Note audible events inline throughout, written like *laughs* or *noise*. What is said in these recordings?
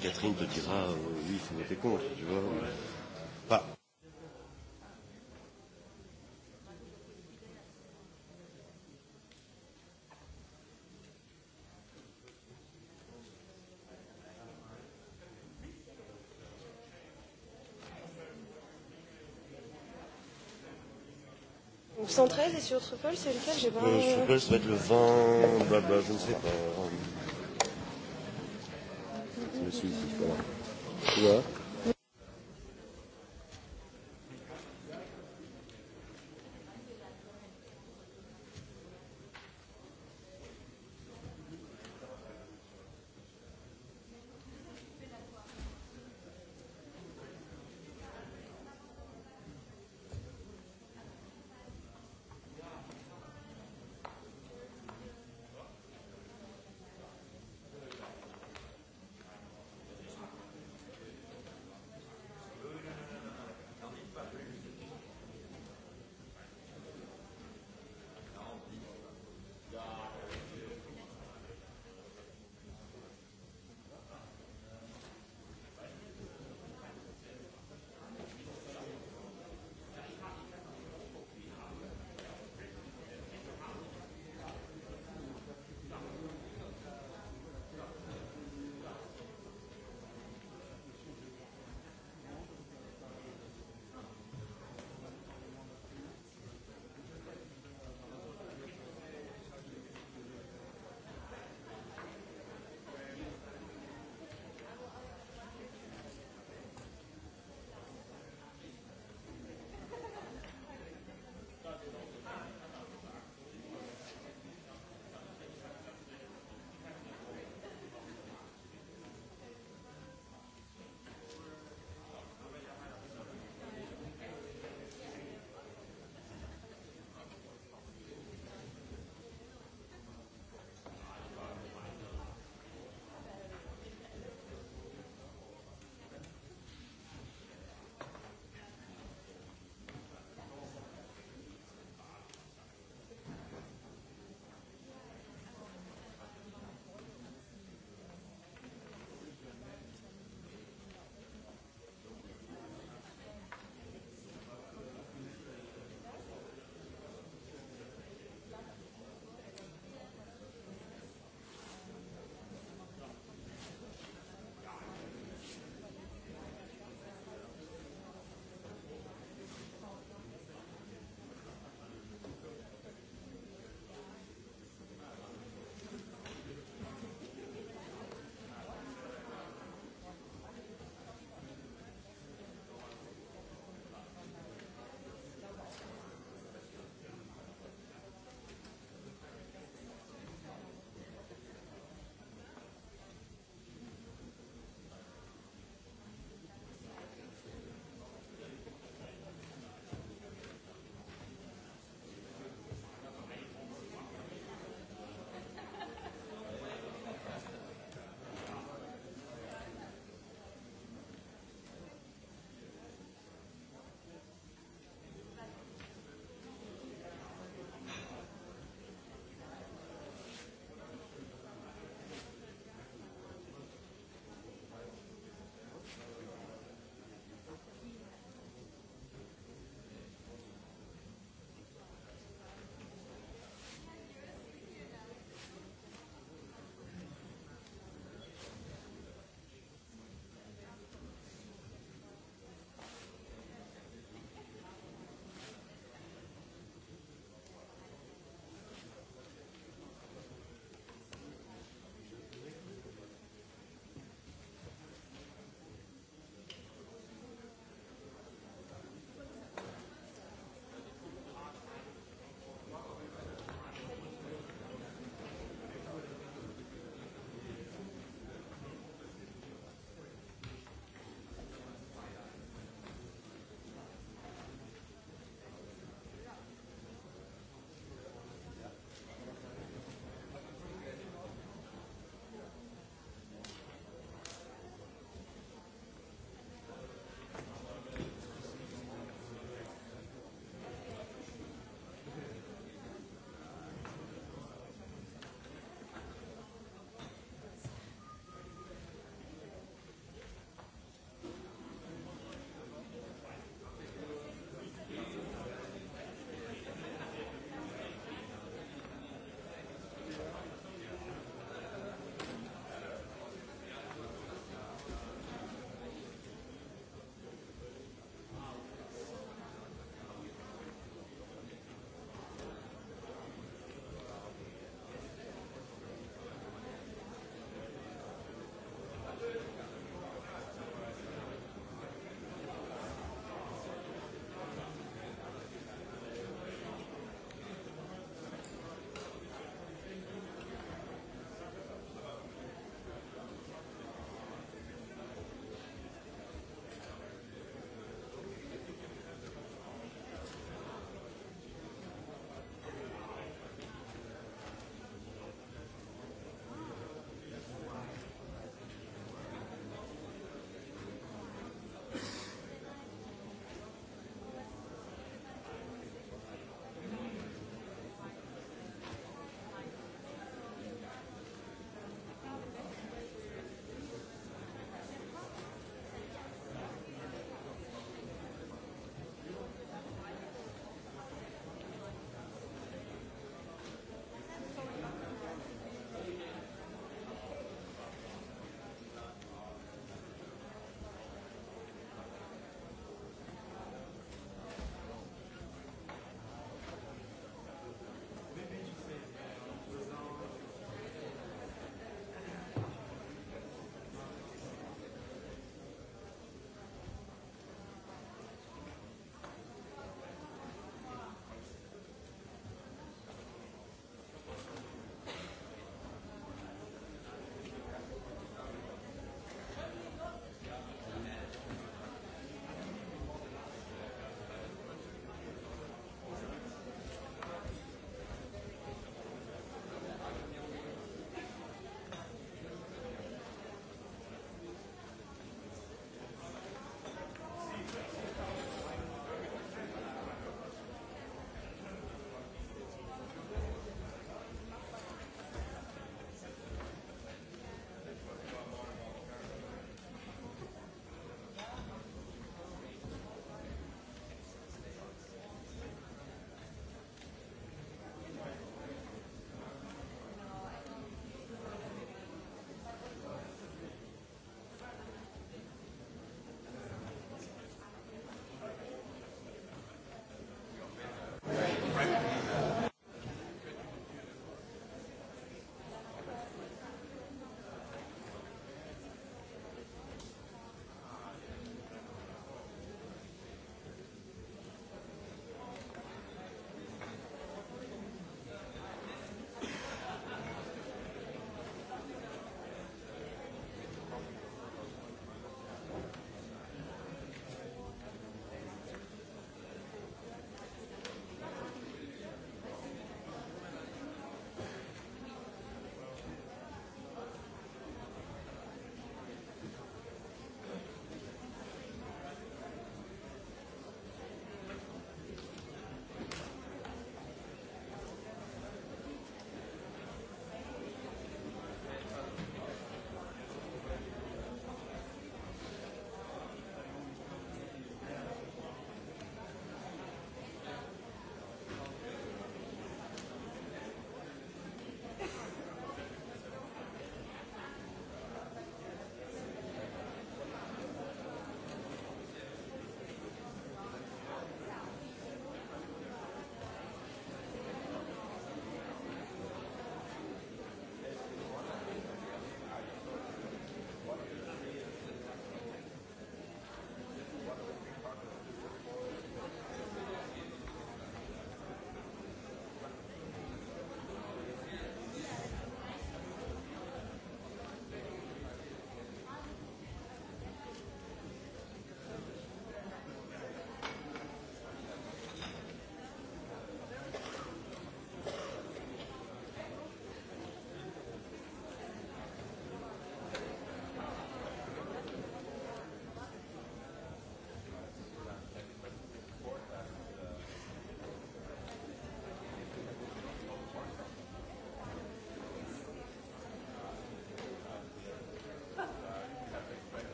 Catherine te dira, euh, oui, il faut voter contre, tu vois. Mais... Bah, Donc 113 et sur Truffle, c'est lequel j'ai pas... Euh, Truffle, ça va être le 20, blablabla, je ne sais pas süßlich, aber.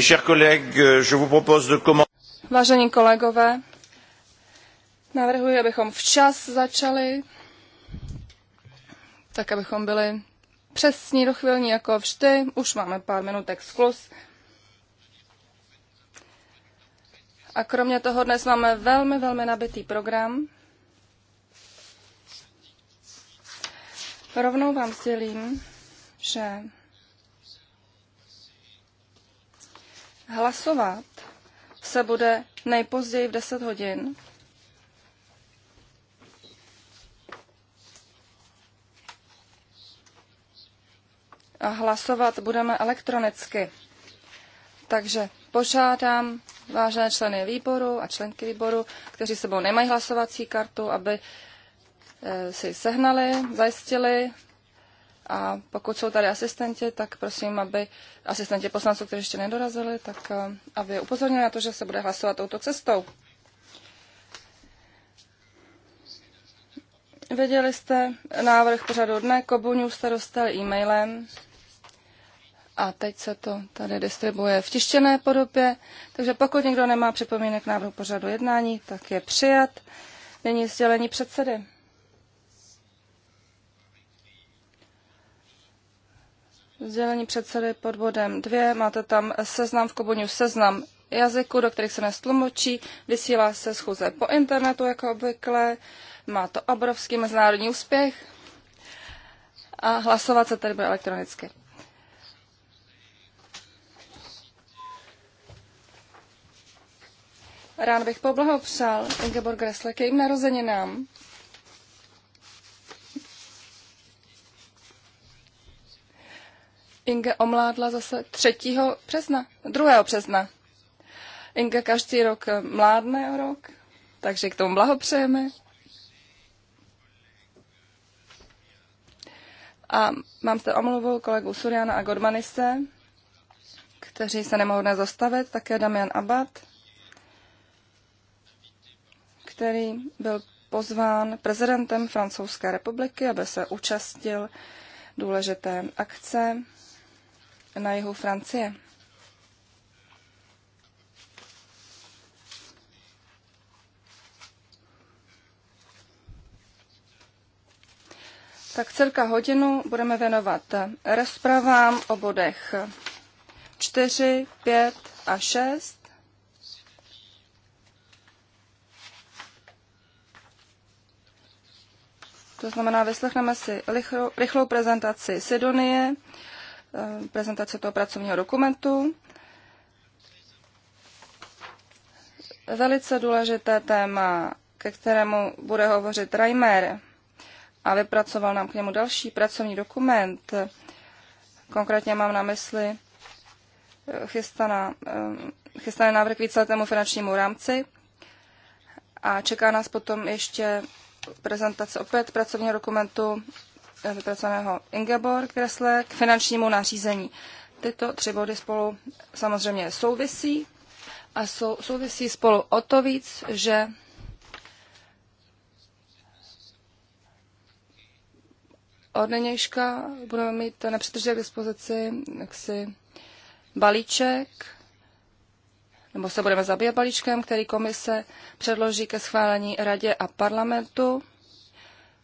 Euh, Vážení kolegové, navrhuji, abychom včas začali, tak abychom byli přesní do chvilní jako vždy. Už máme pár minutek sklus. A kromě toho dnes máme velmi, velmi nabitý program. Rovnou vám sdělím, že Hlasovat se bude nejpozději v 10 hodin. A hlasovat budeme elektronicky. Takže požádám vážené členy výboru a členky výboru, kteří sebou nemají hlasovací kartu, aby eh, si sehnali, zajistili a pokud jsou tady asistenti, tak prosím, aby asistenti poslanců, kteří ještě nedorazili, tak eh, aby je upozornili na to, že se bude hlasovat touto cestou. Věděli jste návrh pořadu dne, Kobuniu jste dostali e-mailem a teď se to tady distribuje v tištěné podobě, takže pokud někdo nemá připomínek návrhu pořadu jednání, tak je přijat. Nyní sdělení předsedy. Sdělení předsedy pod bodem 2. Máte tam seznam v Koboňu seznam jazyku do kterých se nestlumočí. Vysílá se schůze po internetu, jako obvykle. Má to obrovský mezinárodní úspěch. A hlasovat se tedy bude elektronicky. Rád bych poblahopřál Ingeborg Gressle k jejím narozeninám. Inge omládla zase 3. března, 2. března. Inge každý rok mládne o rok, takže k tomu blahopřejeme. A mám zde omluvu kolegu Suriana a Godmanise, kteří se nemohou dnes zastavit, také Damian Abad, který byl pozván prezidentem Francouzské republiky, aby se účastil důležité akce na jihu Francie. Tak celka hodinu budeme věnovat rozpravám o bodech 4, 5 a 6. To znamená, vyslechneme si rychlou, rychlou prezentaci Sidonie, Eh, prezentace toho pracovního dokumentu. Velice důležité téma, ke kterému bude hovořit Reimer a vypracoval nám k němu další pracovní dokument. Konkrétně mám na mysli eh, chystaná, eh, chystaný návrh k víceletému finančnímu rámci a čeká nás potom ještě prezentace opět pracovního dokumentu Eh, vypracovaného Ingeborg kresle k finančnímu nařízení. Tyto tři body spolu samozřejmě souvisí a sou, souvisí spolu o to víc, že od nynějška budeme mít nepřetržitě k dispozici jaksi balíček, nebo se budeme zabývat balíčkem, který komise předloží ke schválení radě a parlamentu.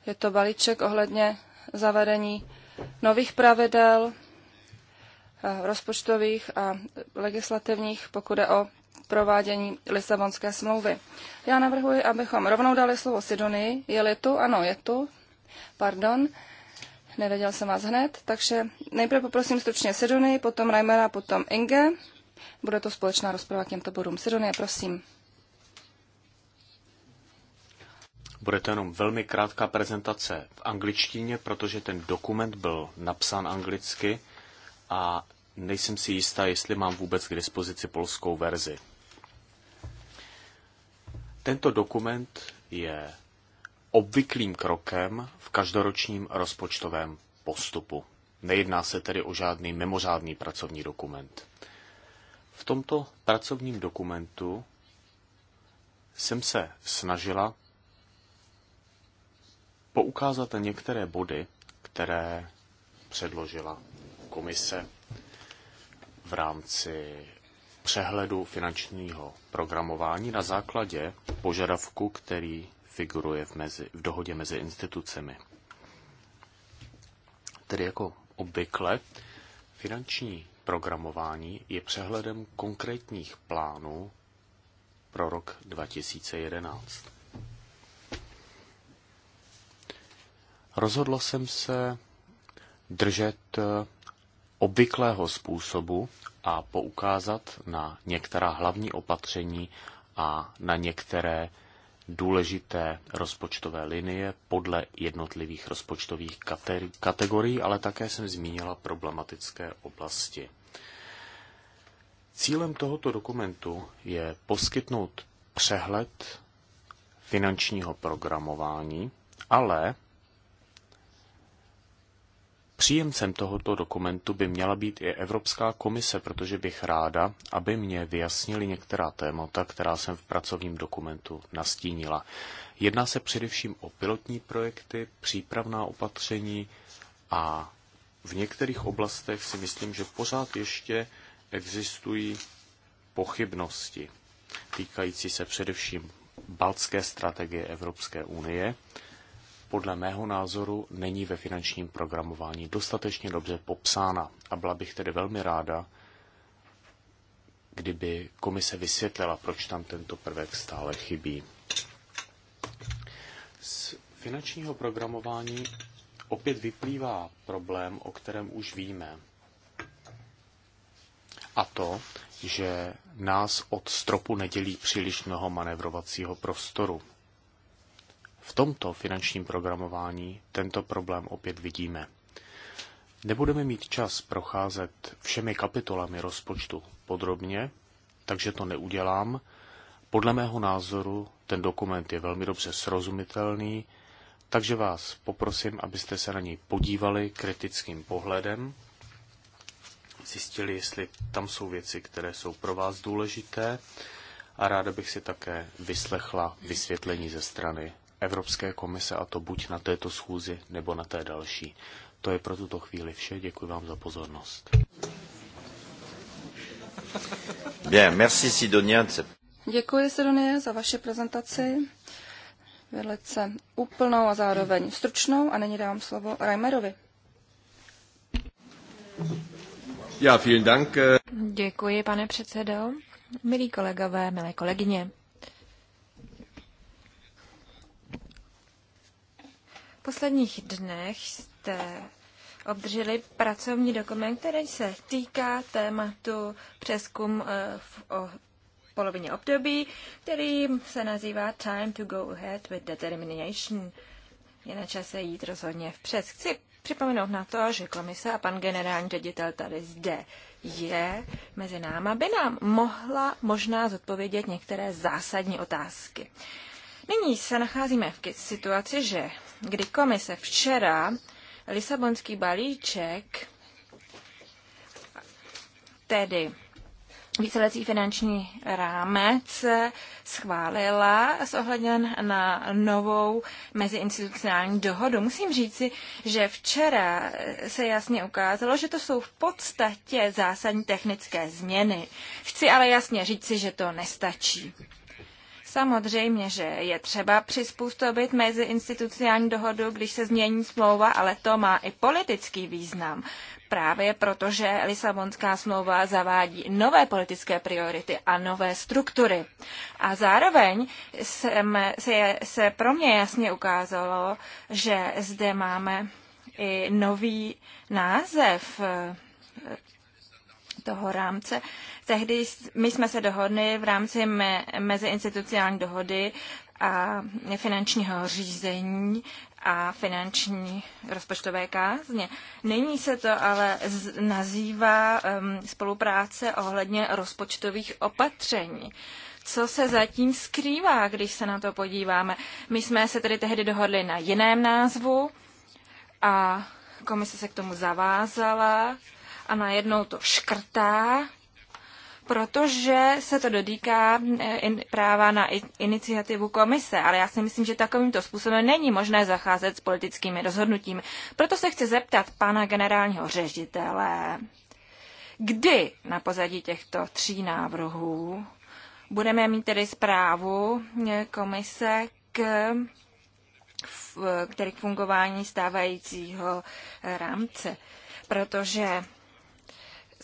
Je to balíček ohledně zavedení nových pravidel eh, rozpočtových a legislativních, pokud je o provádění Lisabonské smlouvy. Já navrhuji, abychom rovnou dali slovo Sidonii. Je-li tu? Ano, je tu. Pardon. Nevěděl jsem vás hned. Takže nejprve poprosím stručně Sidonii, potom Reimera, potom Inge. Bude to společná rozprava k těmto bodům. Sidonie, prosím. Bude to jenom velmi krátká prezentace v angličtině, protože ten dokument byl napsán anglicky a nejsem si jistá, jestli mám vůbec k dispozici polskou verzi. Tento dokument je obvyklým krokem v každoročním rozpočtovém postupu. Nejedná se tedy o žádný mimořádný pracovní dokument. V tomto pracovním dokumentu jsem se snažila poukázat na některé body, které předložila komise v rámci přehledu finančního programování na základě požadavku, který figuruje v, mezi, v dohodě mezi institucemi. Tedy jako obvykle, finanční programování je přehledem konkrétních plánů pro rok 2011. Rozhodl jsem se držet eh, obvyklého způsobu a poukázat na některá hlavní opatření a na některé důležité rozpočtové linie podle jednotlivých rozpočtových kategorií, ale také jsem zmínila problematické oblasti. Cílem tohoto dokumentu je poskytnout přehled finančního programování, ale Příjemcem tohoto dokumentu by měla být i Evropská komise, protože bych ráda, aby mě vyjasnili některá témata, která jsem v pracovním dokumentu nastínila. Jedná se především o pilotní projekty, přípravná opatření a v některých oblastech si myslím, že pořád ještě existují pochybnosti týkající se především baltské strategie Evropské unie podle mého názoru není ve finančním programování dostatečně dobře popsána a byla bych tedy velmi ráda, kdyby komise vysvětlila, proč tam tento prvek stále chybí. Z finančního programování opět vyplývá problém, o kterém už víme. A to, že nás od stropu nedělí příliš mnoho manevrovacího prostoru v tomto finančním programování tento problém opět vidíme. Nebudeme mít čas procházet všemi kapitolami rozpočtu podrobně, takže to neudělám. Podle mého názoru ten dokument je velmi dobře srozumitelný, takže vás poprosím, abyste se na něj podívali kritickým pohledem, zjistili, jestli tam jsou věci, které jsou pro vás důležité a ráda bych si také vyslechla vysvětlení ze strany Evropské komise a to buď na této schůzi nebo na té další. To je pro tuto chvíli vše. Děkuji vám za pozornost. Bien, merci Sidonia. Děkuji Sidonie za vaši prezentaci. Velice úplnou a zároveň stručnou a nyní dávám slovo Reimerovi. Ja, vielen Dank. Eh. Děkuji, pane předsedo. Milí kolegové, milé kolegyně. posledních dnech jste obdrželi pracovní dokument, který se týká tématu přeskum eh, v o polovině období, který se nazývá Time to go ahead with determination. Je na čase jít rozhodně vpřed. Chci připomenout na to, že komise a pan generální ředitel tady zde je mezi náma, by nám mohla možná zodpovědět některé zásadní otázky. Nyní se nacházíme v situaci, že kdy komise včera Lisabonský balíček, tedy víceletý finanční rámec, schválila s ohledem na novou meziinstitucionální dohodu. Musím říci, že včera se jasně ukázalo, že to jsou v podstatě zásadní technické změny. Chci ale jasně říci, že to nestačí. Samozřejmě, že je třeba přizpůsobit mezi institucionální dohodu, když se změní smlouva, ale to má i politický význam. Právě protože Lisabonská smlouva zavádí nové politické priority a nové struktury. A zároveň se, se, se pro mě jasně ukázalo, že zde máme i nový název toho rámce. Tehdy my jsme se dohodli v rámci me, meziinstitucionální dohody a finančního řízení a finanční rozpočtové kázně. Nyní se to ale nazývá um, spolupráce ohledně rozpočtových opatření co se zatím skrývá, když se na to podíváme. My jsme se tedy tehdy dohodli na jiném názvu a komise se k tomu zavázala a najednou to škrtá, protože se to dotýká eh, práva na iniciativu komise, ale já si myslím, že takovýmto způsobem není možné zacházet s politickými rozhodnutími. Proto se chci zeptat pana generálního ředitele, kdy na pozadí těchto tří návrhů budeme mít tedy zprávu eh, komise k který eh, k fungování stávajícího rámce, protože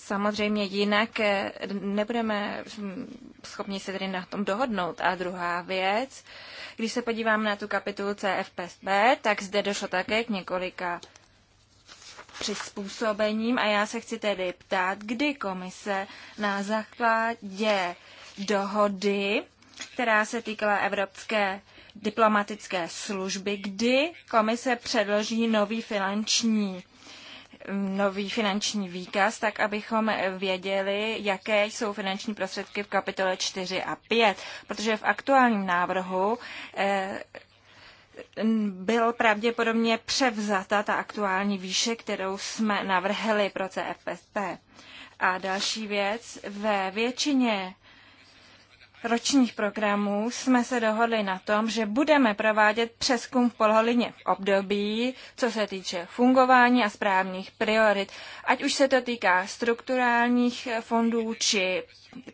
samozřejmě jinak eh, nebudeme hm, schopni se tedy na tom dohodnout. A druhá věc, když se podívám na tu kapitolu CFPSB, tak zde došlo také k několika přizpůsobením a já se chci tedy ptát, kdy komise na základě dohody, která se týkala Evropské diplomatické služby, kdy komise předloží nový finanční nový finanční výkaz, tak abychom věděli, jaké jsou finanční prostředky v kapitole 4 a 5, protože v aktuálním návrhu eh, byl pravděpodobně převzata ta aktuální výše, kterou jsme navrhli pro CFSP. A další věc, ve většině ročních programů jsme se dohodli na tom, že budeme provádět přeskum v polholině v období, co se týče fungování a správných priorit, ať už se to týká strukturálních fondů či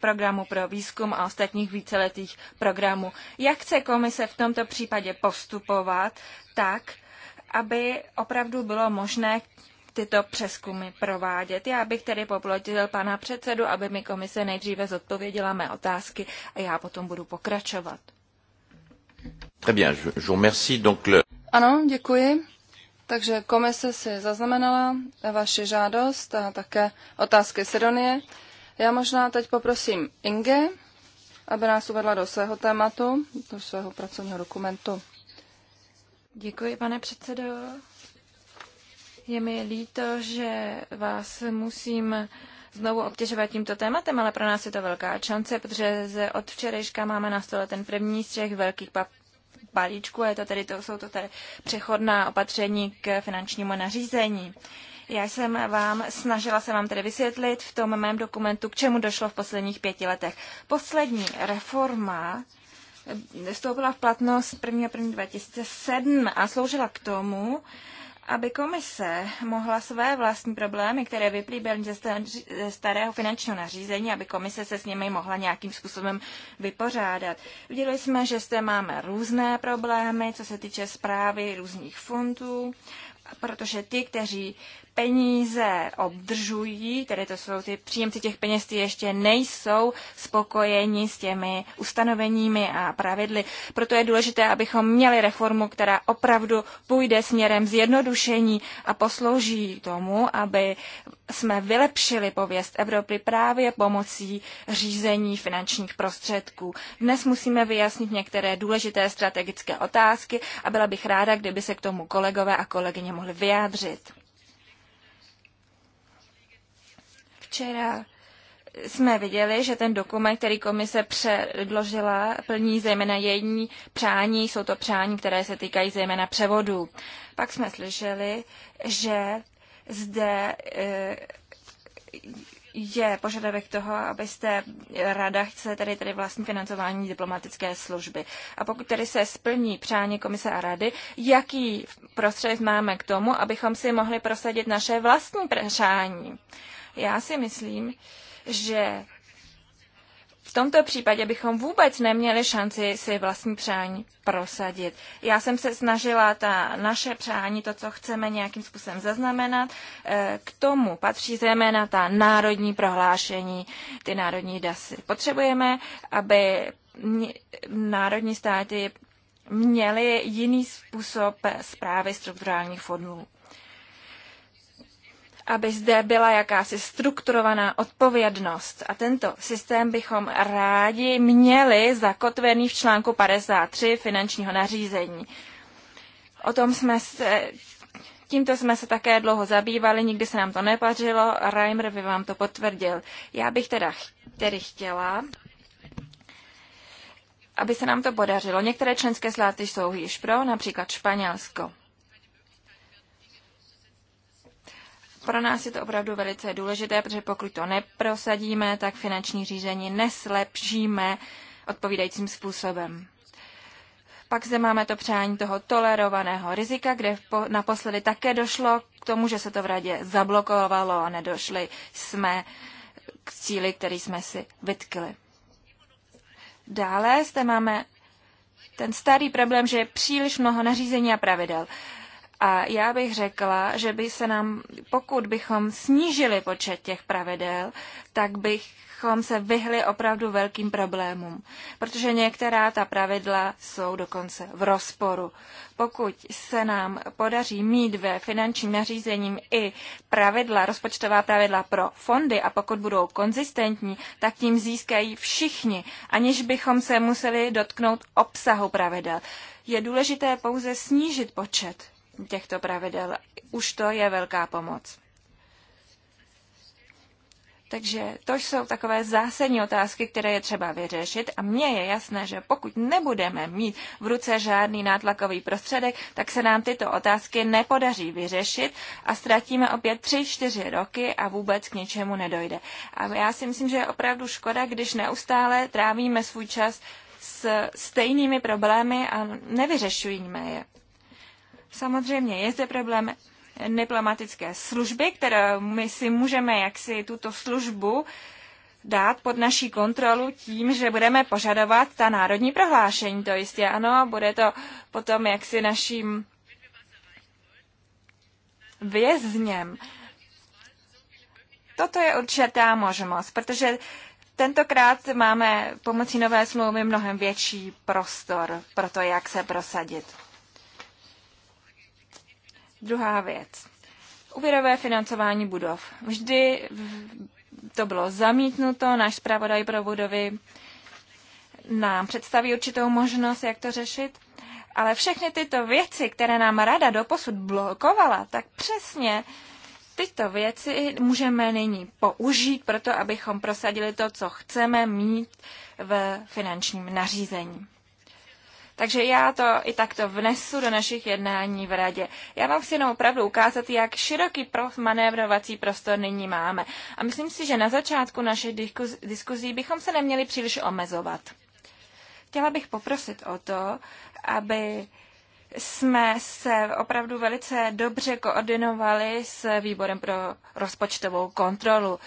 programu pro výzkum a ostatních víceletých programů. Jak chce komise v tomto případě postupovat tak, aby opravdu bylo možné tyto přeskumy provádět. Já bych tedy poplotil pana předsedu, aby mi komise nejdříve zodpověděla mé otázky a já potom budu pokračovat. Très bien, je, remercie donc le... Ano, děkuji. Takže komise si zaznamenala vaši žádost a také otázky Sidonie. Já možná teď poprosím Inge, aby nás uvedla do svého tématu, do svého pracovního dokumentu. Děkuji, pane předsedo. Je mi líto, že vás musím znovu obtěžovat tímto tématem, ale pro nás je to velká šance, protože od včerejška máme na stole ten první z těch velkých pap balíčku, je to tedy, to, jsou to tedy přechodná opatření k finančnímu nařízení. Já jsem vám, snažila se vám tedy vysvětlit v tom mém dokumentu, k čemu došlo v posledních pěti letech. Poslední reforma eh, vstoupila v platnost 1. 1. 2007 a sloužila k tomu, aby komise mohla své vlastní problémy, které vyplývají ze starého finančního nařízení, aby komise se s nimi mohla nějakým způsobem vypořádat. Viděli jsme, že zde máme různé problémy, co se týče zprávy různých fondů, protože ty, kteří peníze obdržují, tedy to jsou ty příjemci těch peněz, ty ještě nejsou spokojeni s těmi ustanoveními a pravidly. Proto je důležité, abychom měli reformu, která opravdu půjde směrem zjednodušení a poslouží tomu, aby jsme vylepšili pověst Evropy právě pomocí řízení finančních prostředků. Dnes musíme vyjasnit některé důležité strategické otázky a byla bych ráda, kdyby se k tomu kolegové a kolegyně mohli vyjádřit. Včera jsme viděli, že ten dokument, který komise předložila, plní zejména jední přání, jsou to přání, které se týkají zejména převodu. Pak jsme slyšeli, že zde eh, je požadavek toho, abyste rada chce tedy, tedy vlastní financování diplomatické služby. A pokud tedy se splní přání komise a rady, jaký prostřed máme k tomu, abychom si mohli prosadit naše vlastní přání? Já si myslím, že v tomto případě bychom vůbec neměli šanci si vlastní přání prosadit. Já jsem se snažila ta naše přání, to, co chceme nějakým způsobem zaznamenat, eh, k tomu patří zejména ta národní prohlášení, ty národní dasy. Potřebujeme, aby národní státy měly jiný způsob zprávy eh, strukturálních fondů aby zde byla jakási strukturovaná odpovědnost. A tento systém bychom rádi měli zakotvený v článku 53 finančního nařízení. O tom jsme se, tímto jsme se také dlouho zabývali, nikdy se nám to nepařilo, Reimer by vám to potvrdil. Já bych teda tedy chtěla, aby se nám to podařilo. Některé členské státy jsou již pro, například Španělsko. Pro nás je to opravdu velice důležité, protože pokud to neprosadíme, tak finanční řízení neslepšíme odpovídajícím způsobem. Pak zde máme to přání toho tolerovaného rizika, kde naposledy také došlo k tomu, že se to v radě zablokovalo a nedošli jsme k cíli, který jsme si vytkli. Dále zde máme ten starý problém, že je příliš mnoho nařízení a pravidel. A já bych řekla, že by se nám, pokud bychom snížili počet těch pravidel, tak bychom se vyhli opravdu velkým problémům, protože některá ta pravidla jsou dokonce v rozporu. Pokud se nám podaří mít ve finančním nařízením i pravidla, rozpočtová pravidla pro fondy a pokud budou konzistentní, tak tím získají všichni, aniž bychom se museli dotknout obsahu pravidel. Je důležité pouze snížit počet těchto pravidel. Už to je velká pomoc. Takže to jsou takové zásadní otázky, které je třeba vyřešit a mně je jasné, že pokud nebudeme mít v ruce žádný nátlakový prostředek, tak se nám tyto otázky nepodaří vyřešit a ztratíme opět 3-4 roky a vůbec k ničemu nedojde. A já si myslím, že je opravdu škoda, když neustále trávíme svůj čas s stejnými problémy a nevyřešujeme je. Samozřejmě je zde problém diplomatické služby, kterou my si můžeme jaksi tuto službu dát pod naší kontrolu tím, že budeme požadovat ta národní prohlášení. To jistě ano, bude to potom jaksi naším vězněm. Toto je určitá možnost, protože tentokrát máme pomocí nové smlouvy mnohem větší prostor pro to, jak se prosadit. Druhá věc. Úvěrové financování budov. Vždy to bylo zamítnuto, náš zpravodaj pro budovy nám představí určitou možnost, jak to řešit. Ale všechny tyto věci, které nám rada doposud blokovala, tak přesně tyto věci můžeme nyní použít proto, abychom prosadili to, co chceme mít v finančním nařízení. Takže já to i takto vnesu do našich jednání v radě. Já vám chci jenom opravdu ukázat, jak široký manévrovací prostor nyní máme. A myslím si, že na začátku našich diskuzí bychom se neměli příliš omezovat. Chtěla bych poprosit o to, aby jsme se opravdu velice dobře koordinovali s výborem pro rozpočtovou kontrolu.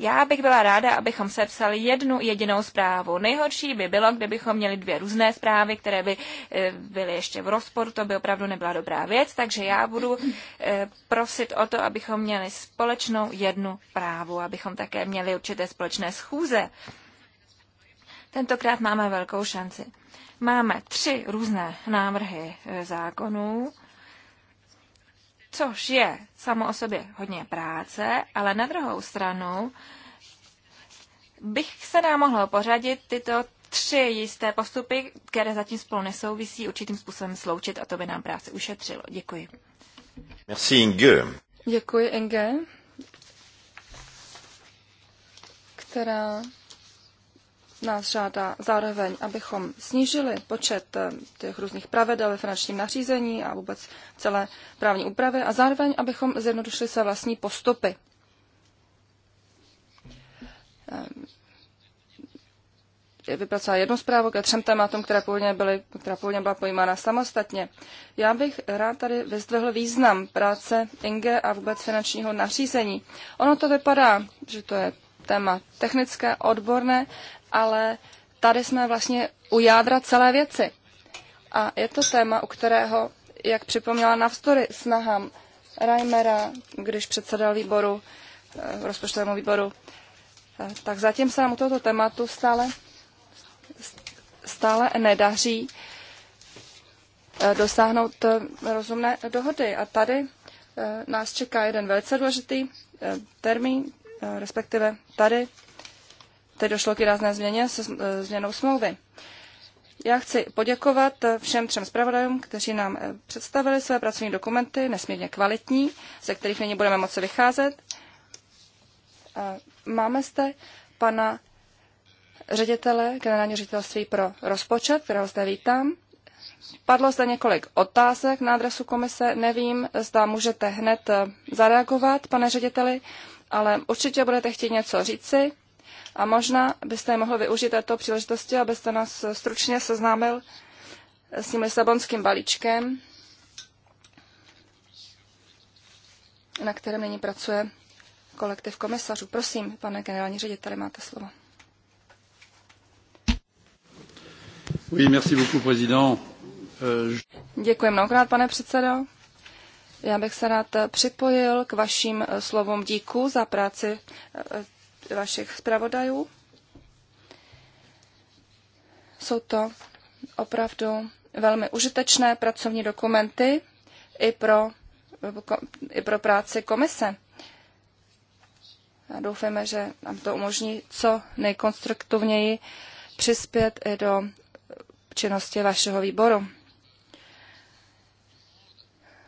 Já bych byla ráda, abychom sepsali jednu jedinou zprávu. Nejhorší by bylo, kdybychom měli dvě různé zprávy, které by eh, byly ještě v rozporu, to by opravdu nebyla dobrá věc, takže já budu eh, prosit o to, abychom měli společnou jednu právu, abychom také měli určité společné schůze. Tentokrát máme velkou šanci. Máme tři různé návrhy eh, zákonů což je samo o sobě hodně práce, ale na druhou stranu bych se nám mohlo pořadit tyto tři jisté postupy, které zatím spolu nesouvisí, určitým způsobem sloučit a to by nám práci ušetřilo. Děkuji. Merci Inge. Děkuji Inge, která nás žádá zároveň, abychom snížili počet eh, těch různých pravidel ve finančním nařízení a vůbec celé právní úpravy a zároveň, abychom zjednodušili své vlastní postupy. Ehm, je vypracovala jednu zprávu ke třem tématům, která původně, byly, která původně byla pojímána samostatně. Já bych rád tady vyzdvihl význam práce Inge a vůbec finančního nařízení. Ono to vypadá, že to je téma technické, odborné, ale tady jsme vlastně u jádra celé věci. A je to téma, u kterého, jak připomněla navzdory snahám Reimera, když předsedal výboru, eh, rozpočtovému výboru, eh, tak zatím se nám u tohoto tématu stále, stále nedaří eh, dosáhnout rozumné dohody. A tady nás čeká jeden velice důležitý termín, Eh, respektive tady teď došlo k výrazné změně se eh, změnou smlouvy. Já chci poděkovat eh, všem třem zpravodajům, kteří nám představili své pracovní dokumenty, nesmírně kvalitní, ze kterých nyní budeme moci vycházet. Máme zde pana ředitele generálního ředitelství pro rozpočet, kterého zde vítám. Padlo zde několik otázek na adresu komise. Nevím, zda můžete hned zareagovat, pane řediteli ale určitě budete chtít něco říci a možná byste mohli využít této příležitosti, abyste nás stručně seznámil s tím Lisabonským balíčkem, na kterém nyní pracuje kolektiv komisařů. Prosím, pane generální řediteli, máte slovo. Oui, merci beaucoup, président. Euh, Děkuji mnohokrát, pane předsedo. Já bych se rád připojil k vašim eh, slovům díku za práci eh, vašich zpravodajů. Jsou to opravdu velmi užitečné pracovní dokumenty i pro, eh, i pro práci komise. A doufejme, že nám to umožní co nejkonstruktivněji přispět i do činnosti vašeho výboru.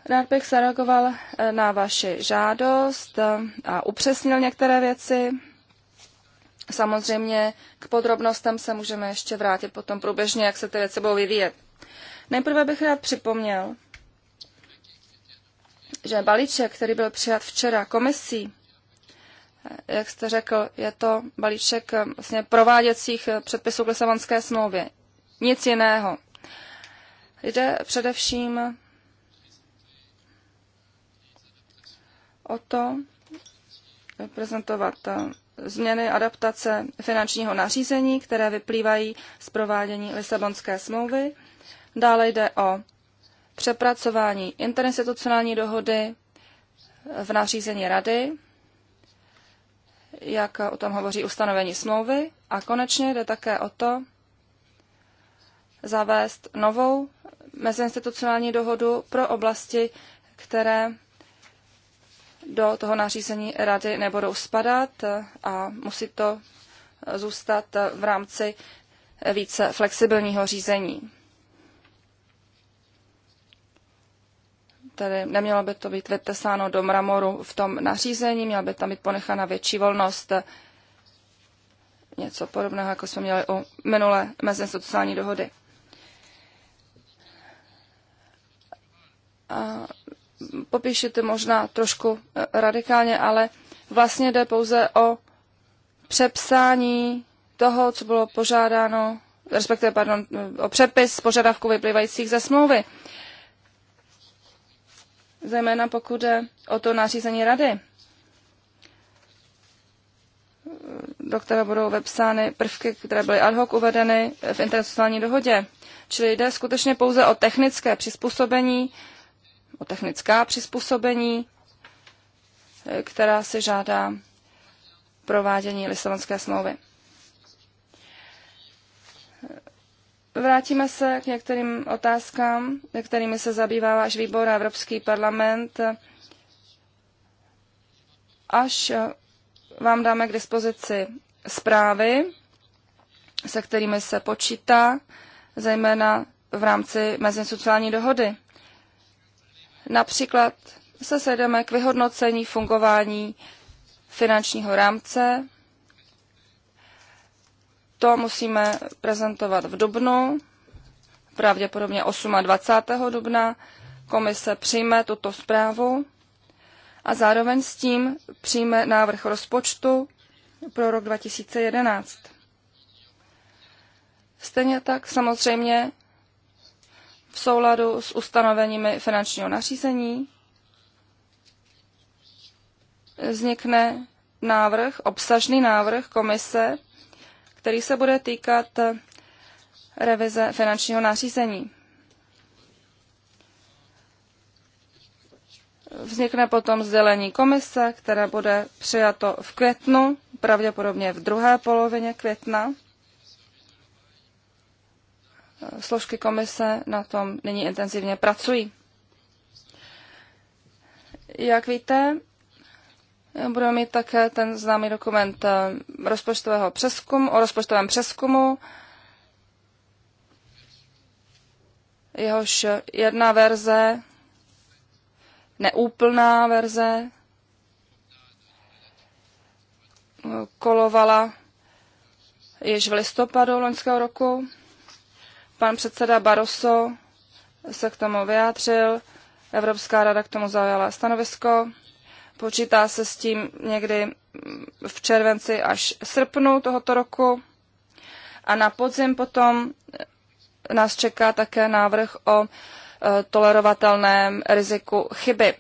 Rád bych zareagoval eh, na vaši žádost eh, a upřesnil některé věci. Samozřejmě k podrobnostem se můžeme ještě vrátit potom průběžně, jak se ty věci budou vyvíjet. Nejprve bych rád připomněl, že balíček, který byl přijat včera komisí, eh, jak jste řekl, je to balíček vlastně prováděcích předpisů k Lisabonské smlouvě. Nic jiného. Jde především o to prezentovat eh, změny adaptace finančního nařízení, které vyplývají z provádění Lisabonské smlouvy. Dále jde o přepracování interinstitucionální dohody eh, v nařízení rady, jak o tom hovoří ustanovení smlouvy. A konečně jde také o to zavést novou mezinstitucionální dohodu pro oblasti, které do toho nařízení rady nebudou spadat a musí to zůstat v rámci více flexibilního řízení. Tedy nemělo by to být vytesáno do mramoru v tom nařízení, měla by tam být ponechána větší volnost, něco podobného, jako jsme měli u minulé mezinstitucionální dohody. A popíšete možná trošku eh, radikálně, ale vlastně jde pouze o přepsání toho, co bylo požádáno, respektive, pardon, eh, o přepis požadavků vyplývajících ze smlouvy. Zejména pokud jde o to nařízení rady, eh, do které budou vepsány prvky, které byly ad hoc uvedeny v internacionální dohodě. Čili jde skutečně pouze o technické přizpůsobení o technická přizpůsobení, eh, která si žádá provádění Lisabonské smlouvy. Vrátíme se k některým otázkám, kterými se zabývá váš výbor a Evropský parlament, až eh, vám dáme k dispozici zprávy, se kterými se počítá, zejména v rámci mezinstitucionální dohody. Například se sejdeme k vyhodnocení fungování finančního rámce. To musíme prezentovat v dubnu, pravděpodobně 28. dubna. Komise přijme tuto zprávu a zároveň s tím přijme návrh rozpočtu pro rok 2011. Stejně tak samozřejmě v souladu s ustanoveními finančního nařízení vznikne návrh, obsažný návrh komise, který se bude týkat revize finančního nařízení. Vznikne potom sdělení komise, které bude přijato v květnu, pravděpodobně v druhé polovině května složky komise na tom nyní intenzivně pracují. Jak víte, budeme mít také ten známý dokument eh, rozpočtového přeskumu, o rozpočtovém přeskumu, jehož jedna verze, neúplná verze, kolovala již v listopadu loňského roku. Pan předseda Barroso se k tomu vyjádřil, Evropská rada k tomu zaujala stanovisko. Počítá se s tím někdy v červenci až srpnu tohoto roku. A na podzim potom nás čeká také návrh o e, tolerovatelném riziku chyby.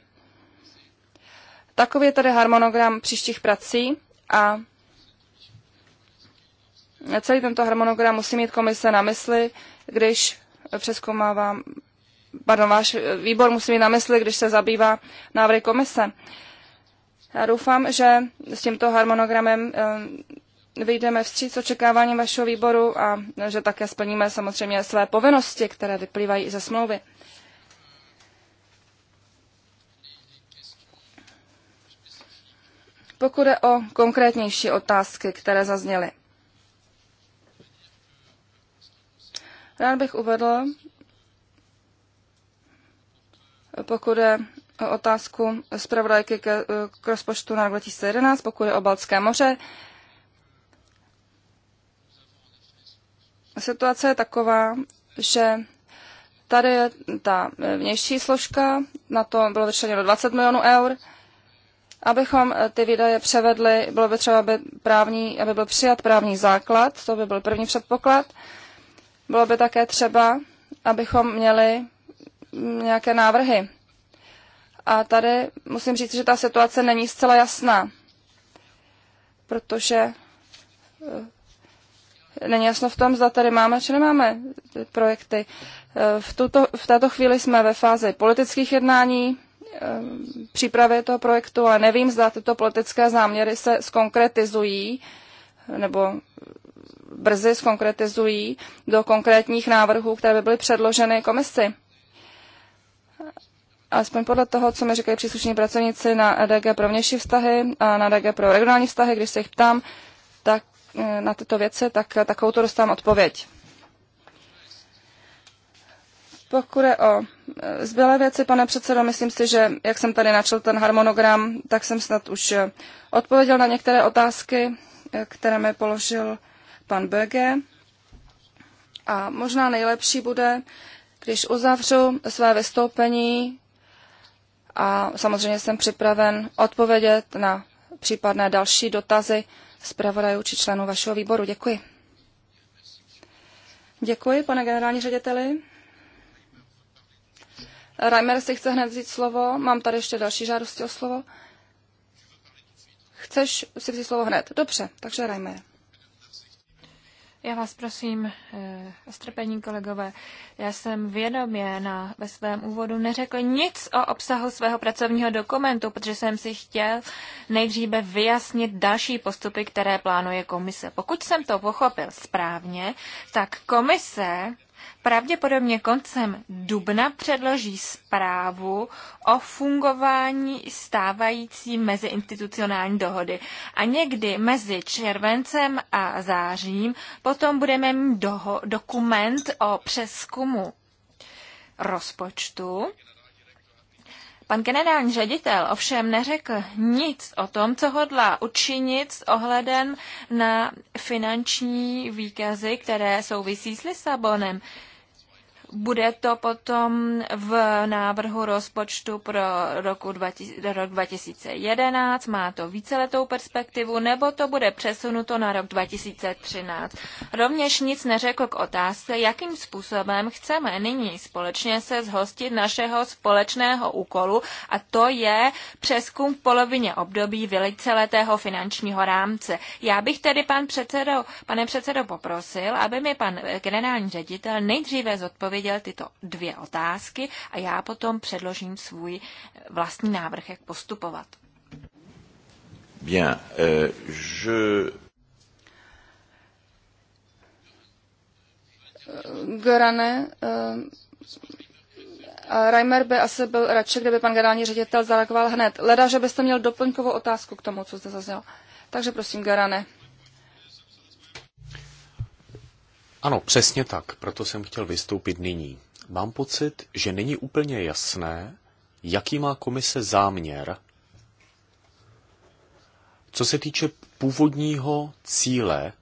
Takový je tady harmonogram příštích prací a celý tento harmonogram musí mít komise na mysli když přeskoumává, pardon, váš výbor musí mít na mysli, když se zabývá návrhy komise. Já doufám, že s tímto harmonogramem eh, vyjdeme vstříc očekávání vašeho výboru a že také splníme samozřejmě své povinnosti, které vyplývají ze smlouvy. Pokud je o konkrétnější otázky, které zazněly. Rád bych uvedl, pokud je o otázku zpravodajky k, k rozpočtu na rok 2011, pokud je o Baltské moře. Situace je taková, že tady je ta vnější složka, na to bylo vyčleněno 20 milionů eur. Abychom ty výdaje převedli, bylo by třeba, aby, právní, aby byl přijat právní základ, to by byl první předpoklad. Bylo by také třeba, abychom měli nějaké návrhy. A tady musím říct, že ta situace není zcela jasná, protože eh, není jasno v tom, zda tady máme či nemáme projekty. Eh, v, tuto, v této chvíli jsme ve fázi politických jednání, eh, přípravy toho projektu, ale nevím, zda tyto politické záměry se skonkretizují nebo brzy skonkretizují do konkrétních návrhů, které by byly předloženy komisi. Alespoň podle toho, co mi říkají příslušní pracovníci na e DG pro vnější vztahy a na e DG pro regionální vztahy, když se jich ptám tak, eh, na tyto věci, tak eh, takovou to dostám odpověď. Pokud je o eh, zbylé věci, pane předsedo, myslím si, že jak jsem tady načil ten harmonogram, tak jsem snad už odpověděl na některé otázky, které mi položil pan Böge. A možná nejlepší bude, když uzavřu své vystoupení a samozřejmě jsem připraven odpovědět na případné další dotazy zpravodajů či členů vašeho výboru. Děkuji. Děkuji, pane generální řediteli. Reimer si chce hned vzít slovo. Mám tady ještě další žádosti o slovo. Chceš si vzít slovo hned? Dobře, takže Reimer. Já vás prosím, eh, strpení kolegové, já jsem vědomě na, ve svém úvodu neřekl nic o obsahu svého pracovního dokumentu, protože jsem si chtěl nejdříve vyjasnit další postupy, které plánuje komise. Pokud jsem to pochopil správně, tak komise pravděpodobně koncem dubna předloží zprávu o fungování stávající meziinstitucionální dohody. A někdy mezi červencem a zářím potom budeme mít doho- dokument o přeskumu rozpočtu Pan generální ředitel ovšem neřekl nic o tom, co hodlá učinit s ohledem na finanční výkazy, které souvisí s Lisabonem. Bude to potom v návrhu rozpočtu pro roku 20, rok 2011, má to víceletou perspektivu, nebo to bude přesunuto na rok 2013. Rovněž nic neřekl k otázce, jakým způsobem chceme nyní společně se zhostit našeho společného úkolu, a to je přeskum v polovině období víceletého finančního rámce. Já bych tedy, pan předsedo, pane předsedo, poprosil, aby mi pan generální ředitel nejdříve zodpověděl, odpověděl tyto dvě otázky a já potom předložím svůj eh, vlastní návrh, jak postupovat. Bien, euh, je... Gorane, uh, Reimer by asi byl radši, kdyby pan generální ředitel zareagoval hned. Leda, že byste měl doplňkovou otázku k tomu, co zde zaznělo. Takže prosím, Garane. Ano, přesně tak, proto jsem chtěl vystoupit nyní. Mám pocit, že není úplně jasné, jaký má komise záměr, co se týče původního cíle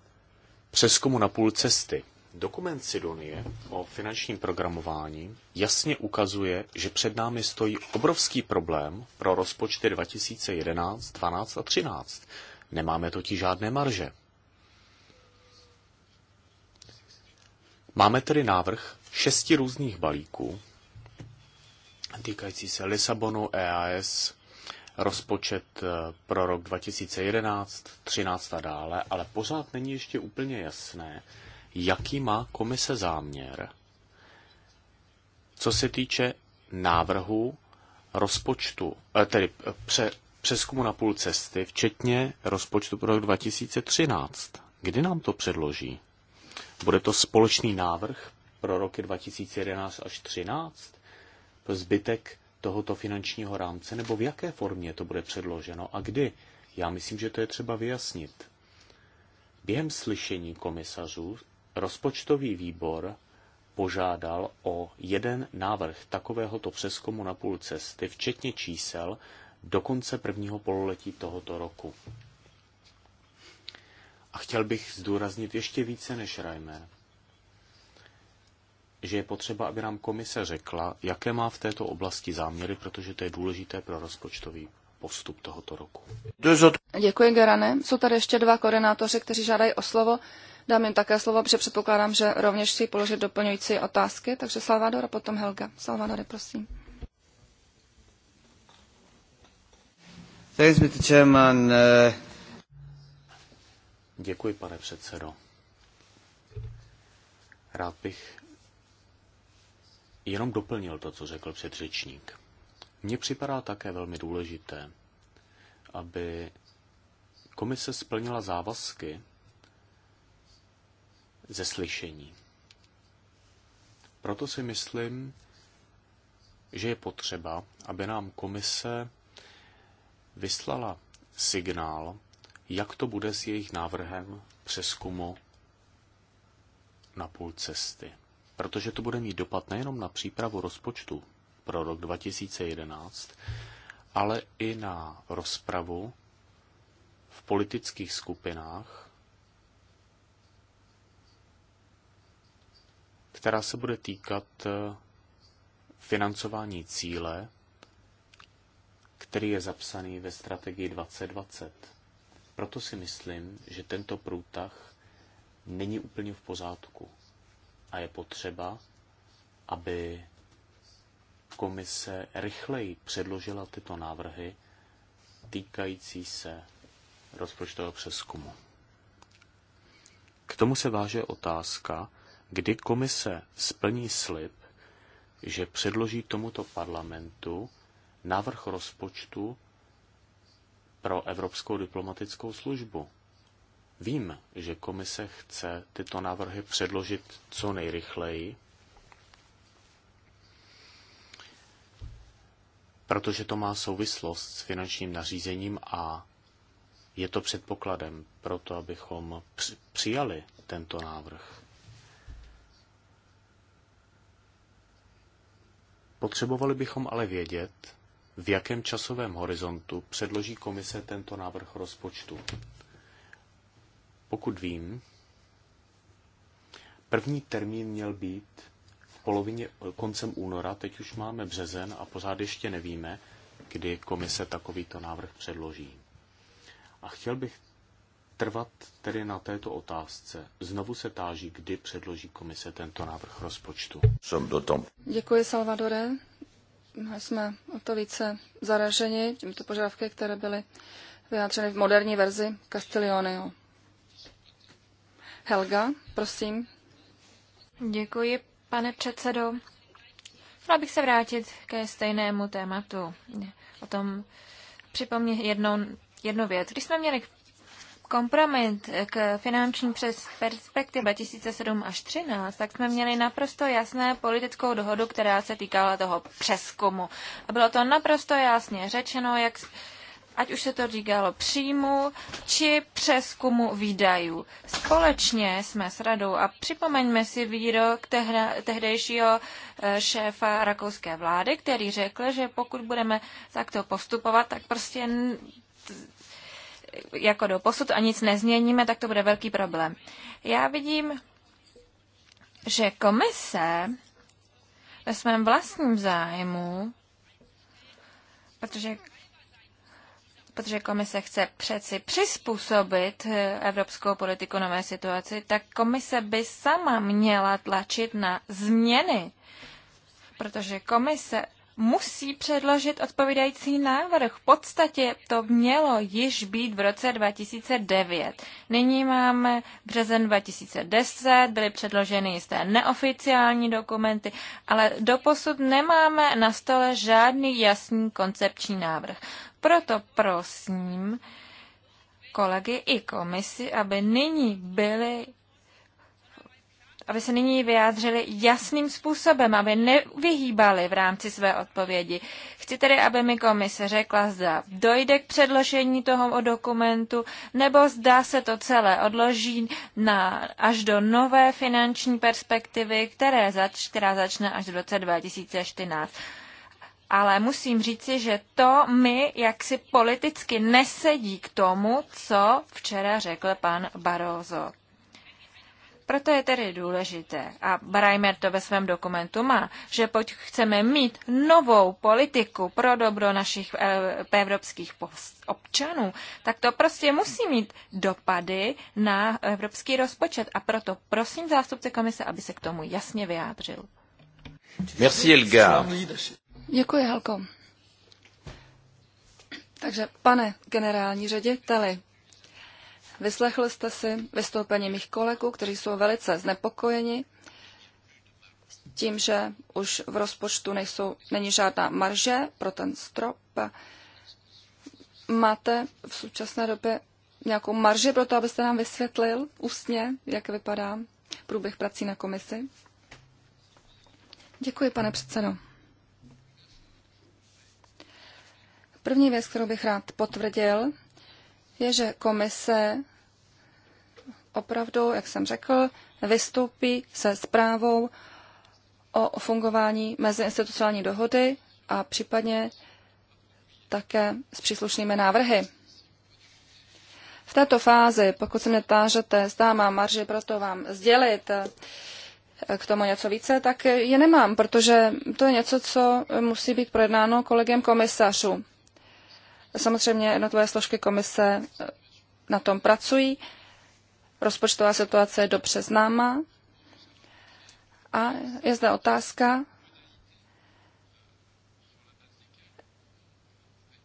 přeskumu na půl cesty. Dokument Sidonie o finančním programování jasně ukazuje, že před námi stojí obrovský problém pro rozpočty 2011, 12 a 13. Nemáme totiž žádné marže. Máme tedy návrh šesti různých balíků, týkající se Lisabonu, EAS, rozpočet eh, pro rok 2011, 13 a dále, ale pořád není ještě úplně jasné, jaký má komise záměr, co se týče návrhu rozpočtu, eh, tedy eh, pře, přeskumu na půl cesty, včetně rozpočtu pro rok 2013. Kdy nám to předloží? Bude to společný návrh pro roky 2011 až 2013? Pro zbytek tohoto finančního rámce? Nebo v jaké formě to bude předloženo a kdy? Já myslím, že to je třeba vyjasnit. Během slyšení komisařů rozpočtový výbor požádal o jeden návrh takovéhoto přeskomu na půl cesty, včetně čísel, do konce prvního pololetí tohoto roku a chtěl bych zdůraznit ještě více než Reimer, že je potřeba, aby nám komise řekla, jaké má v této oblasti záměry, protože to je důležité pro rozpočtový postup tohoto roku. Děkuji, Gerane. Jsou tady ještě dva koordinátoři, kteří žádají o slovo. Dám jim také slovo, protože předpokládám, že rovněž si položit doplňující otázky. Takže Salvador a potom Helga. Salvadore, prosím. Thanks, Mr. Chairman. Uh... Děkuji, pane předsedo. Rád bych jenom doplnil to, co řekl předřečník. Mně připadá také velmi důležité, aby komise splnila závazky ze slyšení. Proto si myslím, že je potřeba, aby nám komise vyslala signál jak to bude s jejich návrhem přeskumu na půl cesty. Protože to bude mít dopad nejenom na přípravu rozpočtu pro rok 2011, ale i na rozpravu v politických skupinách, která se bude týkat eh, financování cíle, který je zapsaný ve strategii 2020. Proto si myslím, že tento průtah není úplně v pořádku a je potřeba, aby komise rychleji předložila tyto návrhy týkající se rozpočtového přeskumu. K tomu se váže otázka, kdy komise splní slib, že předloží tomuto parlamentu návrh rozpočtu pro Evropskou diplomatickou službu. Vím, že komise chce tyto návrhy předložit co nejrychleji, protože to má souvislost s finančním nařízením a je to předpokladem pro to, abychom přijali tento návrh. Potřebovali bychom ale vědět, v jakém časovém horizontu předloží komise tento návrh rozpočtu. Pokud vím, první termín měl být v polovině koncem února, teď už máme březen a pořád ještě nevíme, kdy komise takovýto návrh předloží. A chtěl bych trvat tedy na této otázce. Znovu se táží, kdy předloží komise tento návrh rozpočtu. Jsem do tom. Děkuji, Salvadore jsme o to více zaraženi těmito požadavky, které byly vyjádřeny v moderní verzi Castiglioneho. Helga, prosím. Děkuji, pane předsedo. Chtěla bych se vrátit ke stejnému tématu. O tom připomně jednou, jednu věc. Když jsme měli kompromit k finanční přes perspektivě 2007 až 2013, tak jsme měli naprosto jasné politickou dohodu, která se týkala toho přeskumu. A bylo to naprosto jasně řečeno, jak ať už se to říkalo příjmu či přeskumu výdajů. Společně jsme s radou a připomeňme si výrok tehna, tehdejšího eh, šéfa rakouské vlády, který řekl, že pokud budeme takto postupovat, tak prostě jako do posud a nic nezměníme, tak to bude velký problém. Já vidím, že komise ve svém vlastním zájmu, protože protože komise chce přeci přizpůsobit evropskou politiku nové situaci, tak komise by sama měla tlačit na změny, protože komise musí předložit odpovídající návrh. V podstatě to mělo již být v roce 2009. Nyní máme březen 2010, byly předloženy jisté neoficiální dokumenty, ale doposud nemáme na stole žádný jasný koncepční návrh. Proto prosím kolegy i komisi, aby nyní byly aby se nyní vyjádřili jasným způsobem, aby nevyhýbali v rámci své odpovědi. Chci tedy, aby mi komise řekla, zda dojde k předložení toho dokumentu, nebo zda se to celé odloží na, až do nové finanční perspektivy, které zač, která začne až v roce 2014 ale musím říci, že to mi jaksi politicky nesedí k tomu, co včera řekl pan Barozo. Proto je tedy důležité, a Braimer to ve svém dokumentu má, že pokud chceme mít novou politiku pro dobro našich eh, evropských občanů, tak to prostě musí mít dopady na evropský rozpočet. A proto prosím zástupce komise, aby se k tomu jasně vyjádřil. Merci, Elga. Děkuji, Helko. Takže, pane generální řediteli, Vyslechl jste si vystoupení mých kolegů, kteří jsou velice znepokojeni tím, že už v rozpočtu nejsou, není žádná marže pro ten strop. Máte v současné době nějakou marži pro to, abyste nám vysvětlil ústně, jak vypadá průběh prací na komisi? Děkuji, pane předsedo. První věc, kterou bych rád potvrdil, je, že komise opravdu, jak jsem řekl, vystoupí se zprávou o fungování meziinstitucionální dohody a případně také s příslušnými návrhy. V této fázi, pokud se mě tážete, zda mám marži, to vám sdělit eh, k tomu něco více, tak je nemám, protože to je něco, co musí být projednáno kolegem komisařů. Samozřejmě jednotlivé složky komise eh, na tom pracují. Rozpočtová situace je dobře známa. A je zde otázka,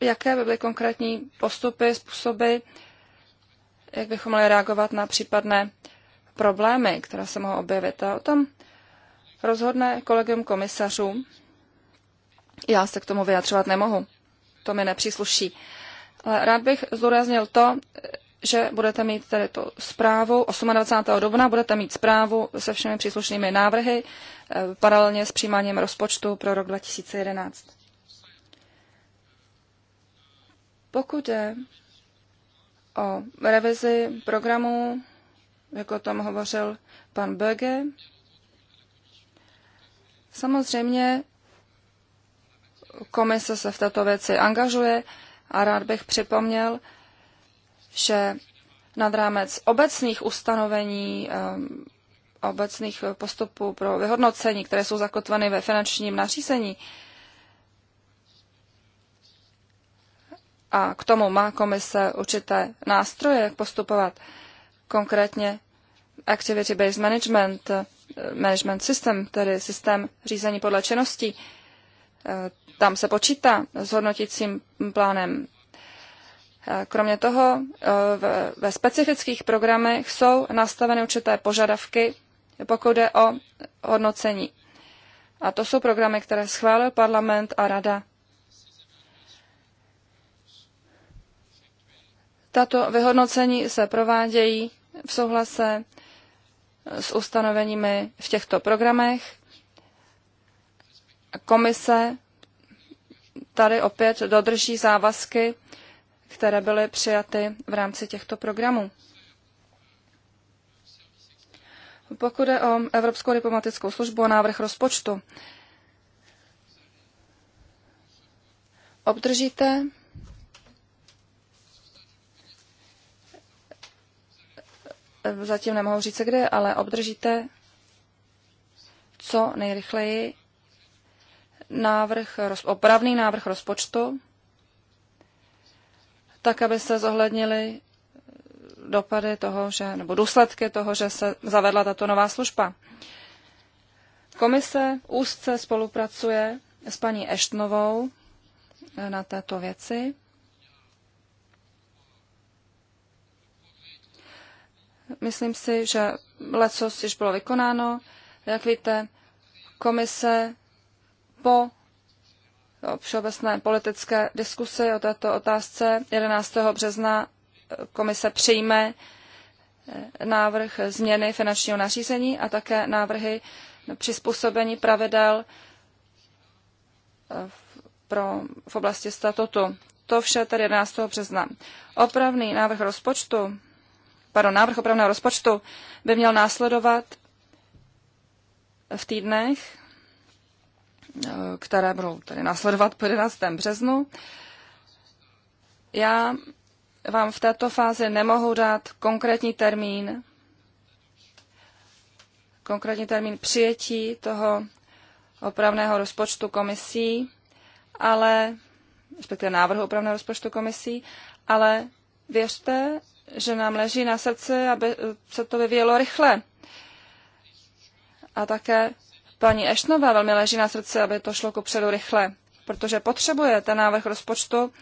jaké by byly konkrétní postupy, způsoby, jak bychom měli reagovat na případné problémy, které se mohou objevit. A o tom rozhodne kolegium komisařů. Já se k tomu vyjadřovat nemohu to mi nepřísluší. Ale rád bych zdůraznil to, že budete mít tady tu zprávu, 28. dubna budete mít zprávu se všemi příslušnými návrhy, eh, paralelně s přijímáním rozpočtu pro rok 2011. Pokud je o revizi programu, jako o tom hovořil pan Böge, samozřejmě Komise se v této věci angažuje a rád bych připomněl, že nad rámec obecných ustanovení, ehm, obecných postupů pro vyhodnocení, které jsou zakotveny ve finančním nařízení, a k tomu má komise určité nástroje, jak postupovat. Konkrétně Activity Based Management, eh, Management System, tedy systém řízení podle činností. Eh, tam se počítá s hodnotícím plánem. Eh, kromě toho eh, ve specifických programech jsou nastaveny určité požadavky, pokud jde o hodnocení. A to jsou programy, které schválil parlament a rada. Tato vyhodnocení se provádějí v souhlase s ustanoveními v těchto programech Komise tady opět dodrží závazky, které byly přijaty v rámci těchto programů. Pokud je o Evropskou diplomatickou službu a návrh rozpočtu, obdržíte zatím nemohu říct kde, ale obdržíte co nejrychleji návrh, opravný návrh rozpočtu, tak aby se zohlednili dopady toho, že, nebo důsledky toho, že se zavedla tato nová služba. Komise úzce spolupracuje s paní Eštnovou eh, na této věci. Myslím si, že lecos již bylo vykonáno. Jak víte, komise po všeobecné politické diskusi o této otázce 11. března komise přijme eh, návrh změny finančního nařízení a také návrhy přizpůsobení pravidel eh, pro, v oblasti statutu. To vše tedy 11. března. Opravný návrh rozpočtu, pardon, návrh opravného rozpočtu by měl následovat v týdnech Eh, které budou tady následovat po 11. březnu. Já vám v této fázi nemohu dát konkrétní termín, konkrétní termín přijetí toho opravného rozpočtu komisí, ale, respektive návrhu opravného rozpočtu komisí, ale věřte, že nám leží na srdci, aby se to vyvíjelo rychle. A také paní Ešnové velmi leží na srdci, aby to šlo kupředu rychle, protože potřebuje ten návrh rozpočtu,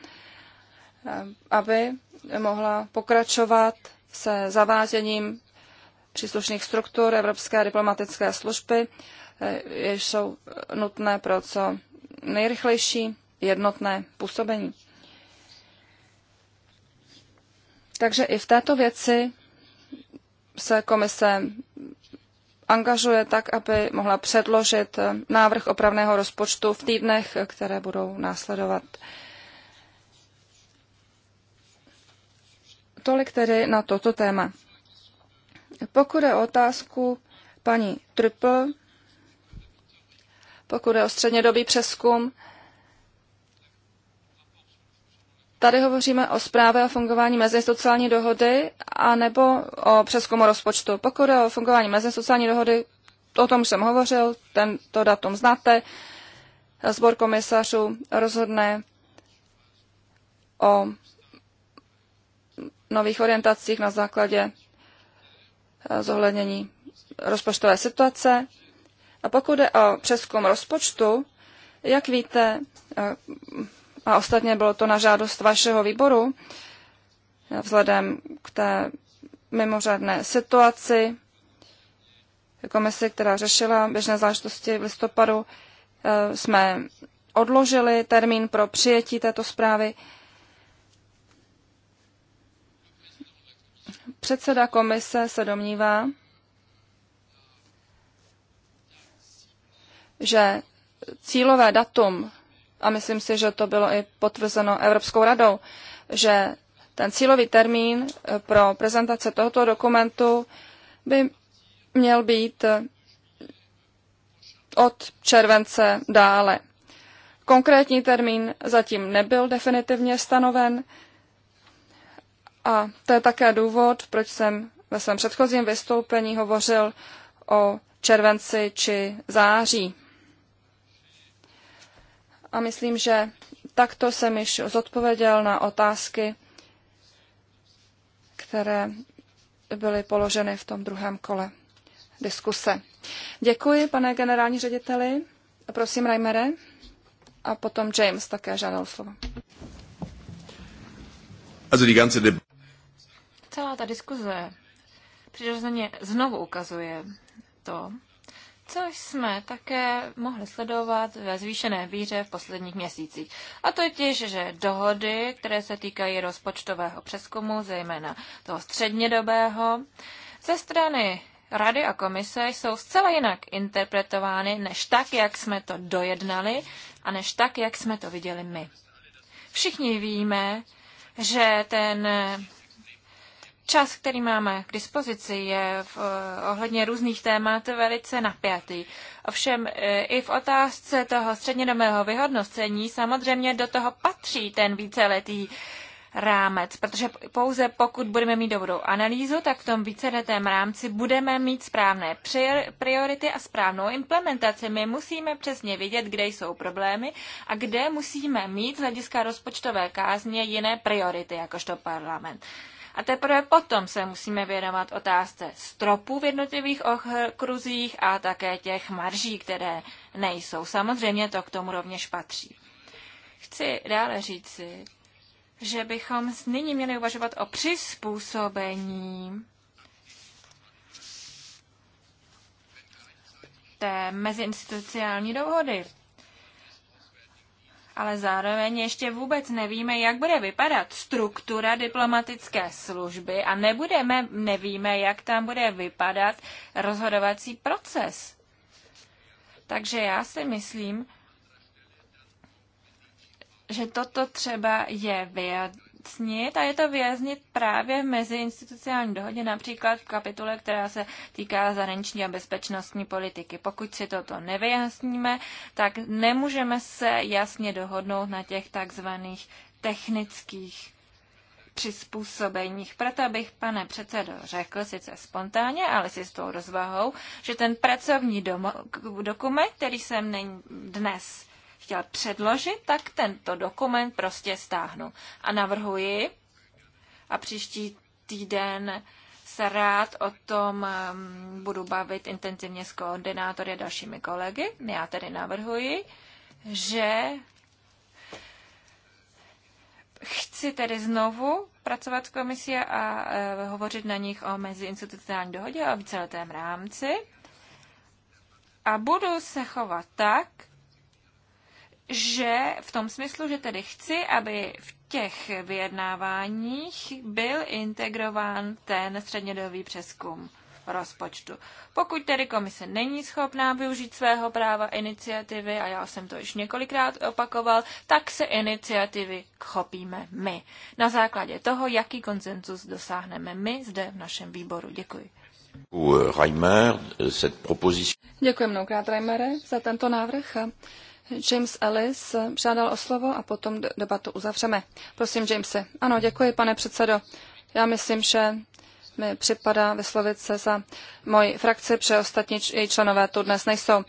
eh, aby mohla pokračovat se zaváděním příslušných struktur Evropské diplomatické služby, eh, jež jsou nutné pro co nejrychlejší jednotné působení. Takže i v této věci se komise angažuje tak, aby mohla předložit návrh opravného rozpočtu v týdnech, které budou následovat. Tolik tedy na toto téma. Pokud je o otázku paní Triple, pokud je o střednědobý přeskum, Tady hovoříme o zprávě o fungování sociální dohody a nebo o přeskumu rozpočtu. Pokud je o fungování sociální dohody, o tom jsem hovořil, tento datum znáte. Zbor komisařů rozhodne o nových orientacích na základě eh, zohlednění rozpočtové situace. A pokud je o přeskum rozpočtu, jak víte, eh, a ostatně bylo to na žádost vašeho výboru, vzhledem k té mimořádné situaci, komise, která řešila běžné záležitosti v listopadu, eh, jsme odložili termín pro přijetí této zprávy. Předseda komise se domnívá, že cílové datum a myslím si, že to bylo i potvrzeno Evropskou radou, že ten cílový termín eh, pro prezentace tohoto dokumentu by měl být eh, od července dále. Konkrétní termín zatím nebyl definitivně stanoven a to je také důvod, proč jsem ve svém předchozím vystoupení hovořil o červenci či září a myslím, že takto jsem již zodpověděl na otázky, které byly položeny v tom druhém kole diskuse. Děkuji, pane generální řediteli. Prosím, Reimere. A potom James také žádal slovo. Celá ta diskuze přirozeně znovu ukazuje to, což jsme také mohli sledovat ve zvýšené víře v posledních měsících. A totiž, že dohody, které se týkají rozpočtového přeskumu, zejména toho střednědobého, ze strany Rady a komise jsou zcela jinak interpretovány, než tak, jak jsme to dojednali a než tak, jak jsme to viděli my. Všichni víme, že ten Čas, který máme k dispozici, je v, ohledně různých témat velice napjatý. Ovšem e, i v otázce toho střednědomého vyhodnocení samozřejmě do toho patří ten víceletý rámec, protože pouze pokud budeme mít dobrou analýzu, tak v tom víceletém rámci budeme mít správné priority a správnou implementaci. My musíme přesně vidět, kde jsou problémy a kde musíme mít z hlediska rozpočtové kázně jiné priority, jakožto parlament. A teprve potom se musíme věnovat otázce stropů v jednotlivých okruzích a také těch marží, které nejsou. Samozřejmě to k tomu rovněž patří. Chci dále říci, že bychom nyní měli uvažovat o přizpůsobení té meziinstitucionální dohody ale zároveň ještě vůbec nevíme, jak bude vypadat struktura diplomatické služby a nebudeme, nevíme, jak tam bude vypadat rozhodovací proces. Takže já si myslím, že toto třeba je snit a je to věznit právě v meziinstitucionální dohodě, například v kapitule, která se týká zahraniční a bezpečnostní politiky. Pokud si toto nevyjasníme, tak nemůžeme se jasně dohodnout na těch takzvaných technických přizpůsobeních. Proto bych, pane předsedo, řekl sice spontánně, ale si s tou rozvahou, že ten pracovní dokument, který jsem dnes chtěl předložit, tak tento dokument prostě stáhnu. A navrhuji, a příští týden se rád o tom um, budu bavit intenzivně s koordinátory a dalšími kolegy. Já tedy navrhuji, že chci tedy znovu pracovat s komisí a e, hovořit na nich o meziinstitucionální dohodě a o víceletém rámci. A budu se chovat tak, že v tom smyslu, že tedy chci, aby v těch vyjednáváních byl integrován ten střednědový přeskum rozpočtu. Pokud tedy komise není schopná využít svého práva iniciativy, a já jsem to již několikrát opakoval, tak se iniciativy chopíme my. Na základě toho, jaký konsenzus dosáhneme my zde v našem výboru. Děkuji. Reimer, eh, Děkuji mnohokrát, Reimere, za tento návrh. James Ellis žádal o slovo a potom debatu uzavřeme. Prosím, Jamese. Ano, děkuji, pane předsedo. Já myslím, že mi připadá vyslovit se za moji frakci, protože ostatní její členové tu dnes nejsou.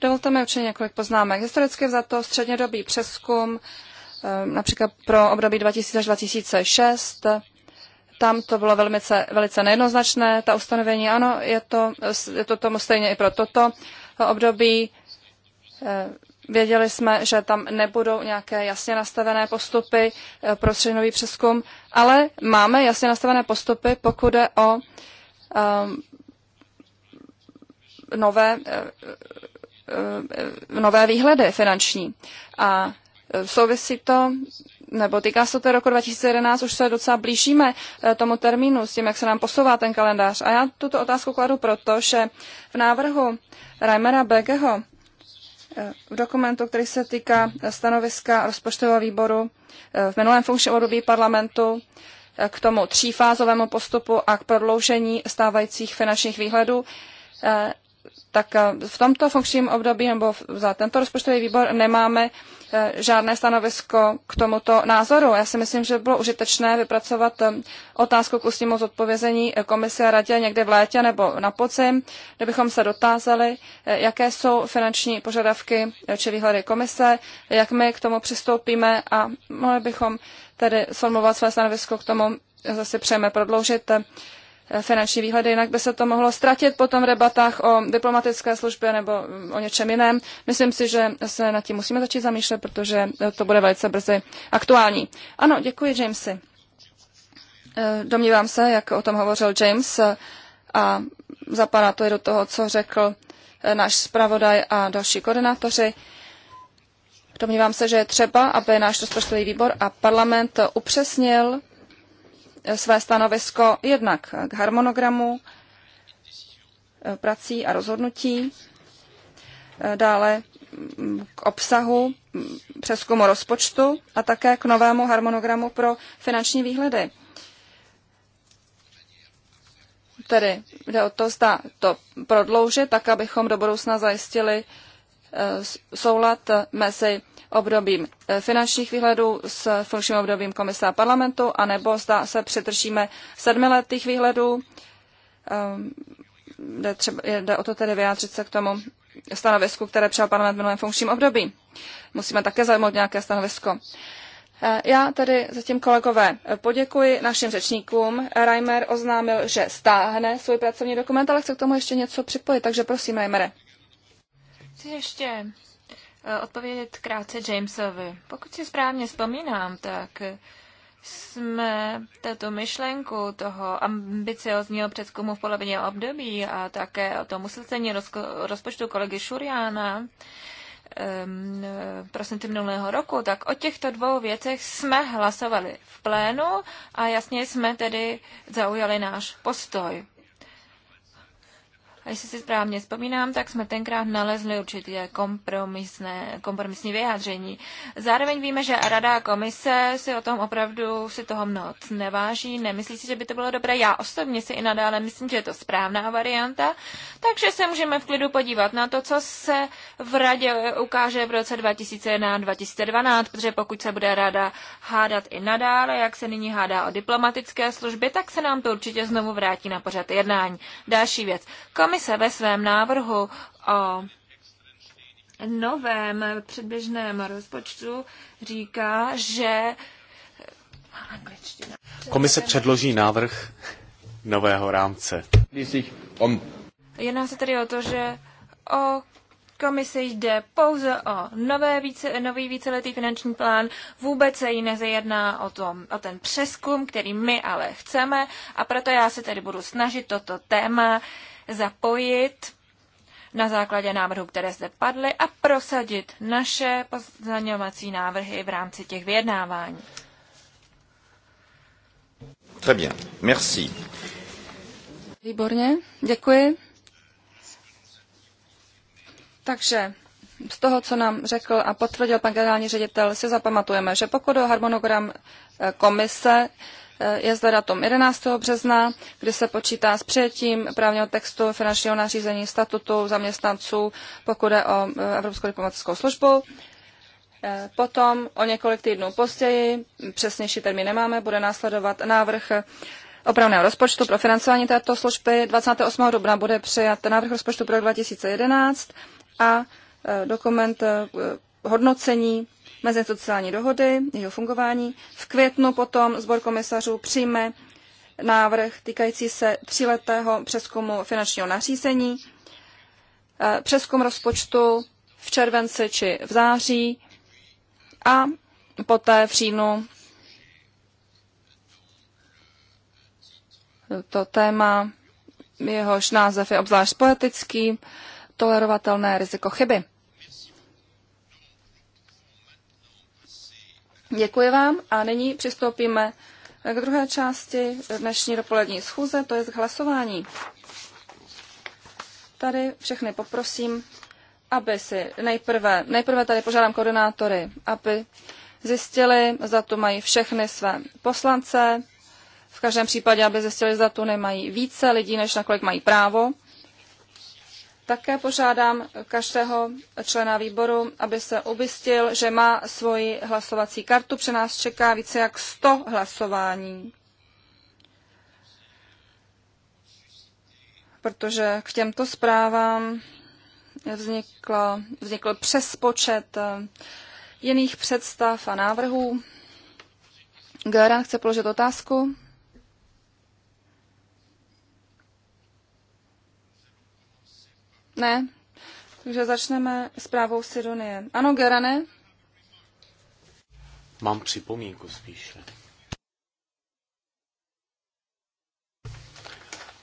Dovolte mi určitě několik poznámek. Historicky vzato střednědobý přeskum, eh, například pro období 2000 až 2006, tam to bylo velmi velice nejednoznačné, ta ustanovení, ano, je to, je to tomu stejně i pro toto období. Eh, Věděli jsme, že tam nebudou nějaké jasně nastavené postupy eh, pro střednový přeskum, ale máme jasně nastavené postupy, pokud je o um, nové, uh, nové výhledy finanční. A souvisí to, nebo týká se to roku 2011, už se docela blížíme tomu termínu s tím, jak se nám posouvá ten kalendář. A já tuto otázku kladu proto, že v návrhu Reimera Begeho v dokumentu, který se týká stanoviska rozpočtového výboru eh, v minulém funkčním období parlamentu eh, k tomu třífázovému postupu a k prodloužení stávajících finančních výhledů. Eh, tak eh, v tomto funkčním období nebo za tento rozpočtový výbor nemáme eh, žádné stanovisko k tomuto názoru. Já si myslím, že bylo užitečné vypracovat eh, otázku k ústnímu zodpovězení komise a radě někde v létě nebo na podzim, kde bychom se dotázali, jaké jsou finanční požadavky či výhledy komise, jak my k tomu přistoupíme a mohli bychom tedy sformulovat své stanovisko k tomu, zase přejeme prodloužit finanční výhledy, jinak by se to mohlo ztratit potom v debatách o diplomatické službě nebo o něčem jiném. Myslím si, že se nad tím musíme začít zamýšlet, protože to bude velice brzy aktuální. Ano, děkuji, Jamesy. Eh, domnívám se, jak o tom hovořil James, eh, a zapadá to i do toho, co řekl eh, náš zpravodaj a další koordinátoři. Domnívám se, že je třeba, aby náš rozpočtový výbor a parlament upřesnil své stanovisko jednak k harmonogramu e, prací a rozhodnutí, e, dále k obsahu přeskumu rozpočtu a také k novému harmonogramu pro finanční výhledy. Tedy jde o to, zda to prodloužit, tak abychom do budoucna zajistili e, soulad mezi obdobím eh, finančních výhledů s funkčním obdobím komise a parlamentu, anebo zda se přetržíme sedmiletých výhledů. Ehm, jde, třeba, jde o to tedy vyjádřit se k tomu stanovisku, které přijal parlament v minulém funkčním období. Musíme také zajmout nějaké stanovisko. Eh, já tady zatím kolegové poděkuji našim řečníkům. Reimer oznámil, že stáhne svůj pracovní dokument, ale chce k tomu ještě něco připojit, takže prosím, Reimere. Chci ještě Eh, odpovědět krátce Jamesovi. Pokud si správně vzpomínám, tak jsme tato myšlenku toho ambiciozního předzkumu v polovině období a také o tom usnesení rozpočtu kolegy Šuriána um, prosinci minulého roku, tak o těchto dvou věcech jsme hlasovali v plénu a jasně jsme tedy zaujali náš postoj jestli si správně vzpomínám, tak jsme tenkrát nalezli určitě kompromisné, kompromisní vyjádření. Zároveň víme, že Rada a komise si o tom opravdu si toho moc neváží, nemyslí si, že by to bylo dobré. Já osobně si i nadále myslím, že je to správná varianta, takže se můžeme v klidu podívat na to, co se v Radě ukáže v roce 2011-2012, protože pokud se bude Rada hádat i nadále, jak se nyní hádá o diplomatické služby, tak se nám to určitě znovu vrátí na pořad jednání. Další věc. Komise Komise ve svém návrhu o novém předběžném rozpočtu říká, že Komise předloží návrh nového rámce. Jedná se tedy o to, že o komise jde pouze o nové více, nový víceletý finanční plán, vůbec se jí nezajedná o, tom, o ten přeskum, který my ale chceme a proto já se tedy budu snažit toto téma zapojit na základě návrhů, které zde padly a prosadit naše pozdaňovací návrhy v rámci těch vyjednávání. Très bien. Merci. Výborně, děkuji. Takže z toho, co nám řekl a potvrdil pan generální ředitel, si zapamatujeme, že pokud o harmonogram eh, komise, Eh, je zde datum 11. března, kdy se počítá s přijetím právního textu finančního nařízení statutu zaměstnanců, pokud je o eh, Evropskou diplomatickou službu. Eh, potom o několik týdnů později, přesnější termín nemáme, bude následovat návrh opravného rozpočtu pro financování této služby. 28. dubna bude přijat návrh rozpočtu pro 2011 a dokument hodnocení meziinstitucionální dohody, jeho fungování. V květnu potom sbor komisařů přijme návrh týkající se tříletého přeskumu finančního nařízení, eh, přeskum rozpočtu v červenci či v září a poté v říjnu to téma, jehož název je obzvlášť poetický, tolerovatelné riziko chyby. Děkuji vám a nyní přistoupíme k druhé části dnešní dopolední schůze, to je k hlasování. Tady všechny poprosím, aby si nejprve, nejprve tady požádám koordinátory, aby zjistili, za tu mají všechny své poslance, v každém případě, aby zjistili, za tu nemají více lidí, než na kolik mají právo. Také požádám každého člena výboru, aby se ubistil, že má svoji hlasovací kartu. Při nás čeká více jak 100 hlasování. Protože k těmto zprávám vzniklo, vznikl přespočet eh, jiných představ a návrhů. Göran chce položit otázku. Ne? Takže začneme zprávou Sidonie. Ano, Gerane? Mám připomínku spíše.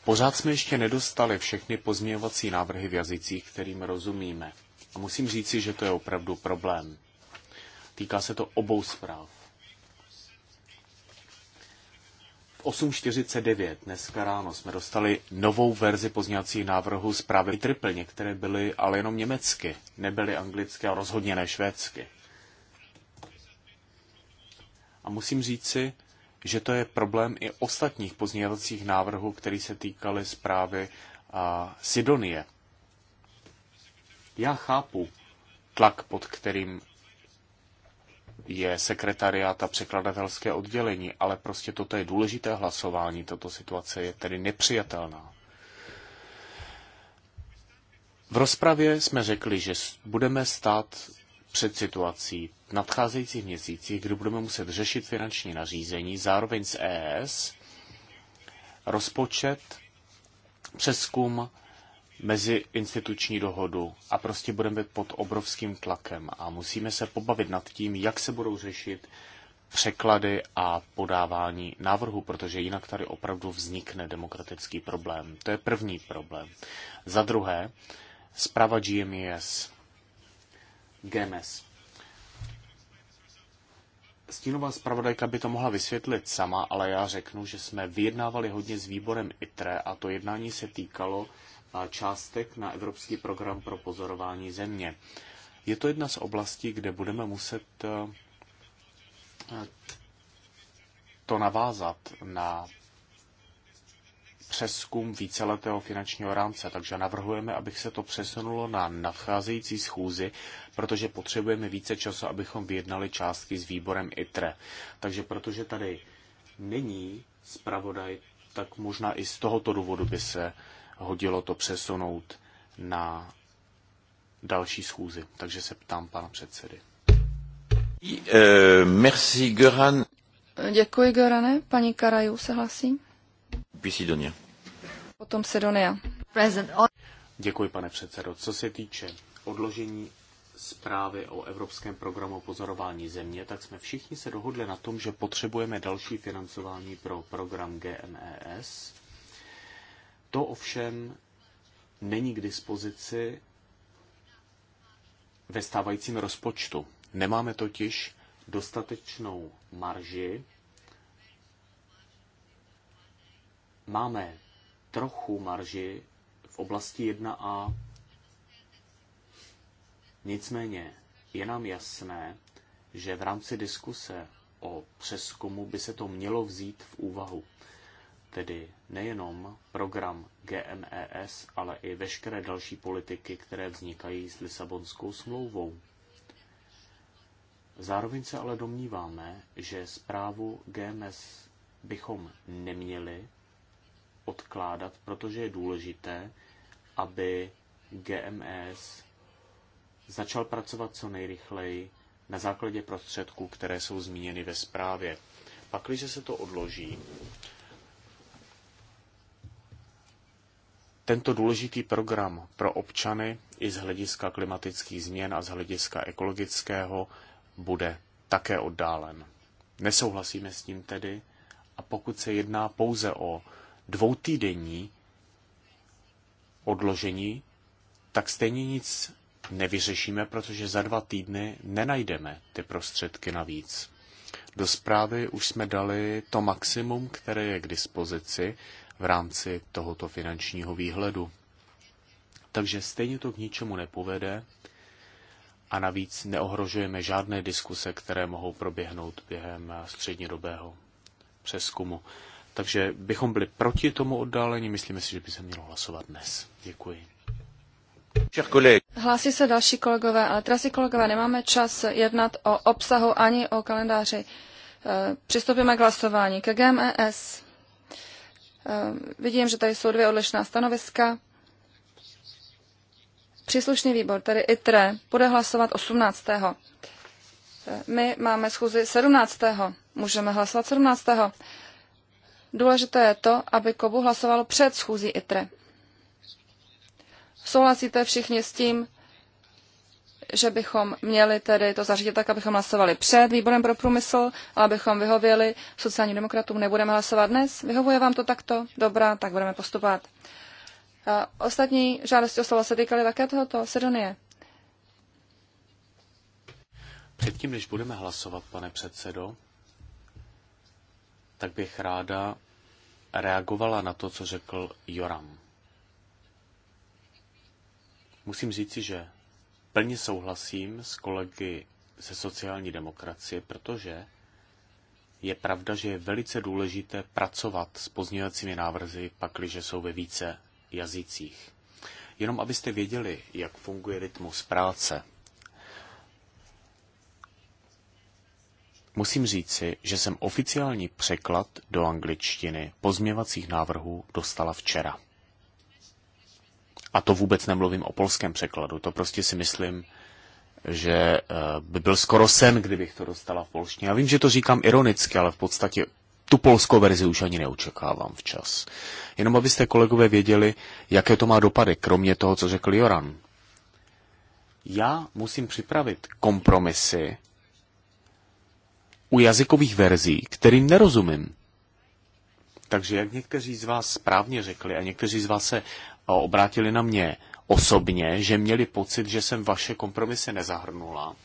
Pořád jsme ještě nedostali všechny pozměňovací návrhy v jazycích, kterým rozumíme. A musím říci, že to je opravdu problém. Týká se to obou zpráv. 8.49 dneska ráno jsme dostali novou verzi pozněvacích návrhu zprávy triple. Některé byly ale jenom německy, nebyly anglicky a rozhodně ne švédsky. A musím říci, že to je problém i ostatních pozněvacích návrhů, které se týkaly zprávy a Sidonie. Já chápu tlak, pod kterým je sekretariát a překladatelské oddělení, ale prostě toto je důležité hlasování, toto situace je tedy nepřijatelná. V rozpravě jsme řekli, že budeme stát před situací v nadcházejících měsících, kdy budeme muset řešit finanční nařízení, zároveň s ES, rozpočet, přeskum meziinstituční dohodu a prostě budeme pod obrovským tlakem a musíme se pobavit nad tím, jak se budou řešit překlady a podávání návrhu, protože jinak tady opravdu vznikne demokratický problém. To je první problém. Za druhé, zpráva GMES. GMS. E Stínová zpravodajka by to mohla vysvětlit sama, ale já řeknu, že jsme vyjednávali hodně s výborem ITRE a to jednání se týkalo částek na Evropský program pro pozorování země. Je to jedna z oblastí, kde budeme muset eh, to navázat na přeskum víceletého finančního rámce, takže navrhujeme, abych se to přesunulo na nadcházející schůzi, protože potřebujeme více času, abychom vyjednali částky s výborem ITRE. Takže protože tady není zpravodaj, tak možná i z tohoto důvodu by se hodilo to přesunout na další schůzi. Takže se ptám pana předsedy. E, merci, Göran. Děkuji, Görane. Paní Karajů se hlasí. Puis Potom se Present. Děkuji, pane předsedo. Co se týče odložení zprávy o Evropském programu pozorování země, tak jsme všichni se dohodli na tom, že potřebujeme další financování pro program GMES to ovšem není k dispozici ve stávajícím rozpočtu. Nemáme totiž dostatečnou marži. Máme trochu marži v oblasti 1a. Nicméně je nám jasné, že v rámci diskuse o přeskumu by se to mělo vzít v úvahu tedy nejenom program GMES, ale i veškeré další politiky, které vznikají s Lisabonskou smlouvou. Zároveň se ale domníváme, že zprávu GMS e bychom neměli odkládat, protože je důležité, aby GMS e začal pracovat co nejrychleji na základě prostředků, které jsou zmíněny ve zprávě. Pakliže se to odloží, tento důležitý program pro občany i z hlediska klimatických změn a z hlediska ekologického bude také oddálen. Nesouhlasíme s tím tedy a pokud se jedná pouze o dvoutýdenní odložení, tak stejně nic nevyřešíme, protože za dva týdny nenajdeme ty prostředky navíc. Do zprávy už jsme dali to maximum, které je k dispozici, v rámci tohoto finančního výhledu. Takže stejně to k ničemu nepovede a navíc neohrožujeme žádné diskuse, které mohou proběhnout během střednědobého přeskumu. Takže bychom byli proti tomu oddálení, myslíme si, že by se mělo hlasovat dnes. Děkuji. Hlásí se další kolegové, ale si kolegové, nemáme čas jednat o obsahu ani o kalendáři. Eh, přistoupíme k hlasování. K GMES. Eh, vidím, že tady jsou dvě odlišná stanoviska. Příslušný výbor, tedy ITRE, bude hlasovat 18. Eh, my máme schůzi 17. Můžeme hlasovat 17. Důležité je to, aby KOBU hlasovalo před schůzí ITRE. Souhlasíte všichni s tím, že bychom měli tedy to zařídit tak, abychom hlasovali před výborem pro průmysl, ale abychom vyhověli sociálním demokratům, nebudeme hlasovat dnes. Vyhovuje vám to takto? Dobrá, tak budeme postupovat. A ostatní žádosti o slovo se týkaly také tohoto, Sedonie. Předtím, než budeme hlasovat, pane předsedo, tak bych ráda reagovala na to, co řekl Joram. Musím říci, že Plně souhlasím s kolegy ze sociální demokracie, protože je pravda, že je velice důležité pracovat s pozměňovacími návrzy, pakliže jsou ve více jazycích. Jenom abyste věděli, jak funguje rytmus práce. Musím říci, že jsem oficiální překlad do angličtiny pozměvacích návrhů dostala včera. A to vůbec nemluvím o polském překladu. To prostě si myslím, že eh, by byl skoro sen, kdybych to dostala v polštině. Já vím, že to říkám ironicky, ale v podstatě tu polskou verzi už ani neočekávám včas. Jenom abyste kolegové věděli, jaké to má dopady, kromě toho, co řekl Joran. Já musím připravit kompromisy u jazykových verzí, kterým nerozumím. Takže jak někteří z vás správně řekli a někteří z vás se obrátili na mě osobně, že měli pocit, že jsem vaše kompromisy nezahrnula.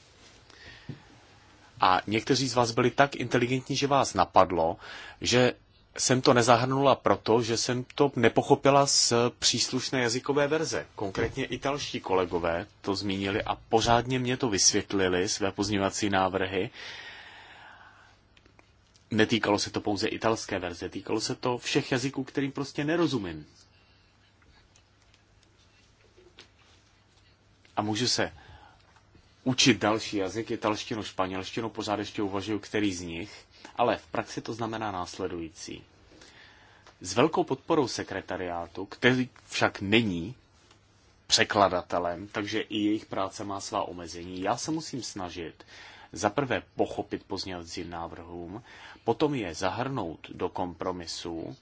A někteří z vás byli tak inteligentní, že vás napadlo, že jsem to nezahrnula proto, že jsem to nepochopila z příslušné jazykové verze. Konkrétně další kolegové to zmínili a pořádně mě to vysvětlili, své pozměňovací návrhy. Netýkalo se to pouze italské verze, týkalo se to všech jazyků, kterým prostě nerozumím. a můžu se učit další jazyk, italštinu, španělštinu, pořád ještě uvažuju, který z nich, ale v praxi to znamená následující. S velkou podporou sekretariátu, který však není překladatelem, takže i jejich práce má svá omezení, já se musím snažit za prvé pochopit pozměňovacím návrhům, potom je zahrnout do kompromisu,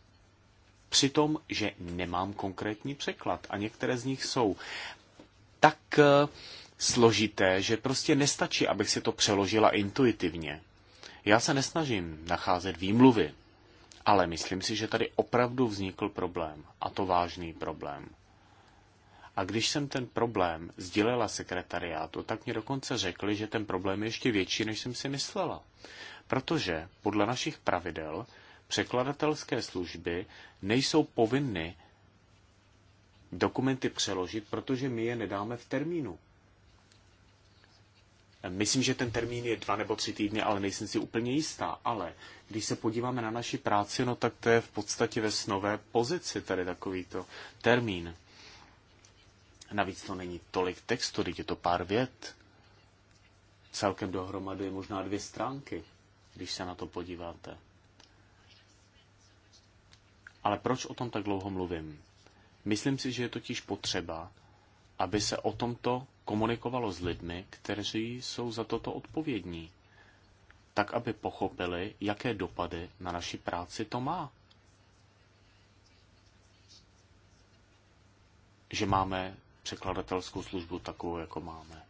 přitom, že nemám konkrétní překlad a některé z nich jsou tak eh, složité, že prostě nestačí, abych si to přeložila intuitivně. Já se nesnažím nacházet výmluvy, ale myslím si, že tady opravdu vznikl problém, a to vážný problém. A když jsem ten problém sdělila sekretariátu, tak mě dokonce řekli, že ten problém je ještě větší, než jsem si myslela. Protože podle našich pravidel překladatelské služby nejsou povinny dokumenty přeložit, protože my je nedáme v termínu. Myslím, že ten termín je dva nebo tři týdny, ale nejsem si úplně jistá. Ale když se podíváme na naši práci, no tak to je v podstatě ve snové pozici tady takovýto termín. Navíc to není tolik textu, teď je to pár vět. Celkem dohromady je možná dvě stránky, když se na to podíváte. Ale proč o tom tak dlouho mluvím? Myslím si, že je totiž potřeba, aby se o tomto komunikovalo s lidmi, kteří jsou za toto odpovědní, tak aby pochopili, jaké dopady na naši práci to má. Že máme překladatelskou službu takovou, jako máme.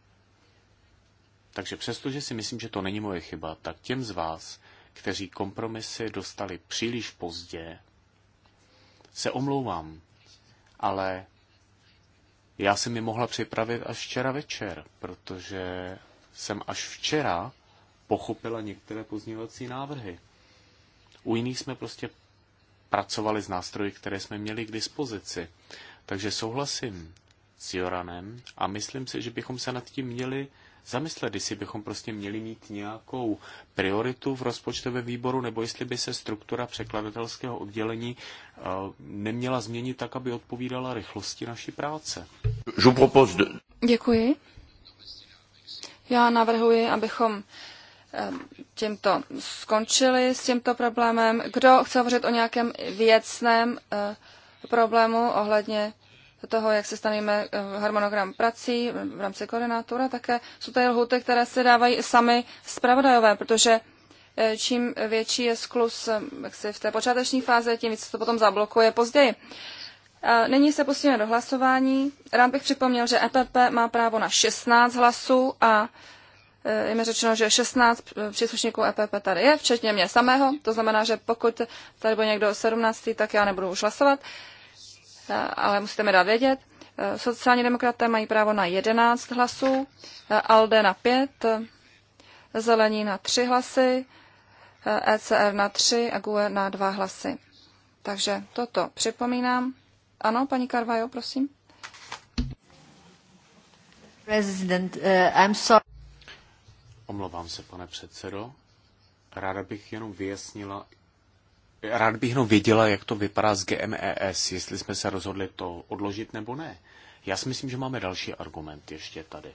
Takže přestože si myslím, že to není moje chyba, tak těm z vás, kteří kompromisy dostali příliš pozdě, se omlouvám ale já jsem je mohla připravit až včera večer, protože jsem až včera pochopila některé pozměňovací návrhy. U jiných jsme prostě pracovali s nástroji, které jsme měli k dispozici. Takže souhlasím s Joranem a myslím si, že bychom se nad tím měli zamyslet, jestli bychom prostě měli mít nějakou prioritu v rozpočtovém výboru, nebo jestli by se struktura překladatelského oddělení eh, neměla změnit tak, aby odpovídala rychlosti naší práce. Děkuji. Já navrhuji, abychom eh, tímto skončili s tímto problémem. Kdo chce hovořit o nějakém věcném eh, problému ohledně toho, jak se staneme eh, harmonogram prací v rámci koordinátora, také jsou tady lhuty, které se dávají sami zpravodajové, protože eh, čím větší je sklus eh, jak v té počáteční fáze, tím více se to potom zablokuje později. Nyní se pustíme do hlasování. Rád bych připomněl, že EPP má právo na 16 hlasů a je mi řečeno, že 16 příslušníků EPP tady je, včetně mě samého. To znamená, že pokud tady bude někdo 17, tak já nebudu už hlasovat. Eh, ale musíte mi dát vědět. Eh, sociální demokraté mají právo na 11 hlasů, eh, ALDE na 5, Zelení na 3 hlasy, ECR e na 3 a GUE na 2 hlasy. Takže toto připomínám. Ano, paní Karvajo, prosím. President, uh, I'm sorry. Omlouvám se, pane předsedo. Ráda bych jenom vyjasnila rád bych jenom věděla, jak to vypadá s GMES, jestli jsme se rozhodli to odložit nebo ne. Já si myslím, že máme další argument ještě tady.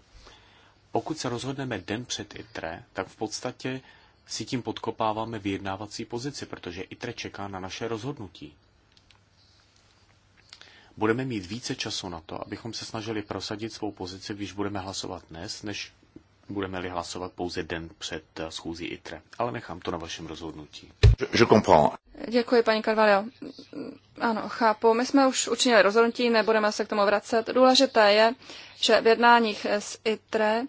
Pokud se rozhodneme den před ITRE, tak v podstatě si tím podkopáváme vyjednávací pozici, protože ITRE čeká na naše rozhodnutí. Budeme mít více času na to, abychom se snažili prosadit svou pozici, když budeme hlasovat dnes, než budeme-li hlasovat pouze den před eh, schůzí ITRE. Ale nechám to na vašem rozhodnutí. Je je Děkuji, paní Carvalho. Ano, chápu. My jsme už učinili rozhodnutí, nebudeme se k tomu vracet. Důležité je, že v jednáních s ITRE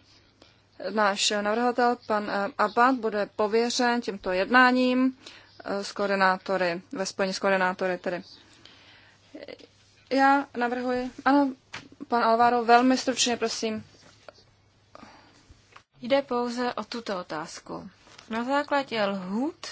náš navrhovatel, pan eh, Abad, bude pověřen tímto jednáním eh, s koordinátory, ve spojení s koordinátory tedy. Já navrhuji, ano, pan Alvaro, velmi stručně, prosím. Jde pouze o tuto otázku. Na základě lhůt,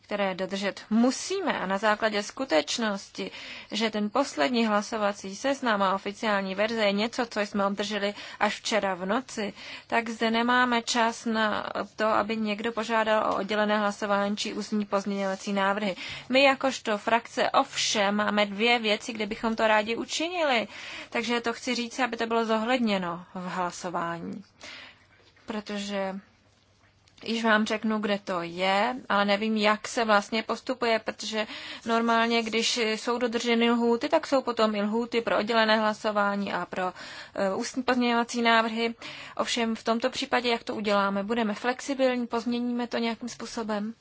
které dodržet musíme a na základě skutečnosti, že ten poslední hlasovací seznam a oficiální verze je něco, co jsme obdrželi až včera v noci, tak zde nemáme čas na to, aby někdo požádal o oddělené hlasování či ústní pozměňovací návrhy. My jakožto frakce ovšem máme dvě věci, kde bychom to rádi učinili, takže to chci říct, aby to bylo zohledněno v hlasování protože již vám řeknu, kde to je, ale nevím, jak se vlastně postupuje, protože normálně, když jsou dodrženy lhůty, tak jsou potom i lhůty pro oddělené hlasování a pro eh, ústní pozměňovací návrhy. Ovšem v tomto případě, jak to uděláme? Budeme flexibilní, pozměníme to nějakým způsobem?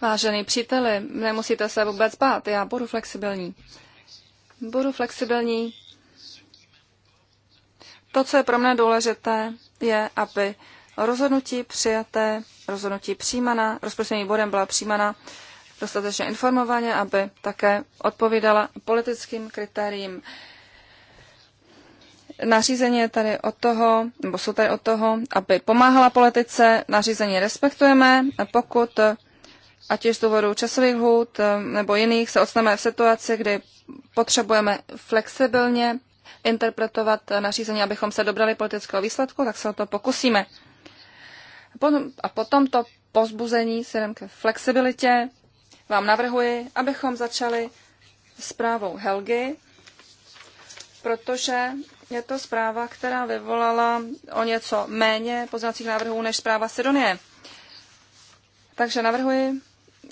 Vážený příteli, nemusíte se vůbec bát, já budu flexibilní. Budu flexibilní to, co je pro mě důležité, je, aby rozhodnutí přijaté, rozhodnutí přijímaná, rozprostřeným bodem byla přijímaná dostatečně informovaně, aby také odpovídala politickým kritériím. Nařízení je tady od toho, nebo jsou tady od toho, aby pomáhala politice, nařízení respektujeme, pokud ať už z důvodu časových hůd nebo jiných se odstaneme v situaci, kdy potřebujeme flexibilně interpretovat nařízení, abychom se dobrali politického výsledku, tak se o to pokusíme. A potom to pozbuzení směrem ke flexibilitě vám navrhuji, abychom začali zprávou Helgy, protože je to zpráva, která vyvolala o něco méně poznacích návrhů než zpráva Sidonie. Takže navrhuji,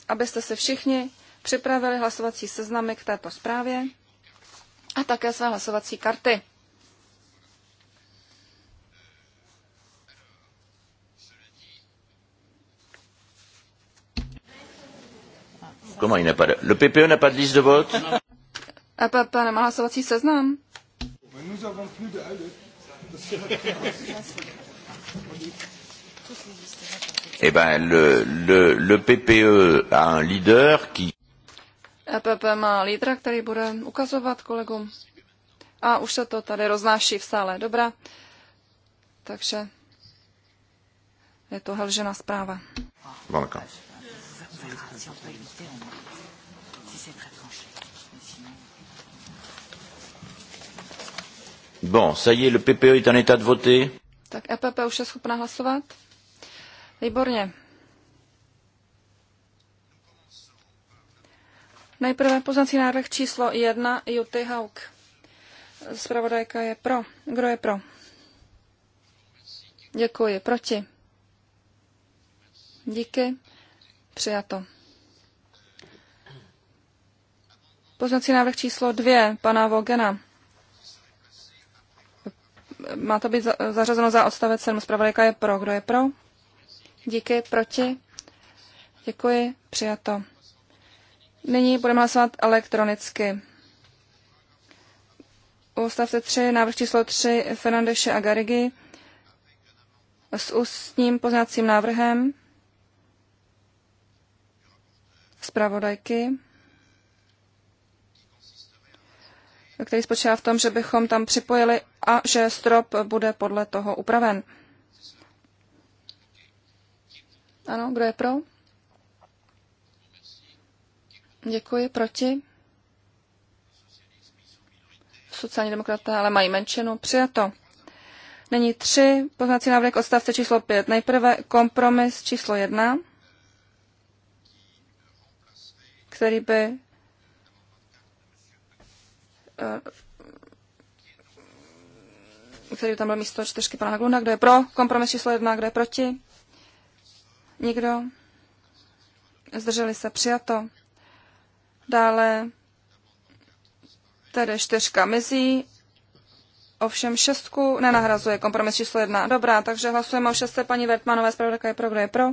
abyste se všichni připravili hlasovací seznamy k této zprávě a také své hlasovací karty. Comment il n'a pas de... Le PPE n'a pas de e nemá hlasovací seznam. Eh ben, le, le, le PPE a un leader qui... EPP má lídra, který bude ukazovat kolegům. A už se to tady roznáší v sále. Dobrá. Takže je to helžená zpráva. Velká. Bon, ça y est, le PPE est en état de voter. Tak EPP už je schopna hlasovat? Výborně. Nejprve poznací návrh číslo 1 Juty Hauk. Zpravodajka je pro. Kdo je pro? Děkuji. Proti? Díky. Přijato. Poznací návrh číslo 2 pana Vogena. Má to být zařazeno za odstavec 7. Zpravodajka je pro. Kdo je pro? Díky. Proti? Děkuji. Přijato. Nyní budeme hlasovat elektronicky. U stavce 3, návrh číslo 3 Fernandeše a Garigy s ústním poznacím návrhem zpravodajky, který spočívá v tom, že bychom tam připojili a že strop bude podle toho upraven. Ano, kdo je pro? Děkuji. Proti? Sociální demokraté ale mají menšinu. Přijato. Není tři poznací návrh odstavce číslo pět. Nejprve kompromis číslo jedna, který by eh, který tam byl místo čtyřky pana Hagluna. Kdo je pro? Kompromis číslo jedna. Kdo je proti? Nikdo? Zdrželi se. Přijato. Dále tedy čtyřka mizí, ovšem šestku nenahrazuje kompromis číslo jedna. Dobrá, takže hlasujeme o šestce paní Vertmanové, zpravodajka je pro, kdo je pro.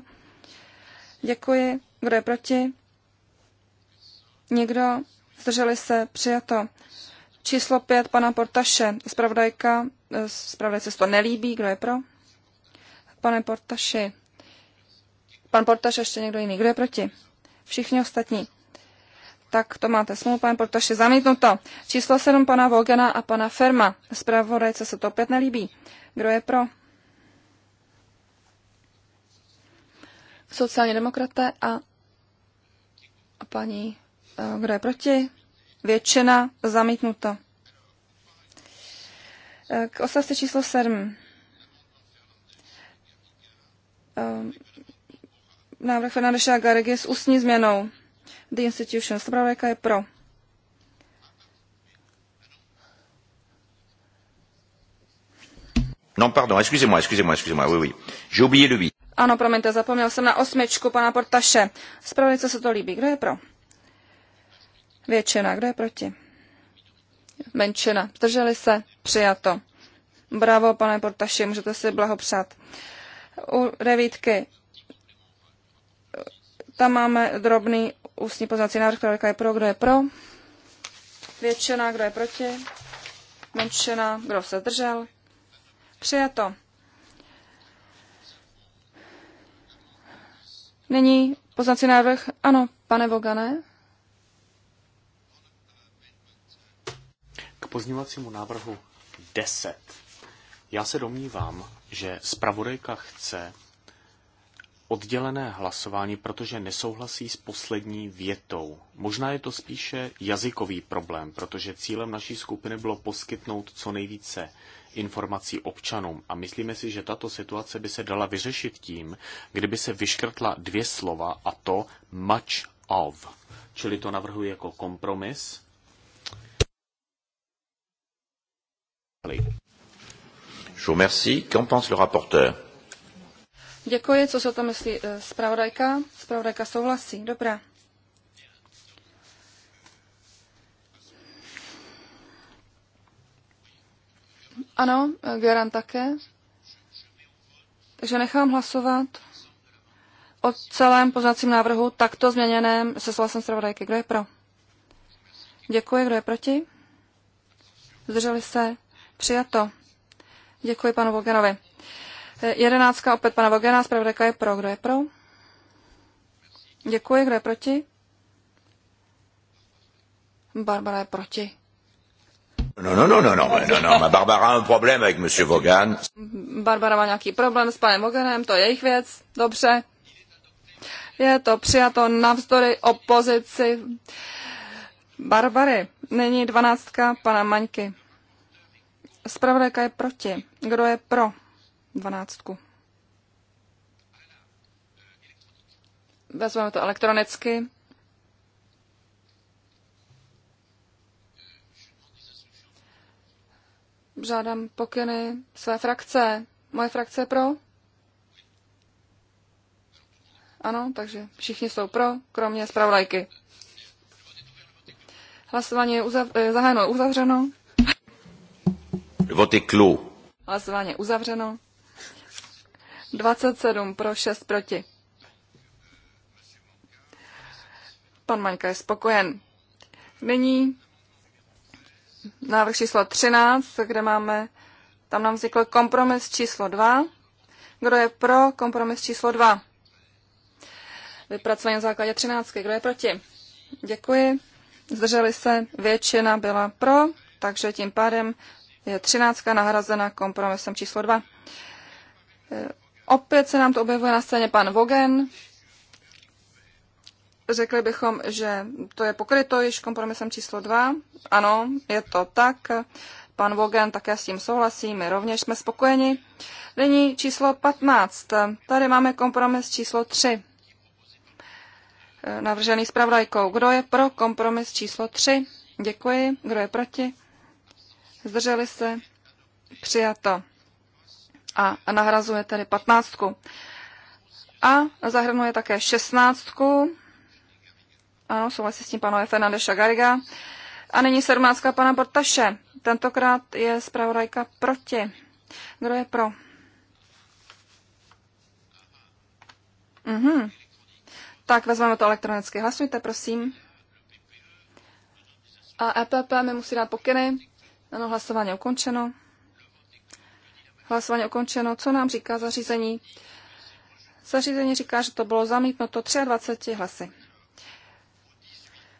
Děkuji. Kdo je proti? Nikdo. Zdrželi se. Přijato. Číslo pět pana Portaše. Zpravodajka. Eh, Zpravodajce se to nelíbí. Kdo je pro? Pane Portaši. Pan Portaš ještě někdo jiný. Kdo je proti? Všichni ostatní tak to máte smlouvu, pane Portoši, zamítnuto. Číslo 7 pana Vogena a pana Ferma. Zpravodajce se to opět nelíbí. Kdo je pro? Sociální demokraté a, a paní, eh, kdo je proti? Většina zamítnuto. Eh, k odstavci číslo 7. Eh, návrh Fernandeša Garegy s ústní změnou. The Institution. Zpravodajka je pro. Non, pardon, excusez-moi, excusez-moi, excusez-moi, oui, oui. J'ai oublié le 8. Ano, promiňte, zapomněl jsem na osmičku pana Portaše. Zpravodajce se to líbí. Kdo je pro? Většina. Kdo je proti? Menšina. Zdrželi se? Přijato. Bravo, pane Portaši, můžete si blahopřát. U devítky tam máme drobný ústní poznací návrh, zpravodajka je pro, kdo je pro, většina, kdo je proti, menšina, kdo se držel, přijato. Nyní poznací návrh, ano, pane Vogane? K pozněvacímu návrhu 10. Já se domnívám, že zpravodajka chce, oddělené hlasování, protože nesouhlasí s poslední větou. Možná je to spíše jazykový problém, protože cílem naší skupiny bylo poskytnout co nejvíce informací občanům a myslíme si, že tato situace by se dala vyřešit tím, kdyby se vyškrtla dvě slova a to much of. Čili to navrhuji jako kompromis. Je vous remercie. Qu'en pense le rapporteur? Děkuji, co se o tom myslí eh, zpravodajka. Zpravodajka souhlasí, dobrá. Ano, eh, Geran také. Takže nechám hlasovat o celém poznacím návrhu takto změněném se souhlasem zpravodajky. Kdo je pro? Děkuji. Kdo je proti? Zdrželi se? Přijato. Děkuji panu Volganovi. Jedenáctka opět pana Vogena, zpravodajka je pro. Kdo je pro? Děkuji, kdo je proti? Barbara je proti. No, no, no, no, no, no, no, no. no Barbara má problém s monsieur Vogan. Barbara má nějaký problém s panem Voganem, to je jejich věc, dobře. Je to přijato navzdory opozici Barbary. Nyní dvanáctka pana Maňky. Spravodajka je proti. Kdo je pro? dvanáctku. Vezmeme to elektronicky. Žádám pokyny své frakce. Moje frakce je pro? Ano, takže všichni jsou pro, kromě zpravodajky. Hlasování je uzav- zahájeno uzavřeno. Voty klu. Hlasování je uzavřeno. 27 pro 6 proti. Pan Maňka je spokojen. Nyní návrh číslo 13, kde máme, tam nám vznikl kompromis číslo 2. Kdo je pro kompromis číslo 2? Vypracování na základě 13. Kdo je proti? Děkuji. Zdrželi se, většina byla pro, takže tím pádem je 13. nahrazena kompromisem číslo 2. Opět se nám to objevuje na scéně pan Vogen. Řekli bychom, že to je pokryto již kompromisem číslo dva. Ano, je to tak. Pan Vogen také s tím souhlasí, my rovněž jsme spokojeni. Nyní číslo 15. Tady máme kompromis číslo 3. Navržený zpravodajkou. Kdo je pro kompromis číslo 3? Děkuji. Kdo je proti? Zdrželi se? Přijato a nahrazuje tedy patnáctku. A zahrnuje také šestnáctku. Ano, souhlasí s tím panové Fernandeša Gariga. A nyní sedmnáctka pana Bortaše. Tentokrát je zpravodajka proti. Kdo je pro? Mhm. Tak vezmeme to elektronicky. Hlasujte, prosím. A EPP mi musí dát pokyny. Ano, hlasování ukončeno. Hlasování ukončeno. Co nám říká zařízení? Zařízení říká, že to bylo zamítnuto 23 hlasy.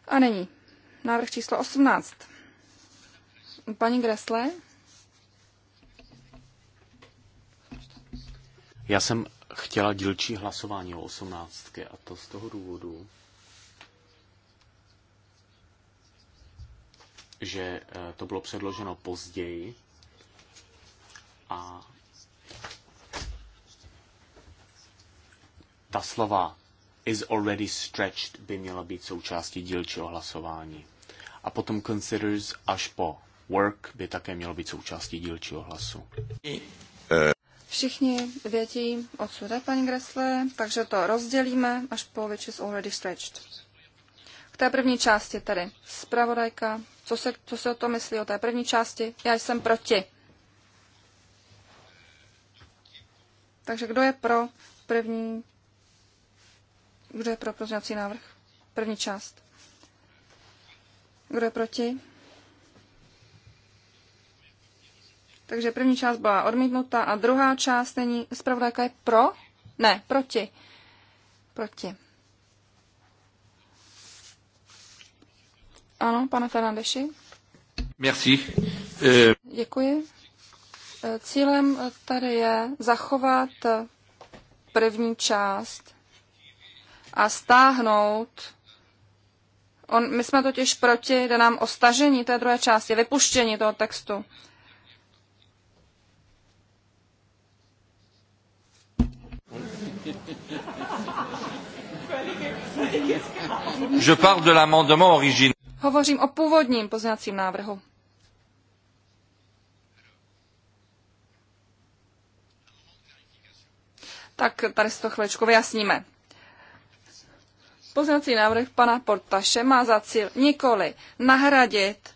A není. Návrh číslo 18. Paní Gresle? Já jsem chtěla dílčí hlasování o 18. a to z toho důvodu, že eh, to bylo předloženo později a ta slova is already stretched by měla být součástí dílčího hlasování. A potom considers až po work by také mělo být součástí dílčího hlasu. Všichni vědí, odsud je paní Gressle, takže to rozdělíme až po which is already stretched. K té první části tedy. Spravodajka, co se, co se o to myslí o té první části? Já jsem proti. Takže kdo je pro první, kdo je pro pozměňovací návrh? První část. Kdo je proti? Takže první část byla odmítnuta a druhá část není, zpravodajka je pro? Ne, proti. Proti. Ano, pane Fernandeši. Merci. Děkuji. Cílem tady je zachovat první část a stáhnout. On, my jsme totiž proti, jde nám o stažení té druhé části, vypuštění toho textu. Je parle de l'amendement original. Hovořím o původním pozněcím návrhu. tak tady si to chviličku vyjasníme. Poznací návrh pana Portaše má za cíl nikoli nahradit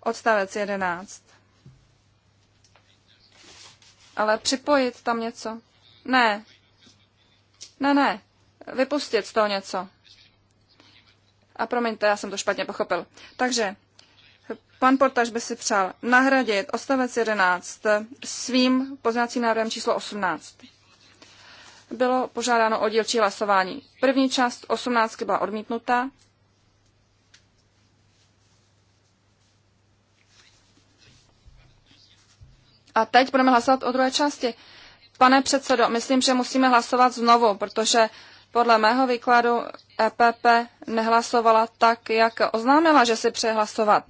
odstavec 11, ale připojit tam něco. Ne, ne, ne, vypustit z toho něco. A promiňte, já jsem to špatně pochopil. Takže pan Portaš by si přál nahradit odstavec 11 svým poznacím návrhem číslo 18 bylo požádáno o dílčí hlasování. První část 18 byla odmítnuta. A teď budeme hlasovat o druhé části. Pane předsedo, myslím, že musíme hlasovat znovu, protože podle mého výkladu EPP nehlasovala tak, jak oznámila, že si přeje hlasovat.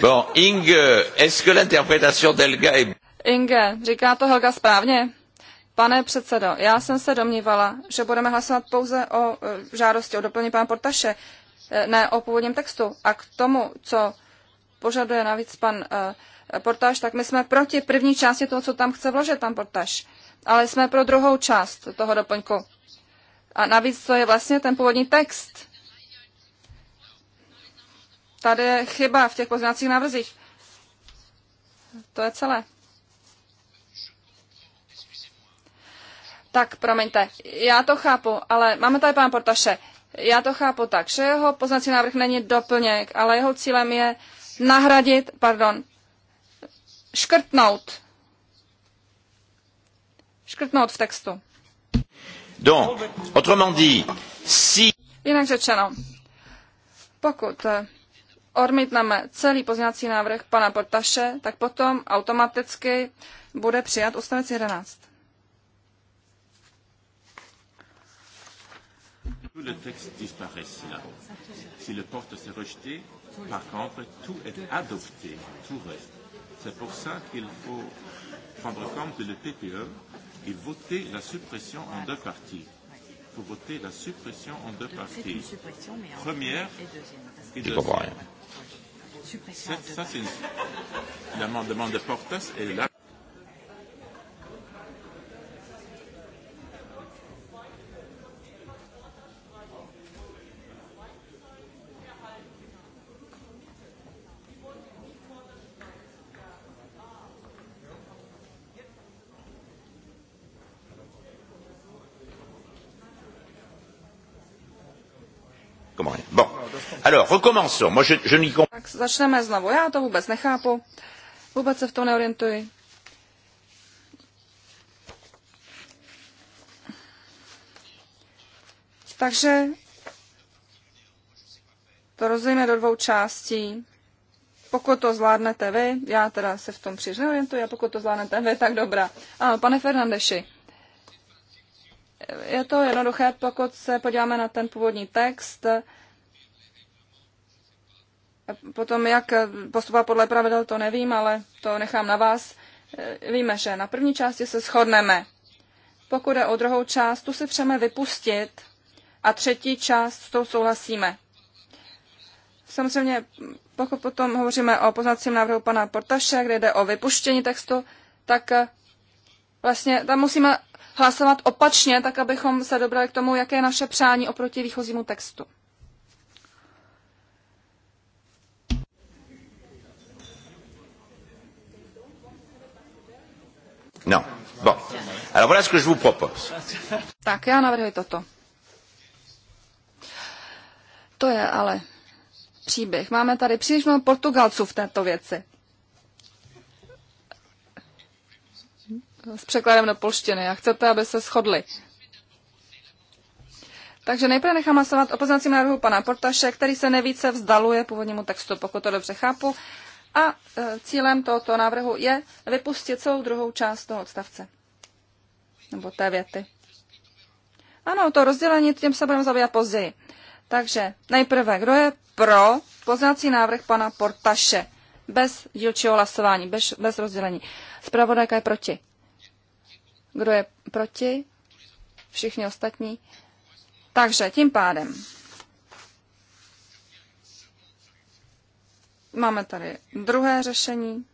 Bon, Inge, est-ce que l'interprétation d'Elga est... Inge, říká to Helga správně? Pane předsedo, já jsem se domnívala, že budeme hlasovat pouze o e, žádosti o doplnění pana Portaše, e, ne o původním textu. A k tomu, co požaduje navíc pan e, Portaš, tak my jsme proti první části toho, co tam chce vložit pan Portaš, ale jsme pro druhou část toho doplňku. A navíc to je vlastně ten původní text. Tady je chyba v těch pozměňovacích návrzích. To je celé. Tak, promiňte, já to chápu, ale máme tady pán Portaše. Já to chápu tak, že jeho poznací návrh není doplněk, ale jeho cílem je nahradit, pardon, škrtnout. Škrtnout v textu. Donc, autrement dit, si... Jinak řečeno, pokud eh, odmítneme celý poznací návrh pana Portaše, tak potom automaticky bude přijat odstavec 11. tout le texte disparaît là. Si le porte s'est rejeté, par contre, tout est adopté, tout reste. C'est pour ça qu'il faut prendre compte que le PPE et voter la suppression en deux parties. Il faut voter la suppression en deux parties. Première et deuxième. Ça, c'est l'amendement de Portas et là. Alors, recommençons. Moi, je, je n'y tak začneme znovu. Já to vůbec nechápu. Vůbec se v tom neorientuji. Takže to rozdělíme do dvou částí. Pokud to zvládnete vy, já teda se v tom příliš neorientuji, a pokud to zvládnete vy, tak dobrá. Ano, pane Fernandeši, je to jednoduché, pokud se podíváme na ten původní text, Potom, jak postupovat podle pravidel, to nevím, ale to nechám na vás. Víme, že na první části se shodneme. Pokud je o druhou část, tu si přeme vypustit a třetí část s tou souhlasíme. Samozřejmě, pokud potom hovoříme o poznacím návrhu pana Portaše, kde jde o vypuštění textu, tak eh, vlastně tam musíme hlasovat opačně, tak abychom se dobrali k tomu, jaké je naše přání oproti výchozímu textu. No, Bon. Alors voilà ce que je vous propose. Tak já navrhuji toto. To je ale příběh. Máme tady příliš mnoho Portugalců v této věci. S překladem do polštiny. A chcete, aby se shodli. Takže nejprve nechám hlasovat o poznacím návrhu pana Portaše, který se nejvíce vzdaluje původnímu textu, pokud to dobře chápu. A e, cílem tohoto návrhu je vypustit celou druhou část toho odstavce. Nebo té věty. Ano, to rozdělení, tím se budeme zabývat později. Takže nejprve, kdo je pro poznací návrh pana Portaše? Bez dílčího hlasování, bez, bez rozdělení. Zpravodajka je proti. Kdo je proti? Všichni ostatní. Takže tím pádem Máme tady druhé řešení.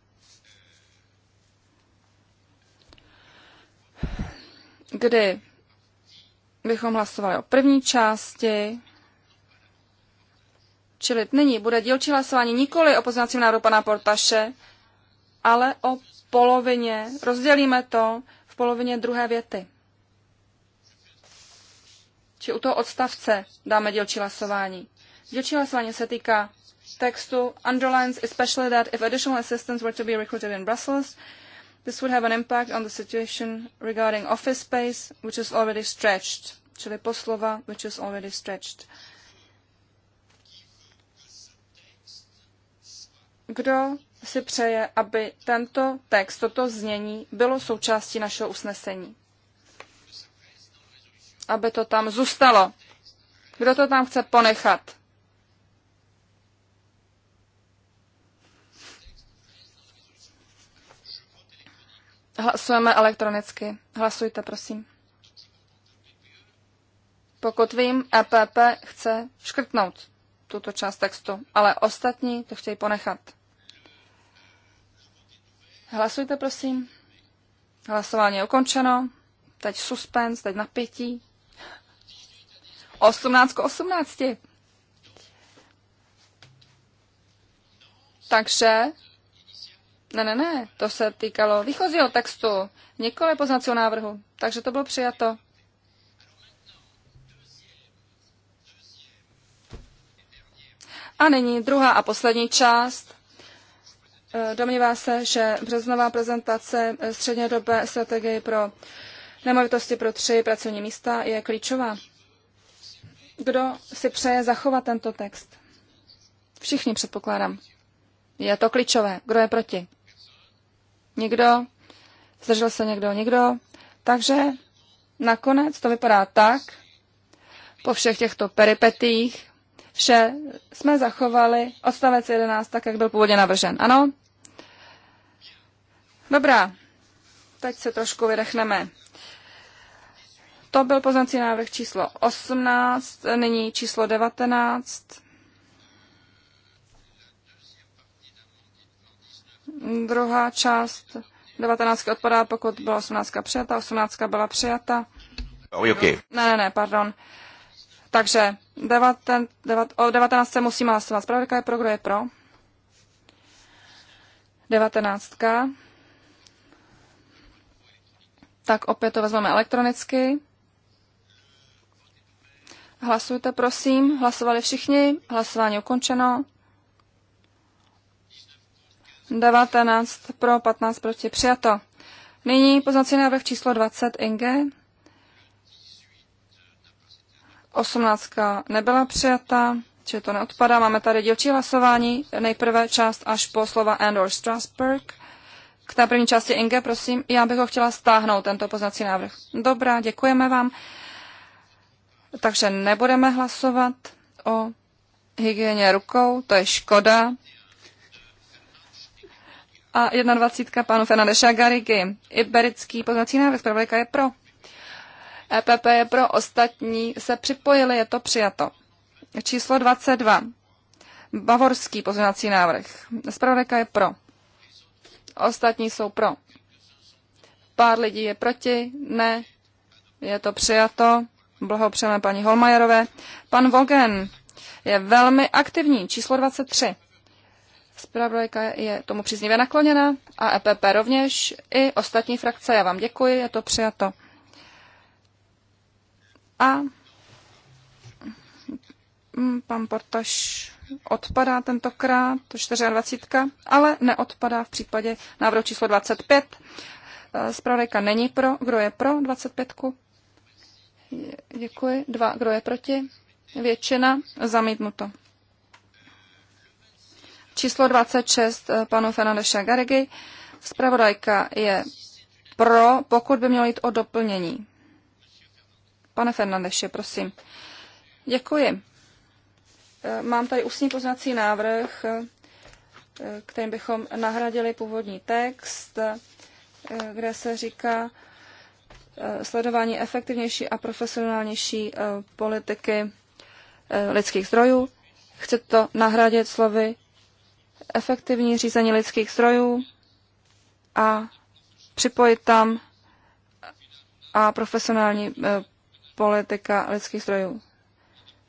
Kdy bychom hlasovali o první části, čili nyní bude dílčí hlasování nikoli o pozměňovacím návrhu pana Portaše, ale o polovině, rozdělíme to v polovině druhé věty. Či u toho odstavce dáme dílčí hlasování. Dílčí hlasování se týká textu underlines especially that if additional assistants were to be recruited in Brussels, this would have an impact on the situation regarding office space, which is already stretched, čili poslova, which is already stretched. Kdo si přeje, aby tento text, toto znění bylo součástí našeho usnesení? Aby to tam zůstalo. Kdo to tam chce ponechat? Hlasujeme elektronicky. Hlasujte, prosím. Pokud vím, EPP chce škrtnout tuto část textu, ale ostatní to chtějí ponechat. Hlasujte, prosím. Hlasování je ukončeno. Teď suspens, teď napětí. 18 k 18. Takže ne, ne, ne, to se týkalo výchozího textu, nikoli poznacího návrhu, takže to bylo přijato. A nyní druhá a poslední část. E, domnívá se, že březnová prezentace střednědobé strategie pro nemovitosti pro tři pracovní místa je klíčová. Kdo si přeje zachovat tento text? Všichni předpokládám. Je to klíčové. Kdo je proti? Nikdo? Zdržel se někdo? Nikdo? Takže nakonec to vypadá tak, po všech těchto peripetích, že jsme zachovali odstavec 11 tak, jak byl původně navržen. Ano? Dobrá, teď se trošku vydechneme. To byl poznací návrh číslo 18, nyní číslo 19. Druhá část 19 odpadá, pokud byla 18 přijata, 18 byla přijata. Oh, okay. Ne, ne, ne, pardon. Takže devaten, devat, o 19 musíme hlasovat. Zpravodajka je pro, kdo je pro? 19. Tak opět to vezmeme elektronicky. Hlasujte, prosím. Hlasovali všichni. Hlasování ukončeno. 19 pro, 15 proti. Přijato. Nyní poznací návrh číslo 20 Inge. 18 nebyla přijata, či to neodpadá. Máme tady dílčí hlasování. Nejprve část až po slova Andor Strasberg. K té první části Inge, prosím, já bych ho chtěla stáhnout, tento poznací návrh. Dobrá, děkujeme vám. Takže nebudeme hlasovat o hygieně rukou, to je škoda, a 21. panu Fernandeša Garigy. Iberický pozvací návrh, zpravodajka je pro. EPP je pro, ostatní se připojili, je to přijato. Číslo 22. Bavorský pozvací návrh. Zpravodajka je pro. Ostatní jsou pro. Pár lidí je proti, ne, je to přijato. Blahopřejeme paní Holmajerové. Pan Vogen je velmi aktivní, číslo 23. Zpravodajka je tomu příznivě nakloněna a EPP rovněž i ostatní frakce. Já vám děkuji, je to přijato. A mm, pan Portaš odpadá tentokrát, to 24, ale neodpadá v případě návrhu číslo 25. Zpravodajka eh, není pro. Kdo je pro 25? Děkuji. Dva. Kdo je proti? Většina. Zamítnuto. Číslo 26 eh, panu Fernandeša Garegy. Zpravodajka je pro, pokud by mělo jít o doplnění. Pane Fernandeše, prosím. Děkuji. Eh, mám tady ústní poznací návrh, eh, kterým bychom nahradili původní text, kde se říká sledování efektivnější a profesionálnější politiky lidských zdrojů. Chci to nahradit slovy efektivní řízení lidských zdrojů a připojit tam a profesionální eh, politika lidských zdrojů.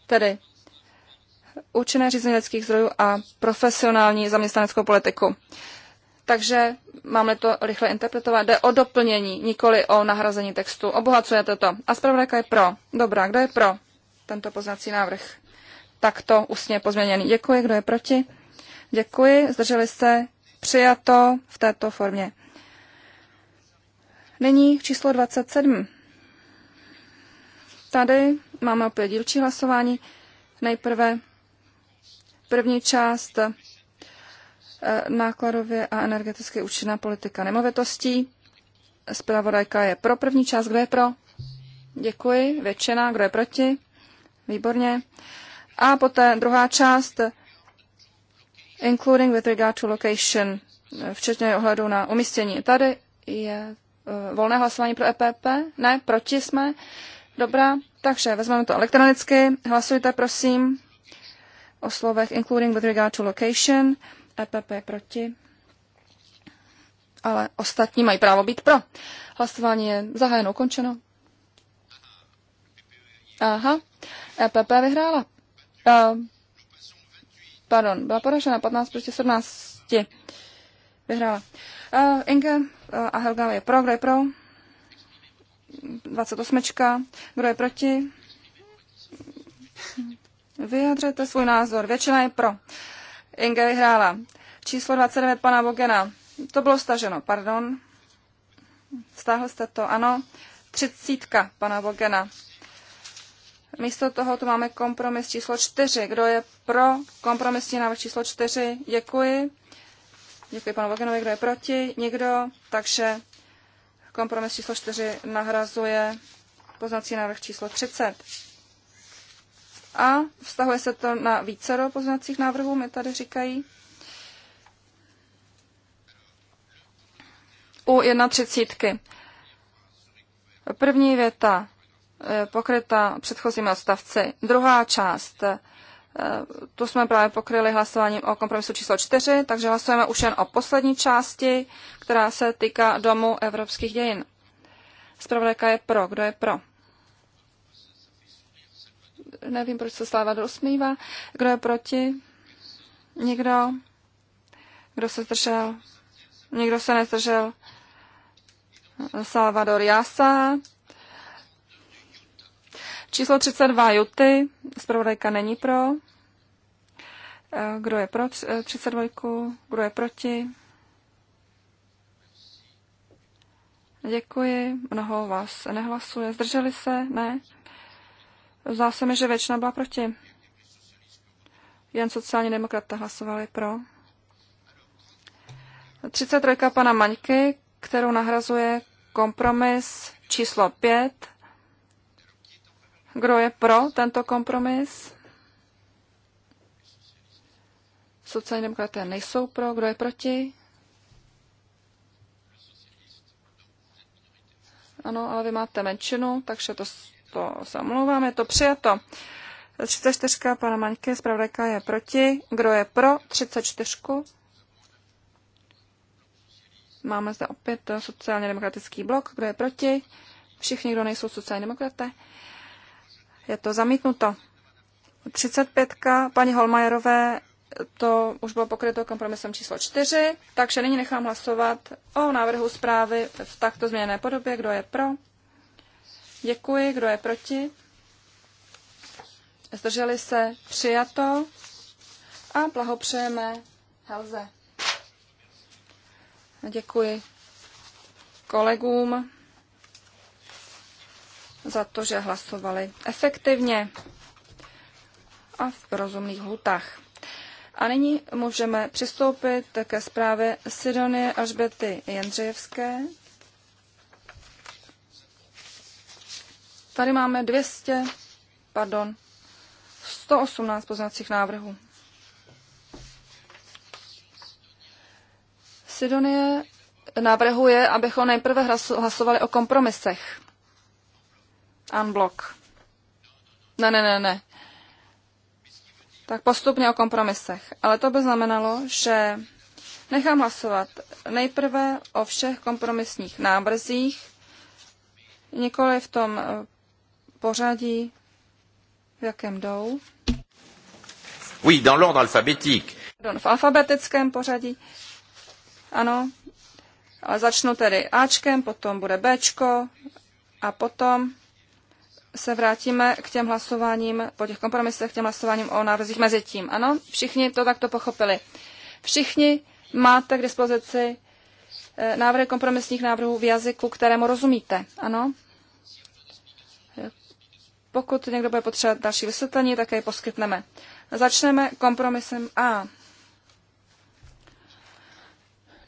Tedy účinné řízení lidských zdrojů a profesionální zaměstnaneckou politiku. Takže máme to rychle interpretovat. Jde o doplnění, nikoli o nahrazení textu. Obohacujete to. A zpravodajka je pro. Dobrá, kdo je pro tento poznací návrh? Takto ústně pozměněný. Děkuji, kdo je proti? Děkuji, zdrželi se, přijato v této formě. Nyní číslo 27. Tady máme opět dílčí hlasování. Nejprve první část eh, nákladově a energeticky účinná politika nemovitostí. Zpravodajka je pro první část. Kdo je pro? Děkuji. Většina. Kdo je proti? Výborně. A poté druhá část including with regard to location, eh, včetně ohledu na umístění. Tady je eh, volné hlasování pro EPP? Ne, proti jsme. Dobrá, takže vezmeme to elektronicky. Hlasujte, prosím, o slovech including with regard to location. EPP proti. Ale ostatní mají právo být pro. Hlasování je zahájeno, ukončeno. Aha, EPP vyhrála. Uh, pardon, byla poražena 15 proti 17. Vyhrála. Uh, Inge uh, a Helga je pro, kdo je pro? 28. Kdo je proti? Vyjadřete svůj názor. Většina je pro. Inge vyhrála. Číslo 29 pana Bogena. To bylo staženo, pardon. Stáhl jste to, ano. Třicítka pana Bogena. Místo toho tu máme kompromis číslo čtyři. Kdo je pro kompromisní návrh číslo čtyři? Děkuji. Děkuji panu Vogenovi. kdo je proti. Nikdo. Takže kompromis číslo čtyři nahrazuje poznací návrh číslo 30. A vztahuje se to na vícero poznacích návrhů, mi tady říkají. U jedna třicítky. První věta Eh, pokryta předchozími odstavci. Druhá část, eh, tu jsme právě pokryli hlasováním o kompromisu číslo 4, takže hlasujeme už jen o poslední části, která se týká Domu evropských dějin. Zpravodajka je pro. Kdo je pro? Nevím, proč se Salvador usmívá. Kdo je proti? Nikdo? Kdo se zdržel? Nikdo se nezdržel? Salvador Jasa. Číslo 32 Juty, zpravodajka není pro. Eh, kdo je pro 32? Eh, kdo je proti? Děkuji. Mnoho vás nehlasuje. Zdrželi se? Ne. Zdá se mi, že většina byla proti. Jen sociální demokrata hlasovali pro. 33. pana Maňky, kterou nahrazuje kompromis číslo 5 kdo je pro tento kompromis? Sociální demokraté nejsou pro. Kdo je proti? Ano, ale vy máte menšinu, takže to, to se omlouvám. Je to přijato. 34. pana Maňky, zpravodajka je proti. Kdo je pro 34? Máme zde opět sociálně demokratický blok. Kdo je proti? Všichni, kdo nejsou sociální demokraté je to zamítnuto. 35. paní Holmajerové, to už bylo pokryto kompromisem číslo 4, takže nyní nechám hlasovat o návrhu zprávy v takto změněné podobě. Kdo je pro? Děkuji. Kdo je proti? Zdrželi se přijato a blahopřejeme Helze. Děkuji kolegům za to, že hlasovali efektivně a v rozumných lhutách. A nyní můžeme přistoupit ke zprávě Sidonie Alžbety Jendřejevské. Tady máme 200, pardon, 118 poznacích návrhů. Sidonie navrhuje, abychom nejprve hlasovali o kompromisech. Unblock. Ne, ne, ne, ne. Tak postupně o kompromisech. Ale to by znamenalo, že nechám hlasovat nejprve o všech kompromisních návrzích, nikoli v tom eh, pořadí, v jakém jdou. Oui, dans l'ordre alphabétique. Pardon, v alfabetickém pořadí. Ano, ale začnu tedy Ačkem, potom bude Bčko a potom se vrátíme k těm hlasováním, po těch kompromisech, k těm hlasováním o návrzích mezi tím. Ano, všichni to takto pochopili. Všichni máte k dispozici eh, návrhy kompromisních návrhů v jazyku, kterému rozumíte. Ano? Pokud někdo bude potřebovat další vysvětlení, tak je poskytneme. Začneme kompromisem A.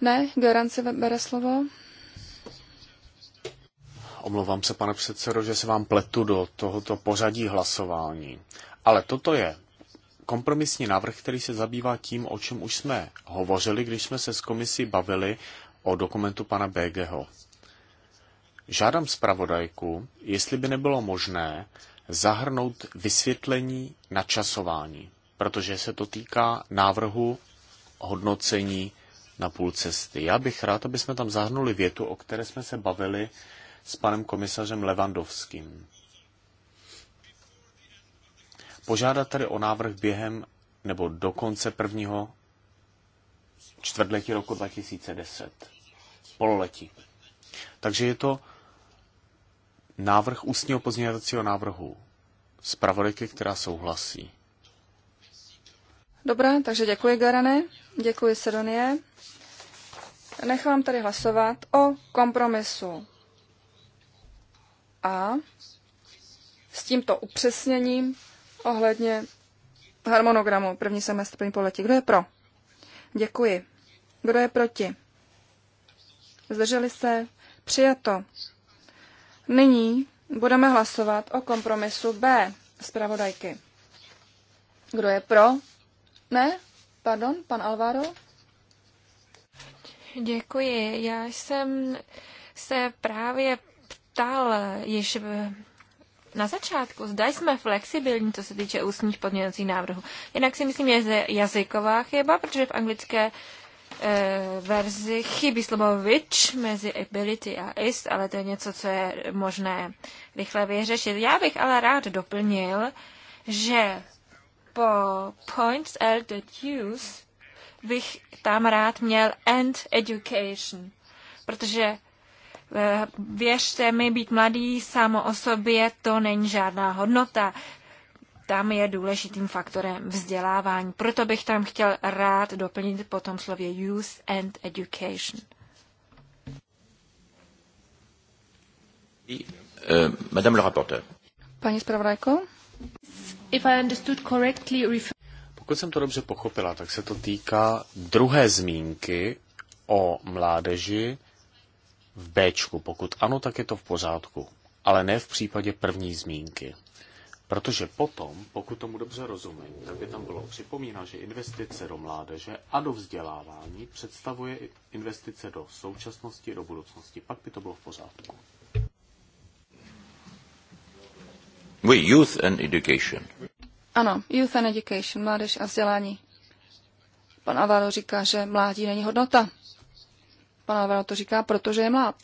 Ne, Garance bere slovo. Omlouvám se, pane předsedo, že se vám pletu do tohoto pořadí hlasování. Ale toto je kompromisní návrh, který se zabývá tím, o čem už jsme hovořili, když jsme se s komisí bavili o dokumentu pana BGho. Žádám zpravodajku, jestli by nebylo možné zahrnout vysvětlení na časování, protože se to týká návrhu hodnocení na půl cesty. Já bych rád, aby jsme tam zahrnuli větu, o které jsme se bavili s panem komisařem Levandovským. Požádat tedy o návrh během nebo do konce prvního čtvrtletí roku 2010. Pololetí. Takže je to návrh ústního pozměňovacího návrhu zpravodajky, která souhlasí. Dobrá, takže děkuji, Garane. Děkuji, Sedonie. Nechám tady hlasovat o kompromisu a s tímto upřesněním ohledně harmonogramu první semestr, první poletí. Kdo je pro? Děkuji. Kdo je proti? Zdrželi se? Přijato. Nyní budeme hlasovat o kompromisu B zpravodajky. Kdo je pro? Ne? Pardon, pan Alvaro? Děkuji. Já jsem se právě ptal eh, již na začátku, zda jsme flexibilní, co se týče ústních podměnacích návrhů. Jinak si myslím, že je jazyková chyba, protože v anglické e, verzi chybí slovo which mezi ability a is, ale to je něco, co je možné rychle vyřešit. Já bych ale rád doplnil, že po points L to use bych tam rád měl and education, protože Věřte mi, být mladý samo o sobě to není žádná hodnota. Tam je důležitým faktorem vzdělávání. Proto bych tam chtěl rád doplnit po tom slově youth and education. Eh, madame le rapporteur. Paní zpravodajko? If I understood correctly, refer- pokud jsem to dobře pochopila, tak se to týká druhé zmínky o mládeži, v B. Pokud ano, tak je to v pořádku, ale ne v případě první zmínky. Protože potom, pokud tomu dobře rozumím, tak by tam bylo připomíná, že investice do mládeže a do vzdělávání představuje investice do současnosti, do budoucnosti. Pak by to bylo v pořádku. We youth and education. Ano, youth and education, mládež a vzdělání. Pan Avaro říká, že mládí není hodnota. Pan Alvaro to říká, protože je mlad.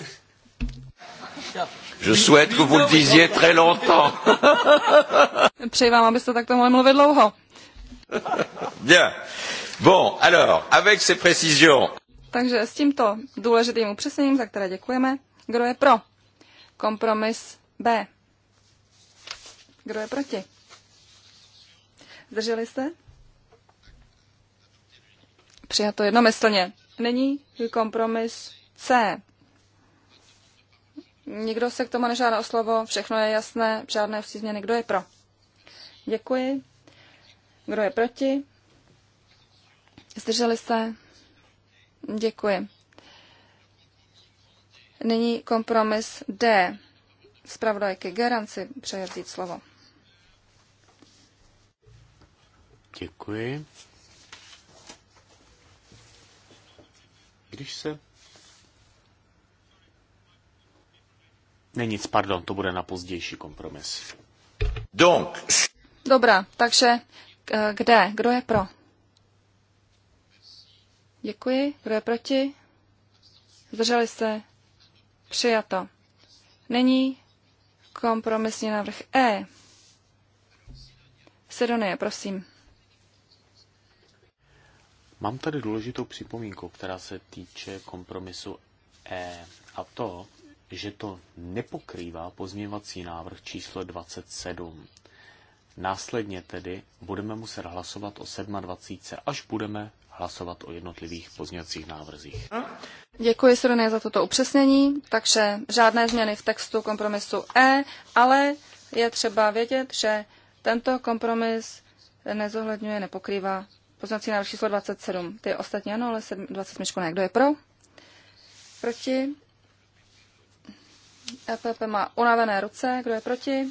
Je souhaite que vous le disiez très longtemps. *laughs* Přeji vám, abyste takto mohli mluvit dlouho. Bien. Bon, alors, avec ces précisions. Takže s tímto důležitým upřesněním, za které děkujeme, kdo je pro? Kompromis B. Kdo je proti? Zdrželi jste? Přijato jednomyslně. Není kompromis C. Nikdo se k tomu nežádá o slovo, všechno je jasné, žádné změny. Kdo je pro? Děkuji. Kdo je proti? Zdrželi se? Děkuji. Nyní kompromis D. Spravodajky Garanci přeje vzít slovo. Děkuji. Když se... Ne nic, pardon, to bude na pozdější kompromis. Donc. Dobrá, takže kde? Kdo je pro? Děkuji. Kdo je proti? Zdrželi se? Přijato. Není kompromisní návrh E. Sedonie, prosím. Mám tady důležitou připomínku, která se týče kompromisu E a to, že to nepokrývá pozměvací návrh číslo 27. Následně tedy budeme muset hlasovat o 27, až budeme hlasovat o jednotlivých pozměňovacích návrzích. Děkuji, Sroné za toto upřesnění. Takže žádné změny v textu kompromisu E, ale je třeba vědět, že tento kompromis nezohledňuje, nepokrývá Poznací návrh číslo 27. Ty ostatní ano, ale 27 ne. Kdo je pro? Proti? EPP má unavené ruce. Kdo je proti?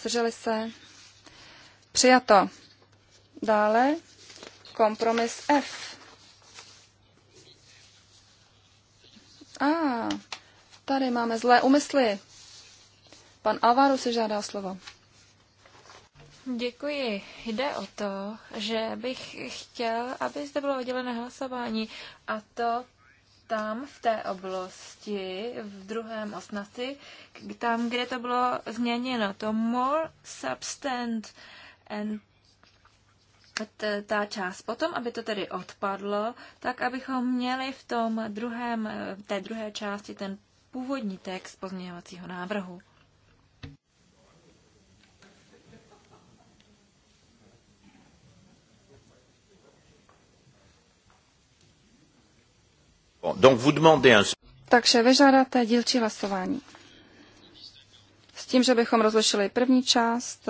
Zdrželi se? Přijato. Dále kompromis F. A ah, tady máme zlé úmysly. Pan Alvaru si žádá slovo. Děkuji. Jde o to, že bych chtěl, aby zde bylo oddělené hlasování a to tam v té oblasti, v druhém osnaci, tam, kde to bylo změněno, to more substance and ta část potom, aby to tedy odpadlo, tak abychom měli v tom druhém, v té druhé části ten původní text pozměňovacího návrhu. Takže vyžádáte dílčí hlasování. S tím, že bychom rozlišili první část,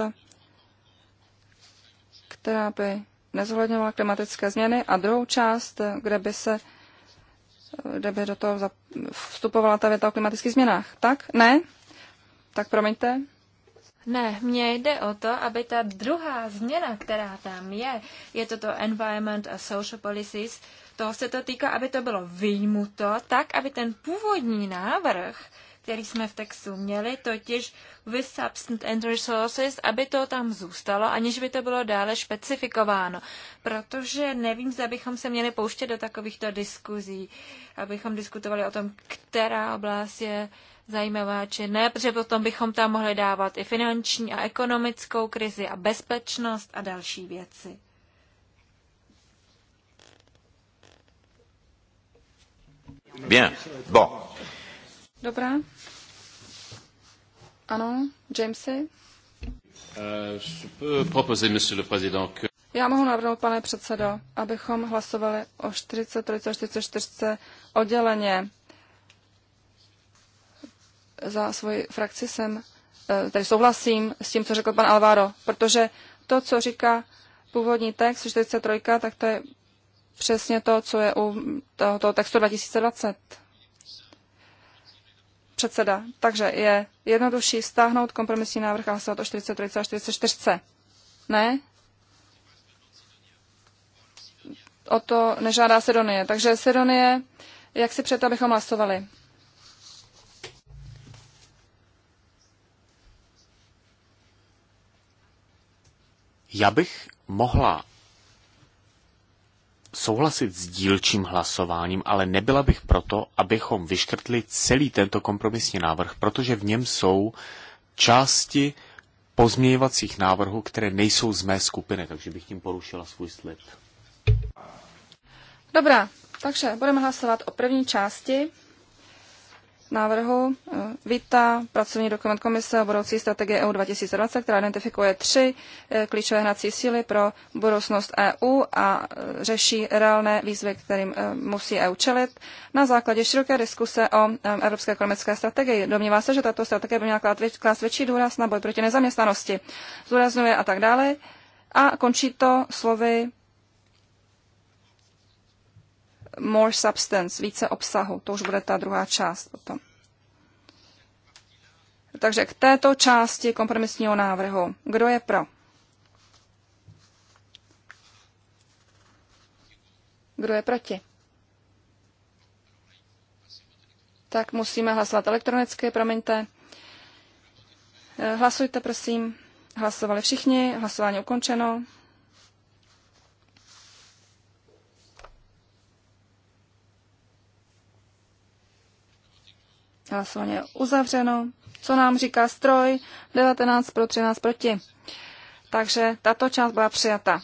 která by nezohledňovala klimatické změny, a druhou část, kde by se kde by do toho vstupovala ta věta o klimatických změnách. Tak? Ne? Tak promiňte. Ne, mně jde o to, aby ta druhá změna, která tam je, je toto Environment a Social Policies, to se to týká, aby to bylo vyjmuto, tak, aby ten původní návrh, který jsme v textu měli, totiž with substance and resources, aby to tam zůstalo, aniž by to bylo dále špecifikováno. Protože nevím, zda bychom se měli pouštět do takovýchto diskuzí, abychom diskutovali o tom, která oblast je zajímavá či ne, protože potom bychom tam mohli dávat i finanční a ekonomickou krizi a bezpečnost a další věci. Bien. Bon. Dobrá. Ano, Jamesy? Euh, Já mohu navrhnout, pane předsedo, abychom hlasovali o 43 a 44 odděleně. Za svoji frakci jsem, eh, tady souhlasím s tím, co řekl pan Alvaro, protože to, co říká původní text 43, tak to je přesně to, co je u tohoto textu 2020 předseda. Takže je jednodušší stáhnout kompromisní návrh a hlasovat o 43 a 44. Ne? O to nežádá Sedonie. Takže Sedonie, jak si před, abychom hlasovali? Já bych mohla souhlasit s dílčím hlasováním, ale nebyla bych proto, abychom vyškrtli celý tento kompromisní návrh, protože v něm jsou části pozměňovacích návrhů, které nejsou z mé skupiny, takže bych tím porušila svůj slib. Dobrá, takže budeme hlasovat o první části návrhu eh, vítá pracovní dokument komise o budoucí strategie EU 2020, která identifikuje tři eh, klíčové hnací síly pro budoucnost EU a eh, řeší reálné výzvy, kterým musí EU čelit. Na základě široké diskuse o evropské ekonomické strategii domnívá se, že tato strategie by měla klást větší důraz na boj proti nezaměstnanosti, zdůrazňuje a tak dále. A končí to slovy more substance, více obsahu. To už bude ta druhá část potom. Takže k této části kompromisního návrhu. Kdo je pro? Kdo je proti? Tak musíme hlasovat elektronicky, promiňte. Eh, hlasujte, prosím. Hlasovali všichni, hlasování ukončeno. Hlasování je uzavřeno. Co nám říká stroj? 19 pro 13 proti. Takže tato část byla přijata.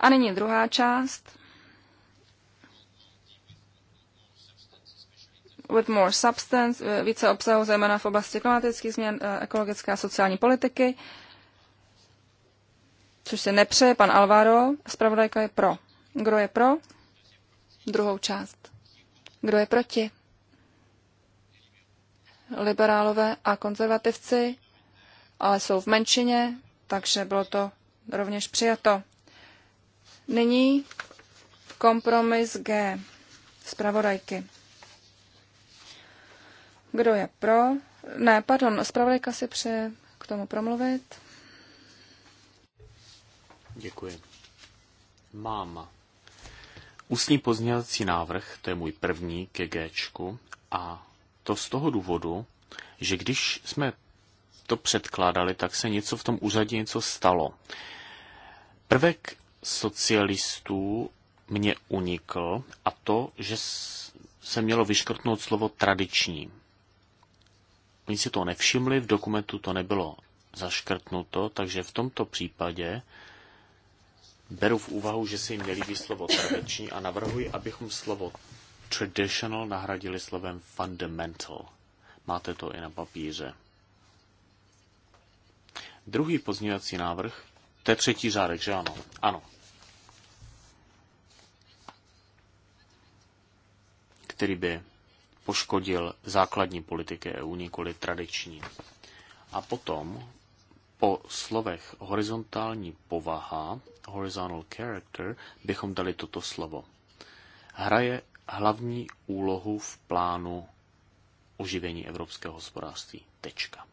A nyní druhá část. With more substance, více obsahu, zejména v oblasti klimatických změn, eh, ekologické a sociální politiky, což se nepřeje pan Alvaro. Spravodajka je pro. Kdo je pro? Druhou část. Kdo je proti? liberálové a konzervativci, ale jsou v menšině, takže bylo to rovněž přijato. Nyní kompromis G zpravodajky. Kdo je pro? Ne, pardon, zpravodajka si přeje k tomu promluvit. Děkuji. Mám ústní pozměňovací návrh, to je můj první ke Gčku, a to z toho důvodu, že když jsme to předkládali, tak se něco v tom úřadě něco stalo. Prvek socialistů mě unikl a to, že se mělo vyškrtnout slovo tradiční. Oni si to nevšimli, v dokumentu to nebylo zaškrtnuto, takže v tomto případě beru v úvahu, že se jim nelíbí slovo tradiční a navrhuji, abychom slovo traditional nahradili slovem fundamental. Máte to i na papíře. Druhý pozměňovací návrh, to je třetí řádek, že ano? Ano. Který by poškodil základní politiky EU, nikoli tradiční. A potom po slovech horizontální povaha, horizontal character, bychom dali toto slovo. Hraje hlavní úlohu v plánu oživení evropského hospodářství. Tečka.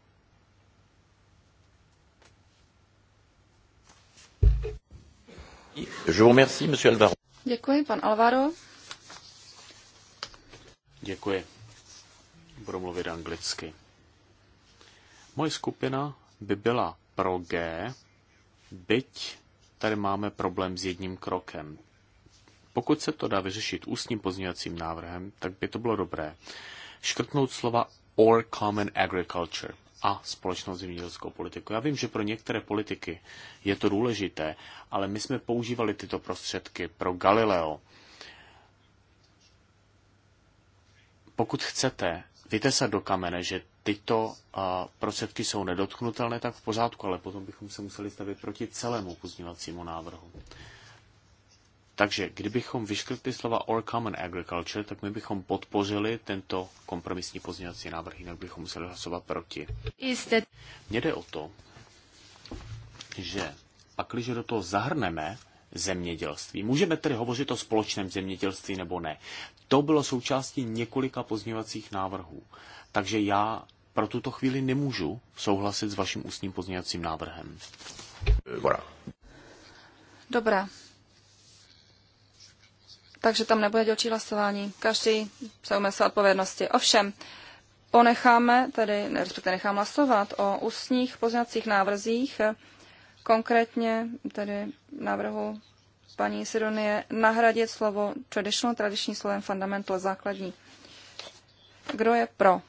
Je vous remercie, monsieur Alvaro. Děkuji, pan Alvaro. Děkuji. Budu mluvit anglicky. Moje skupina by byla pro G, byť tady máme problém s jedním krokem. Pokud se to dá vyřešit ústním pozměňovacím návrhem, tak by to bylo dobré. Škrtnout slova or common agriculture a společnou zemědělskou politiku. Já vím, že pro některé politiky je to důležité, ale my jsme používali tyto prostředky pro Galileo. Pokud chcete vytesat do kamene, že tyto uh, prostředky jsou nedotknutelné, tak v pořádku, ale potom bychom se museli stavit proti celému pozměňovacímu návrhu. Takže kdybychom vyškrtli slova or common agriculture, tak my bychom podpořili tento kompromisní pozměňovací návrh, jinak bychom museli hlasovat proti. That... Mně jde o to, že pakliže do toho zahrneme zemědělství, můžeme tedy hovořit o společném zemědělství nebo ne, to bylo součástí několika pozměňovacích návrhů. Takže já pro tuto chvíli nemůžu souhlasit s vaším ústním pozměňovacím návrhem. Dobrá takže tam nebude dělčí hlasování. Každý se umysl odpovědnosti. Ovšem, ponecháme, tedy respektive nechám hlasovat o ústních pozměňovacích návrzích, konkrétně tedy návrhu paní Sidonie nahradit slovo traditional, tradiční slovem fundamental, základní. Kdo je pro?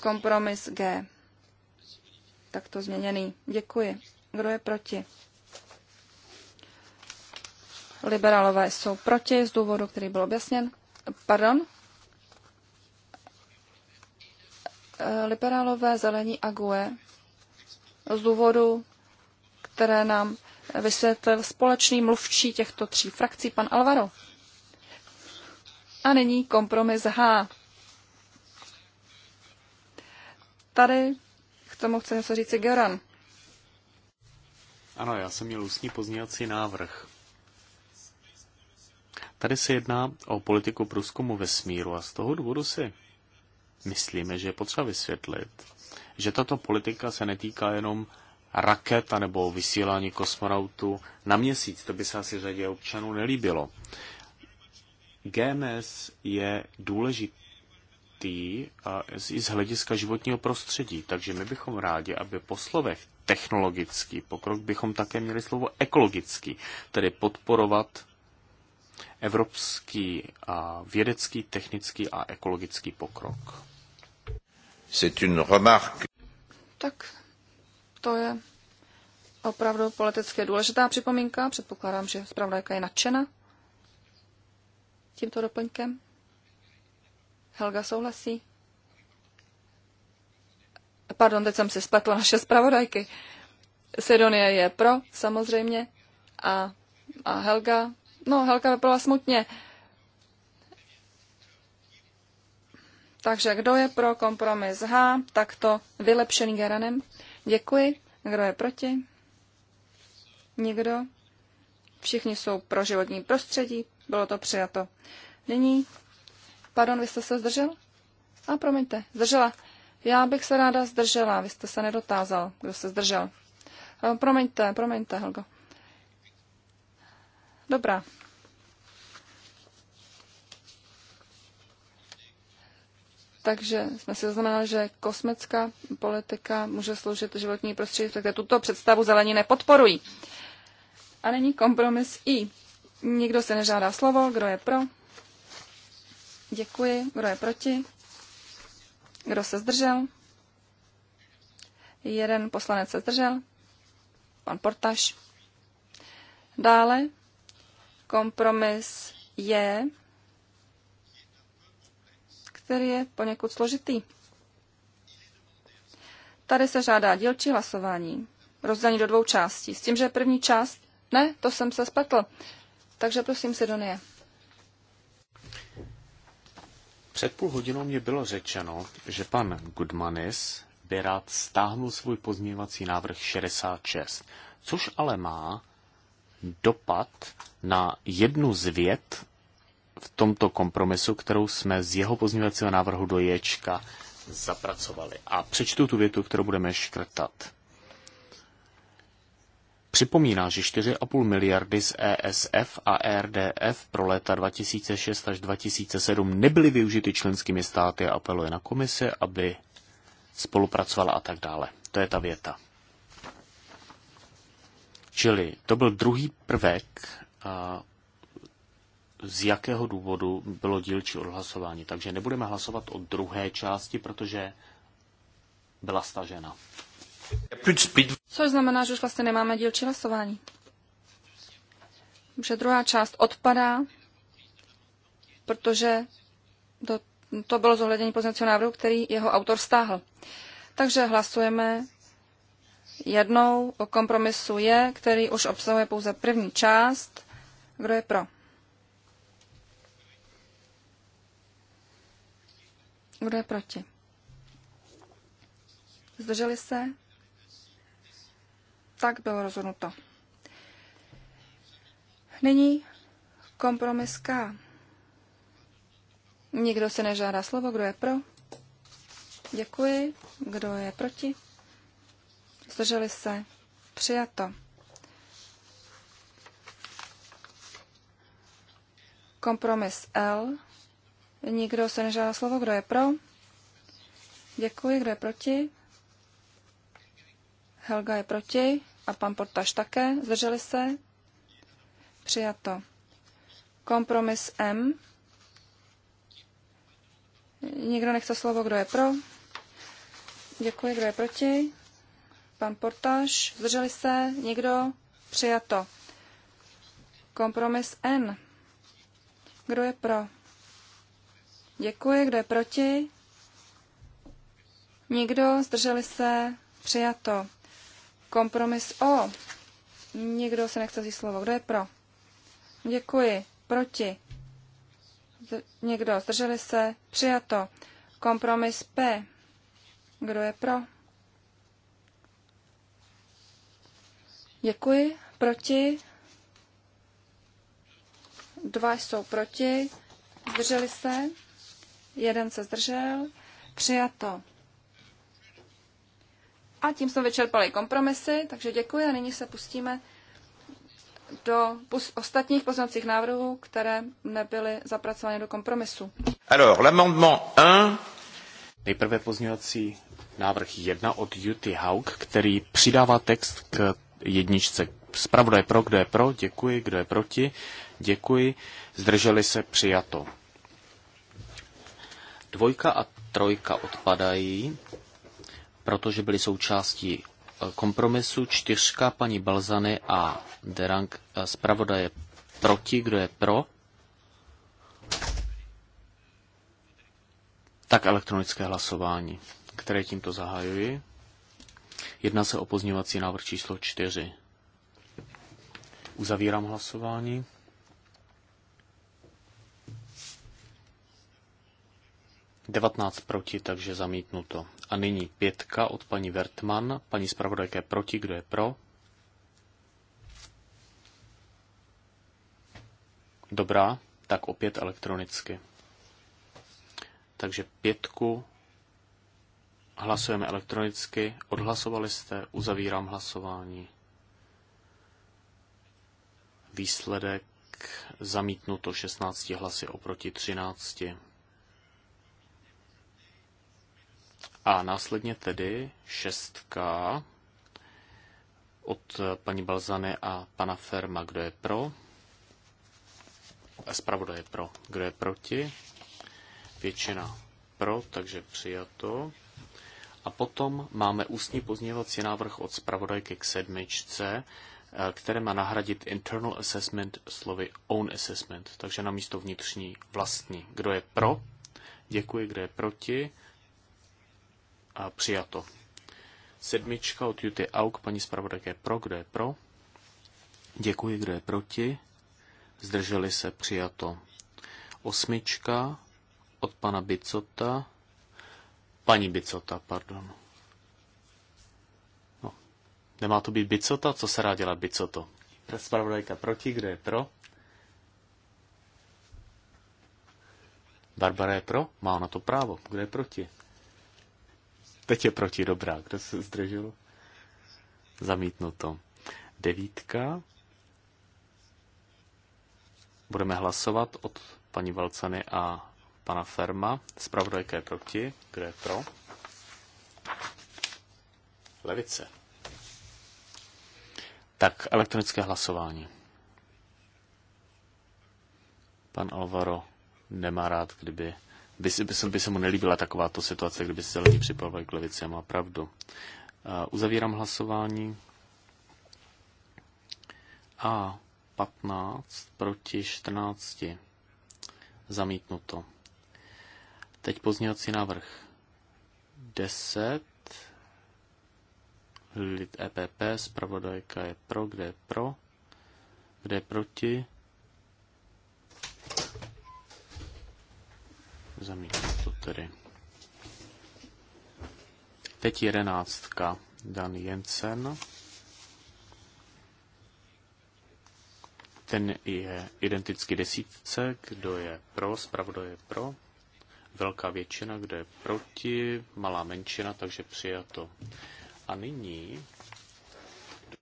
Kompromis G. Takto změněný. Děkuji. Kdo je proti? Liberálové jsou proti z důvodu, který byl objasněn. Pardon. Eh, Liberálové, zelení a GUE z důvodu, které nám vysvětlil společný mluvčí těchto tří frakcí, pan Alvaro. A nyní kompromis H. Tady k tomu chce něco říct Geran. Ano, já jsem měl ústní pozněvací návrh. Tady se jedná o politiku průzkumu vesmíru a z toho důvodu si myslíme, že je potřeba vysvětlit, že tato politika se netýká jenom raket nebo vysílání kosmonautů na měsíc. To by se asi řadě občanů nelíbilo. GMS je důležitý i z hlediska životního prostředí, takže my bychom rádi, aby po slovech technologický pokrok bychom také měli slovo ekologický, tedy podporovat evropský vědecký, technický a ekologický pokrok. C'est une remarque. Tak to je opravdu politicky důležitá připomínka. Předpokládám, že zpravodajka je nadšena tímto doplňkem. Helga souhlasí. Pardon, teď jsem si spletla naše zpravodajky. Sedonie je pro, samozřejmě, a, a Helga No, Helka vypadala smutně. Takže kdo je pro kompromis H, to vylepšený Geranem? Děkuji. Kdo je proti? Nikdo. Všichni jsou pro životní prostředí. Bylo to přijato. Nyní, pardon, vy jste se zdržel? A promiňte, zdržela. Já bych se ráda zdržela, vy jste se nedotázal, kdo se zdržel. Eh, promiňte, promiňte, Helgo. Dobrá. Takže jsme si znamenali, že kosmická politika může sloužit životní prostředí, takže tuto představu zelení nepodporují. A není kompromis I. Nikdo se nežádá slovo, kdo je pro. Děkuji, kdo je proti. Kdo se zdržel? Jeden poslanec se zdržel. Pan Portaš. Dále kompromis je, který je poněkud složitý. Tady se žádá dílčí hlasování, rozdělení do dvou částí, s tím, že první část, ne, to jsem se spletl. Takže prosím, Sidonie. Před půl hodinou mě bylo řečeno, že pan Goodmanis by rád stáhnul svůj pozměňovací návrh 66, což ale má dopad na jednu z věd v tomto kompromisu, kterou jsme z jeho pozměňovacího návrhu do Ječka zapracovali. A přečtu tu větu, kterou budeme škrtat. Připomíná, že 4,5 miliardy z ESF a e RDF pro léta 2006 až 2007 nebyly využity členskými státy a apeluje na komise, aby spolupracovala a tak dále. To je ta věta. Čili to byl druhý prvek, a z jakého důvodu bylo dílčí odhlasování. Takže nebudeme hlasovat o druhé části, protože byla stažena. Což znamená, že už vlastně nemáme dílčí hlasování. Že druhá část odpadá, protože to, to bylo zohlednění pozměňovacího návrhu, který jeho autor stáhl. Takže hlasujeme jednou o kompromisu je, který už obsahuje pouze první část. Kdo je pro? Kdo je proti? Zdrželi se? Tak bylo rozhodnuto. Nyní kompromis K. Nikdo se nežádá slovo. Kdo je pro? Děkuji. Kdo je proti? Zdrželi se? Přijato. Kompromis L. Nikdo se nežádá slovo. Kdo je pro? Děkuji. Kdo je proti? Helga je proti a pan Portaž také. Zdrželi se? Přijato. Kompromis M. Nikdo nechce slovo, kdo je pro? Děkuji, kdo je proti? Pan portaž, zdrželi se? Někdo? Přijato. Kompromis N. Kdo je pro? Děkuji. Kdo je proti? Nikdo? Zdrželi se? Přijato. Kompromis O. Nikdo se nechce zjistit slovo. Kdo je pro? Děkuji. Proti? Někdo? Zdrželi se? Přijato. Kompromis P. Kdo je pro? Děkuji. Proti? Dva jsou proti. Zdrželi se? Jeden se zdržel. Přijato. A tím jsme vyčerpali kompromisy, takže děkuji a nyní se pustíme do ostatních pozměňovacích návrhů, které nebyly zapracovány do kompromisu. Alors, l'amendement 1. Nejprve pozměňovací návrh 1 od Juty Haug, který přidává text k jedničce. je pro, kdo je pro, děkuji, kdo je proti, děkuji, zdrželi se, přijato. Dvojka a trojka odpadají, protože byly součástí eh, kompromisu. Čtyřka paní Balzany a Derang eh, je proti, kdo je pro. Tak elektronické hlasování, které tímto zahajuji. Jedná se o pozněvací návrh číslo 4. Uzavírám hlasování. Devatnáct proti, takže zamítnuto. A nyní pětka od paní Vertman. Paní zpravodajka je proti, kdo je pro? Dobrá, tak opět elektronicky. Takže pětku Hlasujeme elektronicky. Odhlasovali jste. Uzavírám hlasování. Výsledek zamítnuto 16 hlasy oproti 13. A následně tedy šestka od paní Balzany a pana Ferma, kdo je pro. Spravodaj je pro. Kdo je proti? Většina pro, takže přijato. A potom máme ústní pozměňovací návrh od zpravodajky k sedmičce, eh, které má nahradit internal assessment slovy own assessment, takže na místo vnitřní vlastní. Kdo je pro? Děkuji, kdo je proti? A přijato. Sedmička od Juty Auk, paní zpravodajka je pro, kdo je pro? Děkuji, kdo je proti? Zdrželi se, přijato. Osmička od pana Bicota, Paní Bicota, pardon. No. Nemá to být Bicota? Co se rád dělá Bicoto? Spravodajka proti, kdo je pro? Barbara je pro? Má na to právo. Kdo je proti? Teď je proti, dobrá. Kdo se zdržel? Zamítnuto. Devítka. Budeme hlasovat od paní Valcany a pana Ferma. Spravodajka je proti. Kdo je pro? Levice. Tak, elektronické hlasování. Pan Alvaro nemá rád, kdyby... By se, by, se, by se mu nelíbila takováto situace, kdyby se zelení připravovali k levici a má pravdu. Uh, uzavírám hlasování. A 15 proti 14. Zamítnuto. Teď pozdějovací návrh 10. Lid EPP, zpravodajka je pro, kde je pro, kde je proti. Zamítnu to tedy. Teď jedenáctka. Dan Jensen. Ten je identicky desítce. Kdo je pro? Spravdo je pro velká většina, kde je proti, malá menšina, takže přijato. A nyní...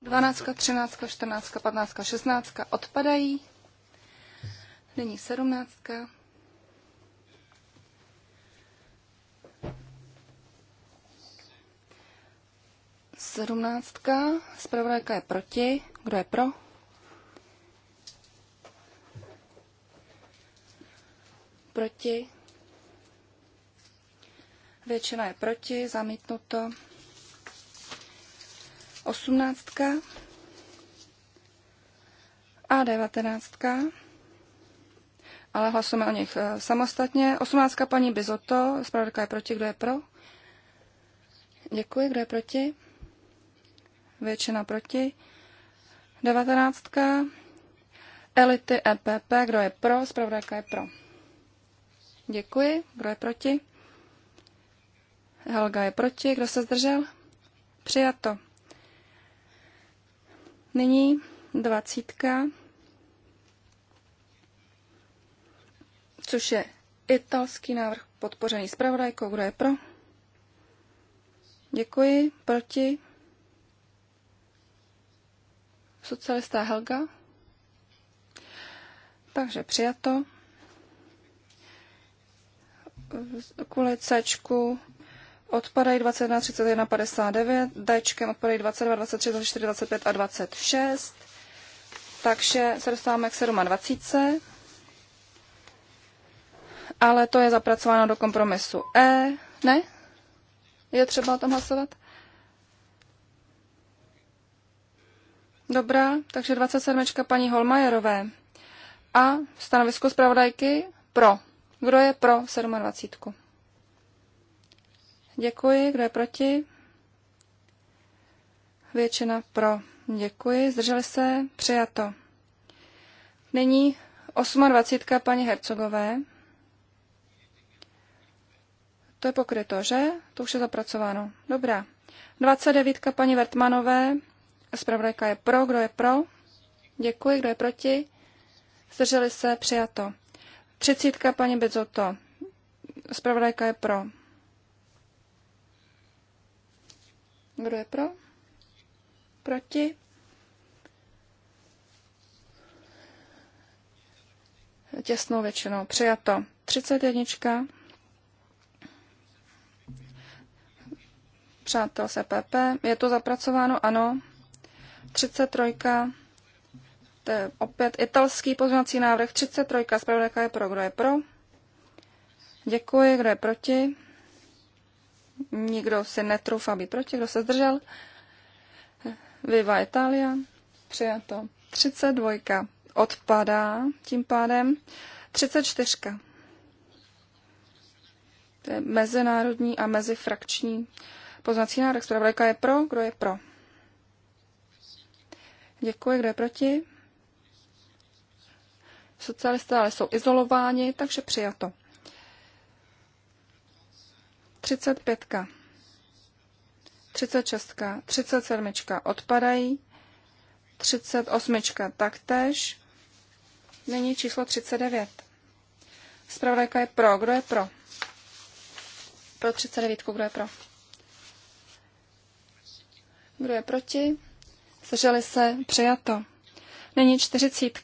12, 13, 14, 15, 16 odpadají. Nyní 17. Sedmnáctka. zpravodajka je proti. Kdo je pro? Proti většina je proti, zamítnuto. Osmnáctka a devatenáctka. Ale hlasujeme o nich eh, samostatně. Osmnáctka paní Bizoto, zpravodajka je proti, kdo je pro? Děkuji, kdo je proti? Většina proti. Devatenáctka. Elity EPP, kdo je pro? Zpravodajka je pro. Děkuji, kdo je proti? Helga je proti. Kdo se zdržel? Přijato. Nyní dvacítka, což je italský návrh podpořený zpravodajkou. Kdo je pro? Děkuji. Proti? Socialista Helga. Takže přijato. Kvůli C odpadají 21, 31, 59, Dčkem odpadají 22, 23, 24, 25 a 26. Takže se dostáváme k 27. Ale to je zapracováno do kompromisu E. Ne? Je třeba o tom hlasovat? Dobrá, takže 27. paní Holmajerové. A stanovisko zpravodajky pro. Kdo je pro 27. Děkuji. Kdo je proti? Většina pro. Děkuji. Zdrželi se? Přijato. Nyní 28. paní Hercogové. To je pokryto, že? To už je zapracováno. Dobrá. 29. paní Vertmanové. Zpravodajka je pro. Kdo je pro? Děkuji. Kdo je proti? Zdrželi se? Přijato. 30. paní Bezoto. Zpravodajka je pro. Kdo je pro? Proti? Těsnou většinou. Přijato. 31. Přátel se PP. Je to zapracováno? Ano. 33. To je opět italský pozměňovací návrh. 33. Zpravodajka je pro. Kdo je pro? Děkuji. Kdo je proti? Nikdo se netroufá být proti, kdo se zdržel. Viva Italia, přijato. 32 odpadá tím pádem. 34. To je mezinárodní a mezifrakční poznací návrh. Zpravodajka je pro, kdo je pro? Děkuji, kdo je proti? Socialisté ale jsou izolováni, takže přijato. 35, 36, 37 odpadají, 38 taktéž, nyní číslo 39. Zpravodajka je pro. Kdo je pro? Pro 39. Kdo je pro? Kdo je proti? Zdrželi se. Přijato. Nyní 40.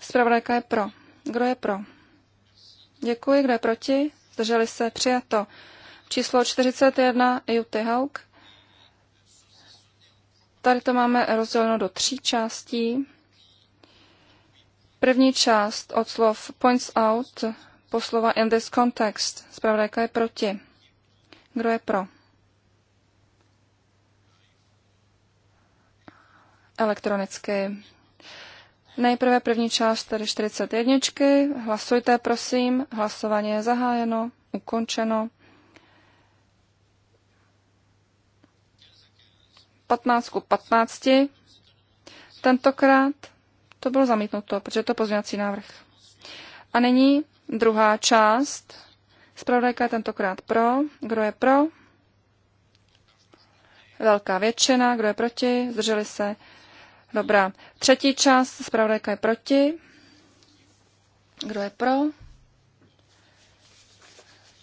Zpravodajka je pro. Kdo je pro? Děkuji. Kdo je proti? Zdrželi se. Přijato číslo 41 Juty Hauk. Tady to máme rozděleno do tří částí. První část od slov points out po slova in this context. Zpravodajka je proti. Kdo je pro? Elektronicky. Nejprve první část, tedy 41. Hlasujte, prosím. Hlasování je zahájeno, ukončeno. 15 ku 15. Tentokrát to bylo zamítnuto, protože je to pozměňovací návrh. A nyní druhá část. Spravodajka je tentokrát pro. Kdo je pro? Velká většina. Kdo je proti? Zdrželi se. Dobrá. Třetí část. Spravodajka je proti. Kdo je pro?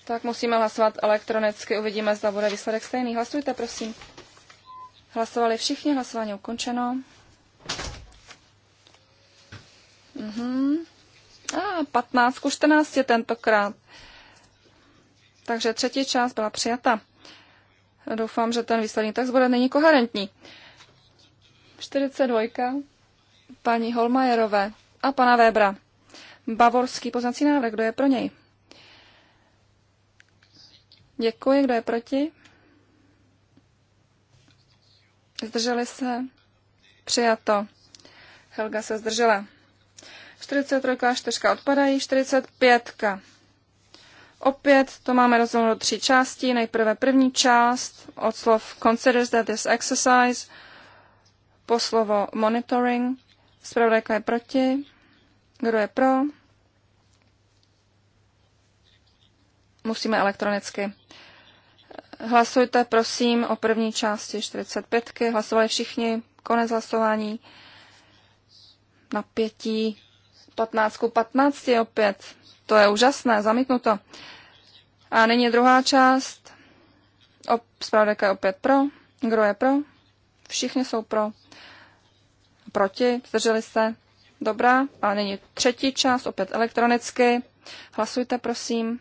Tak musíme hlasovat elektronicky. Uvidíme, zda bude výsledek stejný. Hlasujte, prosím. Hlasovali všichni, hlasování ukončeno. Mhm. A 15 ku 14 tentokrát. Takže třetí část byla přijata. Doufám, že ten výsledný text bude není koherentní. 42. Paní Holmajerové a pana Webra. Bavorský poznací návrh, kdo je pro něj? Děkuji, kdo je proti? Zdrželi se? Přijato. Helga se zdržela. 43 a 4 odpadají. 45. Opět to máme rozděleno do tří částí. Nejprve první část od slov Consider that this exercise po slovo monitoring. Zpravodajka je proti. Kdo je pro? Musíme elektronicky. Hlasujte prosím o první části 45. Hlasovali všichni. Konec hlasování. Napětí 15 15 opět. To je úžasné, zamítnuto. A nyní druhá část. Spravodajka je opět pro. Kdo je pro? Všichni jsou pro. Proti, zdrželi se. Dobrá. A nyní třetí část, opět elektronicky. Hlasujte, prosím.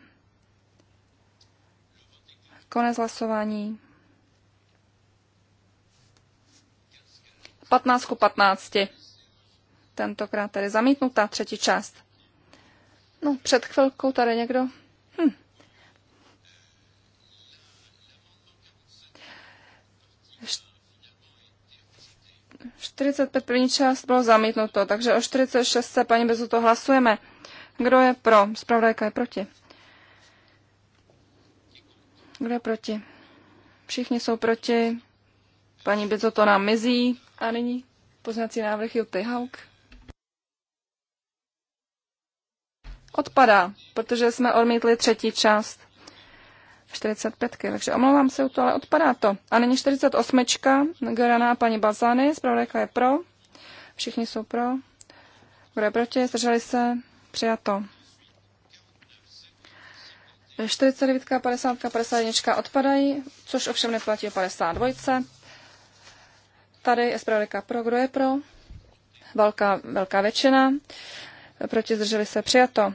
Konec hlasování. 15 ku 15. Tentokrát tedy zamítnutá třetí část. No, před chvilkou tady někdo... Hm. Št... 45 první část bylo zamítnuto, takže o 46 se paní Bezuto hlasujeme. Kdo je pro? Spravodajka je proti. Kdo je proti? Všichni jsou proti. Paní bezo to nám mizí. A nyní poznací návrh Juty Hauk. Odpadá, protože jsme odmítli třetí část. 45, takže omlouvám se u to, ale odpadá to. A nyní 48, Gorana paní Bazany, zpravodajka je pro. Všichni jsou pro. Kdo je proti? Zdrželi se? Přijato. 49, 50, 51 odpadají, což ovšem neplatí o 52. Tady je zpravodajka pro, kdo je pro. Velká, velká většina. Proti zdrželi se přijato.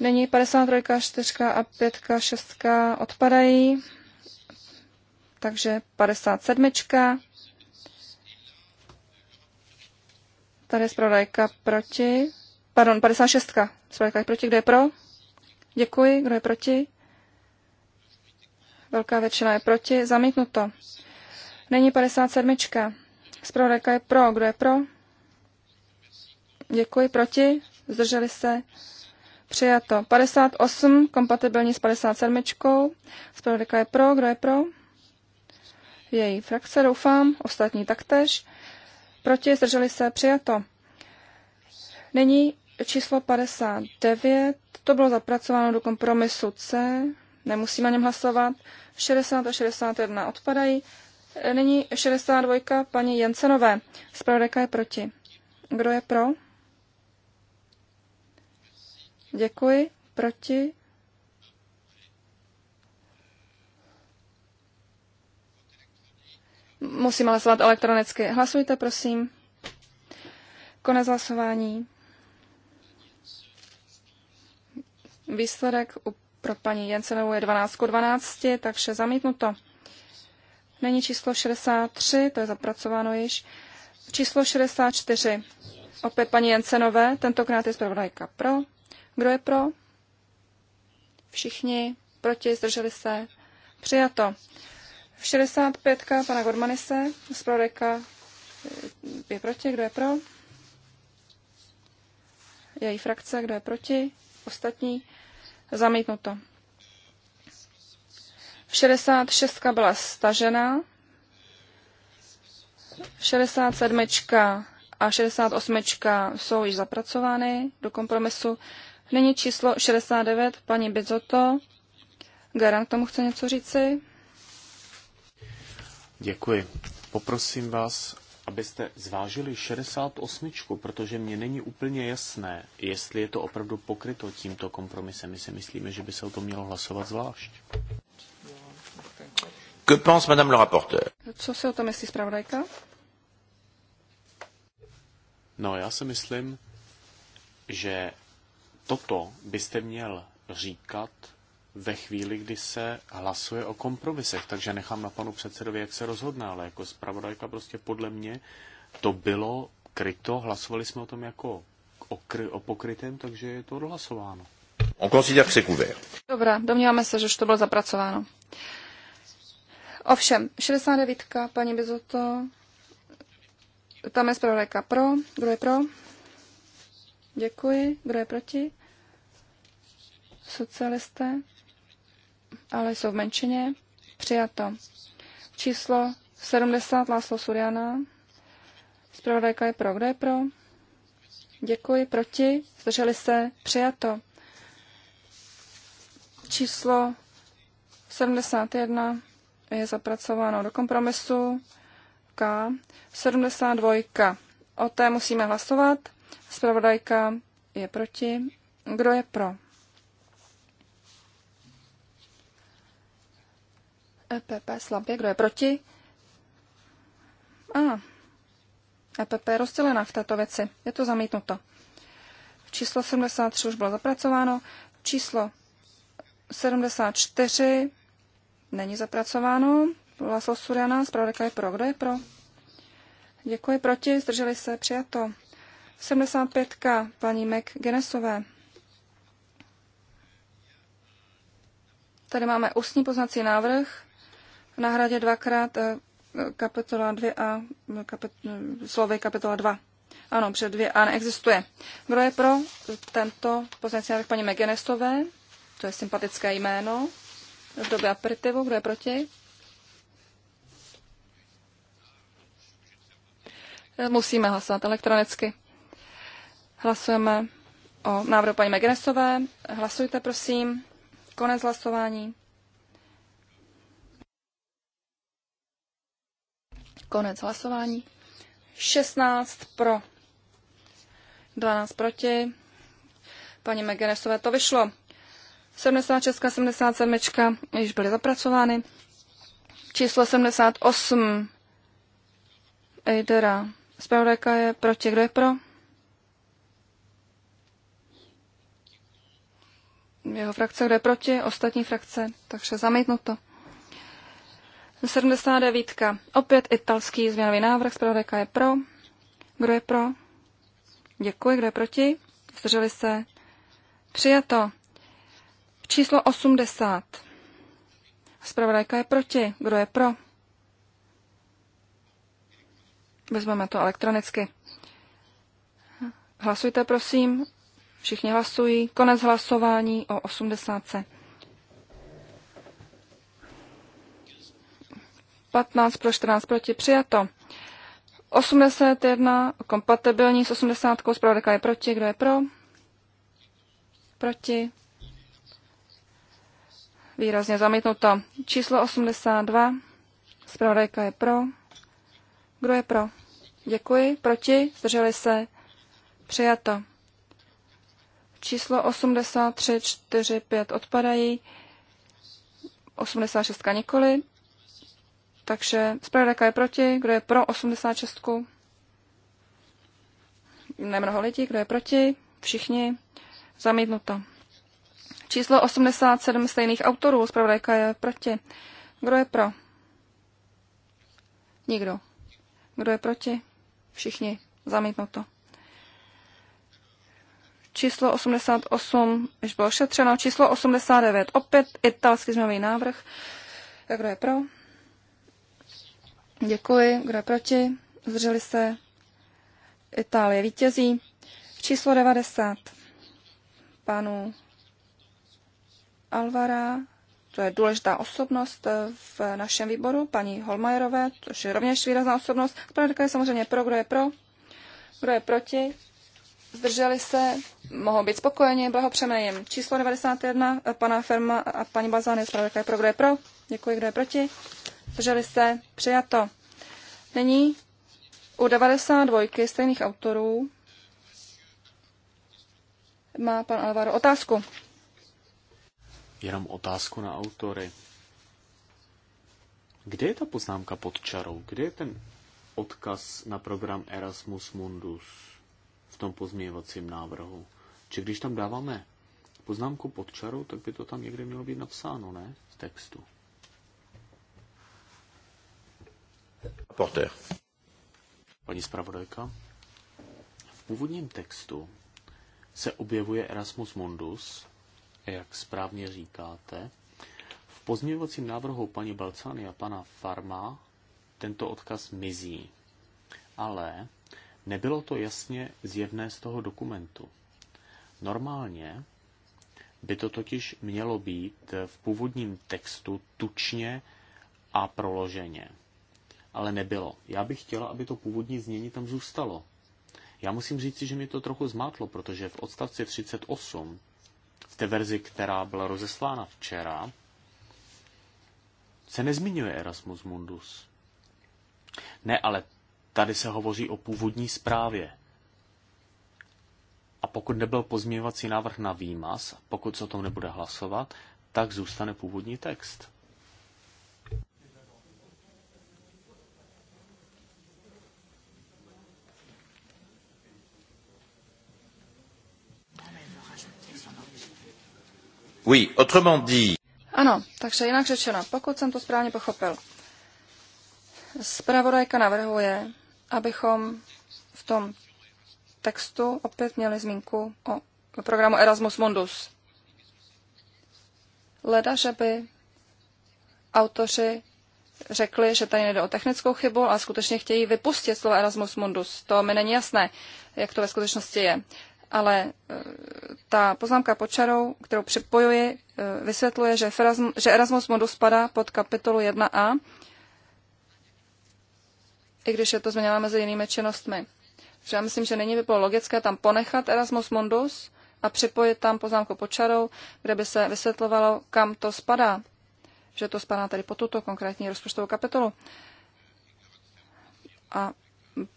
Nyní 53, 4 a 5, 6 odpadají. Takže 57. Tady je zpravodajka proti. Pardon, 56. Zpravodajka je proti, kdo je pro? Děkuji. Kdo je proti? Velká většina je proti. Zamítnuto. Není 57. Zpravodajka je pro. Kdo je pro? Děkuji. Proti? Zdrželi se? Přijato. 58, kompatibilní s 57. Zpravodajka je pro. Kdo je pro? Její frakce, doufám. Ostatní taktéž. Proti? Zdrželi se? Přijato. Nyní číslo 59, to bylo zapracováno do kompromisu C, nemusíme o něm hlasovat, 60 a 61 odpadají. Nyní 62 paní Jensenové. Zpravodajka je proti. Kdo je pro? Děkuji. Proti? Musím hlasovat elektronicky. Hlasujte, prosím. Konec hlasování. Výsledek pro paní Jensenovou je 12 k 12, takže zamítnuto. Není číslo 63, to je zapracováno již. Číslo 64, opět paní Jensenové, tentokrát je zpravodajka pro. Kdo je pro? Všichni proti, zdrželi se. Přijato. 65. pana Gormanise, zpravodajka je proti, kdo je pro? Její frakce, kdo je proti? Ostatní Zamítnuto. 66 byla stažena. 67 a 68 jsou již zapracovány do kompromisu. Nyní číslo 69, paní Bizoto. Garant tomu chce něco říci? Děkuji. Poprosím vás, abyste zvážili 68, protože mně není úplně jasné, jestli je to opravdu pokryto tímto kompromisem. My si myslíme, že by se o to mělo hlasovat zvlášť. Que pense madame le rapporteur? Co se o tom myslí zpravodajka? No, já si myslím, že toto byste měl říkat ve chvíli, kdy se hlasuje o kompromisech, takže nechám na panu předsedovi, jak se rozhodne, ale jako zpravodajka prostě podle mě to bylo kryto, hlasovali jsme o tom jako o, kry, o pokrytém, takže je to odhlasováno. On considère que c'est couvert. Dobrá, domníváme se, že už to bylo zapracováno. Ovšem, 69. paní Bizoto, tam je zpravodajka pro. Kdo je pro? Děkuji. Kdo je proti? Socialisté ale jsou v menšině. Přijato. Číslo 70 Láslo Suriana. Zpravodajka je pro. Kdo je pro? Děkuji. Proti? Zdrželi se? Přijato. Číslo 71 je zapracováno do kompromisu K. 72. O té musíme hlasovat. Zpravodajka je proti. Kdo je pro? EPP slabě, kdo je proti? A, EPP je rozdělena v této věci, je to zamítnuto. Číslo 73 už bylo zapracováno, číslo 74 není zapracováno, Laslo Suriana, zpravodajka je pro, kdo je pro? Děkuji, proti, zdrželi se, přijato. 75. paní Genesové. Tady máme ústní poznací návrh na hradě dvakrát eh, kapitola 2 a eh, kapit, eh, slovy kapitola 2. Ano, před 2 a neexistuje. Kdo je pro tento poznací návrh paní Megenestové? To je sympatické jméno. V době aperitivu, kdo je proti? Musíme hlasovat elektronicky. Hlasujeme o návrhu paní Megenesové. Hlasujte, prosím. Konec hlasování. Konec hlasování. 16 pro, 12 proti. Paní Megeresové to vyšlo. 76, 77 již byly zapracovány. Číslo 78 Eidera. Spravodajka je proti. Kdo je pro? Jeho frakce, kdo je proti? Ostatní frakce. Takže zamítnuto. to. 79. Opět italský změnový návrh. Zpravodajka je pro. Kdo je pro? Děkuji. Kdo je proti? Zdrželi se. Přijato. Číslo 80. Zpravodajka je proti. Kdo je pro? Vezmeme to elektronicky. Hlasujte, prosím. Všichni hlasují. Konec hlasování o 80. 15 pro 14 proti přijato. 81 kompatibilní s 80. Zpravodajka je proti. Kdo je pro? Proti. Výrazně zamítnuto. Číslo 82. Zpravodajka je pro. Kdo je pro? Děkuji. Proti? Zdrželi se? Přijato. Číslo 83, 4, 5 odpadají. 86 nikoli. Takže zpravodajka je proti, kdo je pro 86. Nemnoho lidí, kdo je proti, všichni zamítnuto. Číslo 87 stejných autorů, zpravodajka je proti. Kdo je pro? Nikdo. Kdo je proti? Všichni zamítnuto. Číslo 88 již bylo šetřeno. Číslo 89 opět italský změnový návrh. Kdo je pro? Děkuji. Kdo je proti? Zdrželi se. Itálie vítězí. Číslo 90. Panu Alvara, to je důležitá osobnost eh, v našem výboru, paní Holmajerové, což je rovněž výrazná osobnost. Pane je samozřejmě pro, kdo je pro, kdo je proti. Zdrželi se, mohou být spokojeni, blahopřejmě jim. Číslo 91, eh, pana Ferma a paní Bazány, je zpravodajka je pro, kdo je pro. Děkuji, kdo je proti zdrželi se, přijato. Nyní u 92 stejných autorů má pan Alvaro otázku. Jenom otázku na autory. Kde je ta poznámka pod čarou? Kde je ten odkaz na program Erasmus Mundus v tom pozměňovacím návrhu? Či když tam dáváme poznámku pod čarou, tak by to tam někde mělo být napsáno, ne? V textu. rapporteur. Paní zpravodajka, v původním textu se objevuje Erasmus Mundus, jak správně říkáte. V pozměňovacím návrhu paní Balcány a pana Farma tento odkaz mizí. Ale nebylo to jasně zjevné z toho dokumentu. Normálně by to totiž mělo být v původním textu tučně a proloženě ale nebylo. Já bych chtěla, aby to původní znění tam zůstalo. Já musím říct, že mi to trochu zmátlo, protože v odstavci 38, v té verzi, která byla rozeslána včera, se nezmiňuje Erasmus Mundus. Ne, ale tady se hovoří o původní zprávě. A pokud nebyl pozměňovací návrh na výmaz, pokud se o tom nebude hlasovat, tak zůstane původní text. Oui, autrement dit. Ano, takže jinak řečeno, pokud jsem to správně pochopil, zpravodajka navrhuje, abychom v tom textu opět měli zmínku o programu Erasmus Mundus. Leda, že by autoři řekli, že tady nejde o technickou chybu, a skutečně chtějí vypustit slovo Erasmus Mundus. To mi není jasné, jak to ve skutečnosti je ale e, ta poznámka pod čarou, kterou připojuji, e, vysvětluje, že, Erasmus, že Erasmus modus spadá pod kapitolu 1a, i když je to změněno mezi jinými činnostmi. Takže já myslím, že není by bylo logické tam ponechat Erasmus Mundus a připojit tam poznámku pod čarou, kde by se vysvětlovalo, kam to spadá. Že to spadá tady pod tuto konkrétní rozpočtovou kapitolu. A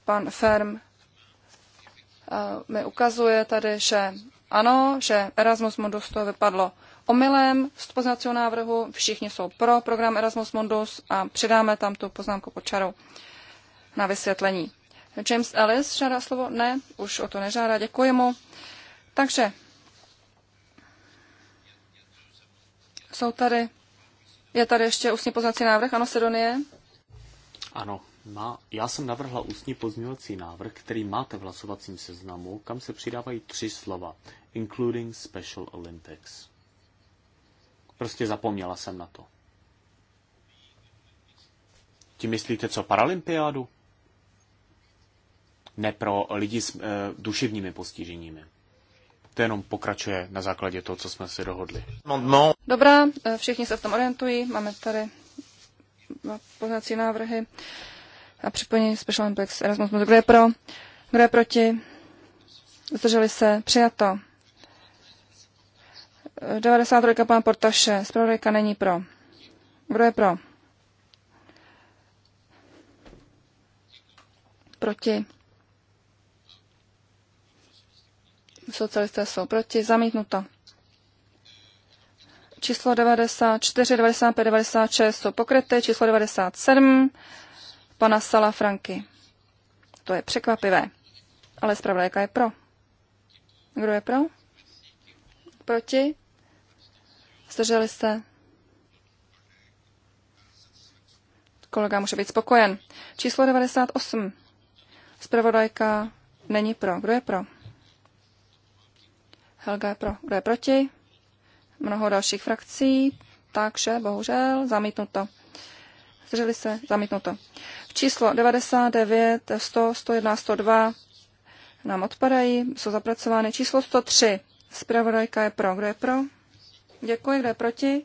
pan Ferm mi ukazuje tady, že ano, že Erasmus Mundus to vypadlo omylem z poznacího návrhu. Všichni jsou pro program Erasmus Mundus a přidáme tam tu poznámku pod čarou na vysvětlení. James Ellis žádá slovo? Ne, už o to nežádá, děkuji mu. Takže jsou tady, je tady ještě ústní poznací návrh, ano, Sidonie? Ano, má, já jsem navrhla ústní pozměňovací návrh, který máte v hlasovacím seznamu, kam se přidávají tři slova, including Special Olympics. Prostě zapomněla jsem na to. Ti myslíte co, paralympiádu? Ne pro lidi s e, duševními postiženími. To jenom pokračuje na základě toho, co jsme si dohodli. Dobrá, eh, všichni se v tom orientují. Máme tady poznací návrhy a připojení Special Olympics Erasmus. Kdo je pro? Kdo je proti? Zdrželi se? Přijato. 93. pan Portaše. Spravodajka není pro. Kdo je pro? Proti. Socialisté jsou proti. Zamítnuto. Číslo 94, 95, 96 jsou pokryty. Číslo 97 pana Sala Franky. To je překvapivé. Ale zpravodajka je pro. Kdo je pro? Proti? Zdrželi se? Kolega může být spokojen. Číslo 98. Zpravodajka není pro. Kdo je pro? Helga je pro. Kdo je proti? Mnoho dalších frakcí, takže bohužel zamítnuto zdrželi se, zamítnuto. Číslo 99, 100, 101, 102 nám odpadají, jsou zapracovány. Číslo 103, zpravodajka je pro. Kdo je pro? Děkuji, kdo je proti?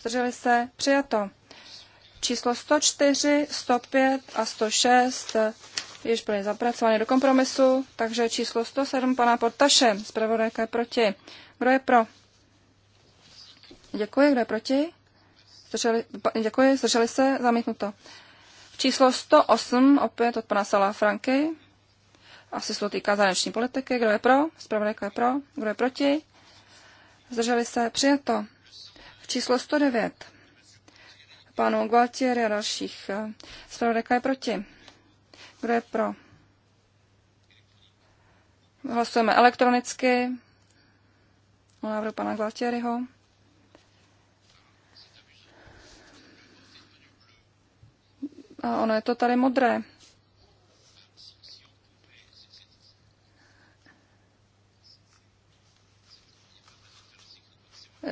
Zdrželi se, přijato. Číslo 104, 105 a 106 již byly zapracovány do kompromisu, takže číslo 107 pana Portaše, zpravodajka je proti. Kdo je pro? Děkuji, kdo je proti? zdrželi, děkuji, zdrželi se, zamítnuto. Číslo 108, opět od pana Sala Franky. Asi se to týká zahraniční politiky. Kdo je pro? Zpravodajka je pro. Kdo je proti? Zdrželi se, přijeto. Číslo 109, pánu Gualtieri a dalších. Zpravodajka je proti. Kdo je pro? Hlasujeme elektronicky o návrhu pana Gualtieriho. A ono je to tady modré.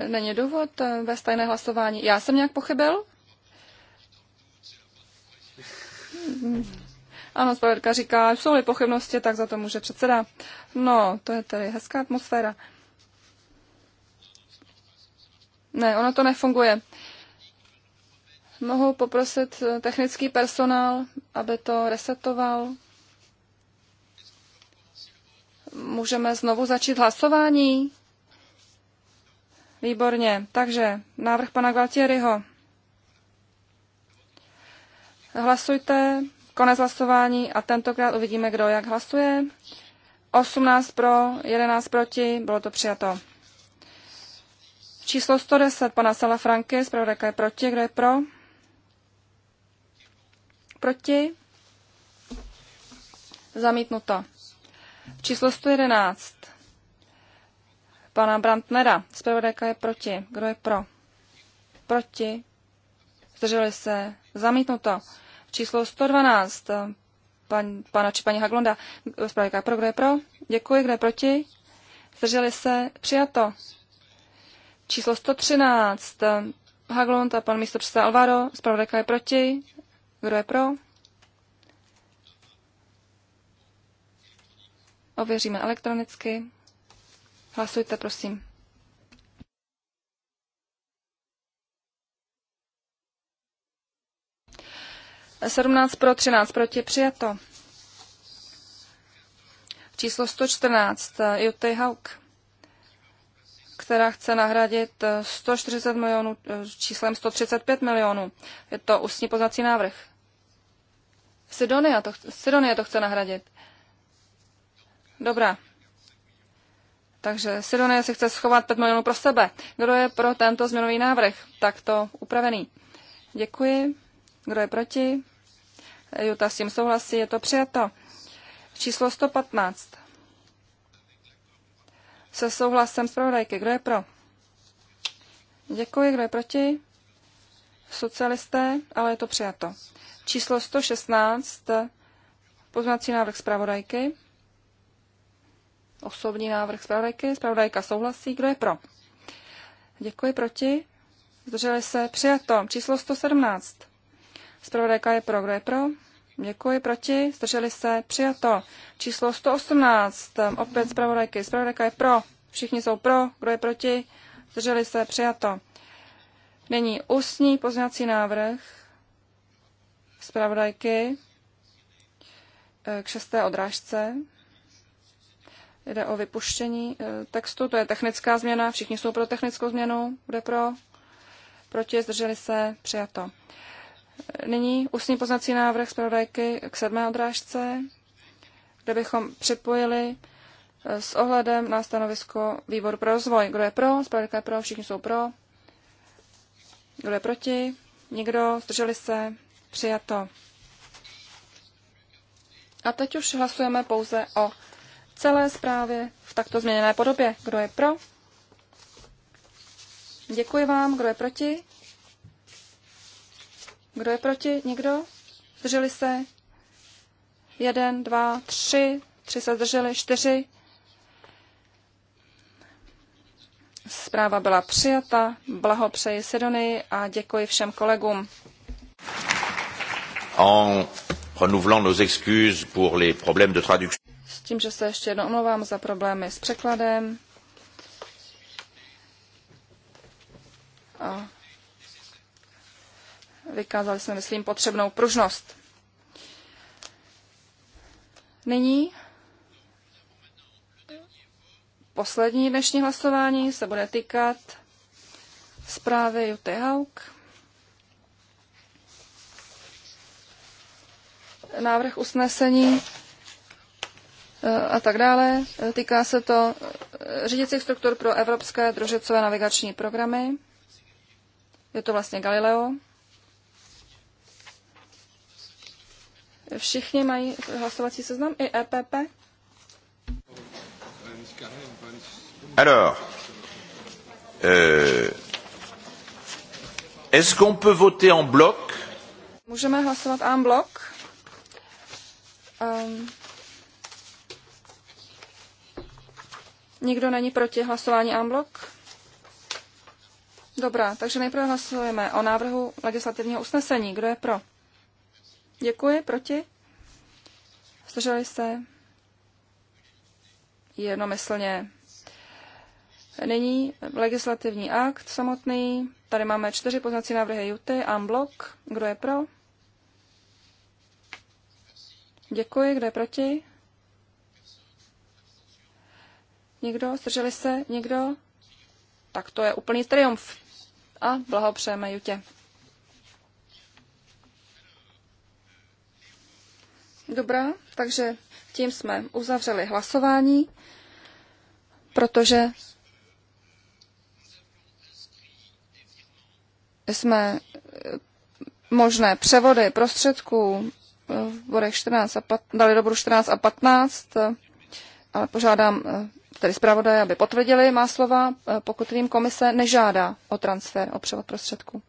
Není důvod eh, ve stejné hlasování. Já jsem nějak pochybil? Ano, zpravodajka říká, jsou-li pochybnosti, tak za to může předseda. No, to je tady hezká atmosféra. Ne, ono to nefunguje. Uh, Mohu poprosit eh, technický personál, aby to resetoval. Můžeme znovu začít hlasování. Výborně. Takže návrh pana Galtieriho. Hlasujte, konec hlasování a tentokrát uvidíme, kdo jak hlasuje. 18 pro, 11 proti, bylo to přijato. Číslo 110 pana Sala Franky, zpravodajka je proti, kdo je pro? Proti? Zamítnuto. Číslo 111. Pana Brantnera. Zpravodajka je proti. Kdo je pro? Proti. Zdrželi se. Zamítnuto. Číslo 112. Pan, pana či paní Haglonda. Zpravodajka je pro. Kdo je pro? Děkuji. Kdo je proti? Zdrželi se. Přijato. Číslo 113. Haglund a pan místo Alvaro. Zpravodajka je proti. Kdo je pro? Ověříme elektronicky. Hlasujte, prosím. Sedmnáct pro, třináct proti, přijato. Číslo 114, Juty Hauk, která chce nahradit 140 milionů eh, číslem 135 milionů. Je to ústní poznací návrh. Sidonia to, Sidonia to chce nahradit. Dobrá. Takže Sidonie si chce schovat 5 milionů pro sebe. Kdo je pro tento změnový návrh? Takto upravený. Děkuji. Kdo je proti? Juta s tím souhlasí, je to přijato. Číslo 115. Se souhlasem zpravodajky. Kdo je pro? Děkuji. Kdo je proti? socialisté, ale je to přijato. Číslo 116, poznací návrh zpravodajky, osobní návrh zpravodajky, zpravodajka souhlasí, kdo je pro? Děkuji, proti? Zdrželi se, přijato. Číslo 117, zpravodajka je pro, kdo je pro? Děkuji, proti? Zdrželi se, přijato. Číslo 118, opět zpravodajky, zpravodajka je pro, všichni jsou pro, kdo je proti? Zdrželi se, přijato. Není ústní poznací návrh zpravodajky eh, k šesté odrážce. Jde o vypuštění eh, textu, to je technická změna, všichni jsou pro technickou změnu, bude pro, proti, zdrželi se, přijato. Eh, nyní ústní poznací návrh zpravodajky k sedmé odrážce, kde bychom připojili s ohledem na stanovisko výboru pro rozvoj. Kdo je pro? Zpravodajka je pro, všichni jsou pro, kdo je proti? Nikdo? Zdrželi se? Přijato. A teď už hlasujeme pouze o celé zprávě v takto změněné podobě. Kdo je pro? Děkuji vám. Kdo je proti? Kdo je proti? Nikdo? Zdrželi se? Jeden, dva, tři. Tři se zdrželi. Čtyři. Zpráva byla přijata. Blahopřeji Sidonii a děkuji všem kolegům. En renouvelant nos excuses pour les problèmes de traduction. S tím, že se ještě jednou omlouvám za problémy s překladem. A vykázali jsme, myslím, potřebnou pružnost. Nyní poslední dnešní hlasování se bude týkat zprávy Juty Hauk. Návrh usnesení eh, a tak dále. Týká se to eh, řídicích struktur pro evropské družicové navigační programy. Je to vlastně Galileo. Všichni mají hlasovací seznam, i EPP. Alors, euh, est-ce qu'on peut voter en bloc Můžeme hlasovat en bloc. Um, nikdo není proti hlasování en bloc? Dobrá, takže nejprve hlasujeme o návrhu legislativního usnesení. Kdo je pro? Děkuji, proti? Zdrželi se? Jednomyslně Nyní legislativní akt samotný. Tady máme čtyři poznací návrhy Juty Amblok. Kdo je pro? Děkuji. Kdo je proti? Nikdo? Zdrželi se? Nikdo? Tak to je úplný triumf. A blahopřejeme Jutě. Dobrá, takže tím jsme uzavřeli hlasování, protože jsme eh, možné převody prostředků eh, v bodech 14 a 15, dali do bodu 14 a 15, eh, ale požádám tedy zpravodaje, aby potvrdili má slova, pokud vím, komise nežádá o transfer, o převod prostředků.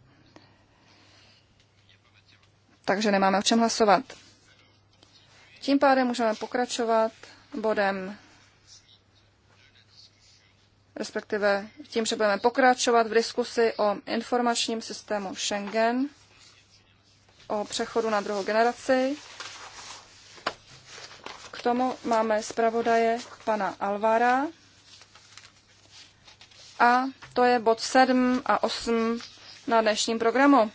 Takže nemáme o čem hlasovat. Tím pádem můžeme pokračovat bodem respektive tím, že budeme pokračovat v diskusi o informačním systému Schengen, o přechodu na druhou generaci. K tomu máme zpravodaje pana Alvara a to je bod 7 a 8 na dnešním programu,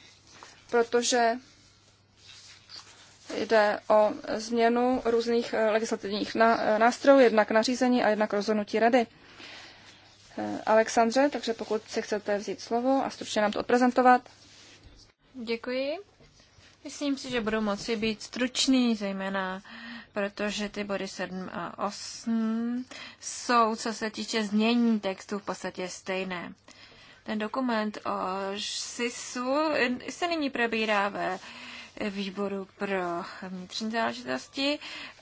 protože jde o změnu různých legislativních nástrojů, jednak nařízení a jednak rozhodnutí rady. Eh, Alexandře, takže pokud si chcete vzít slovo a stručně nám to odprezentovat. Děkuji. Myslím si, že budu moci být stručný, zejména protože ty body 7 a 8 jsou, co se týče změní textu, v podstatě stejné. Ten dokument o SISu se nyní probírá ve výboru pro vnitřní záležitosti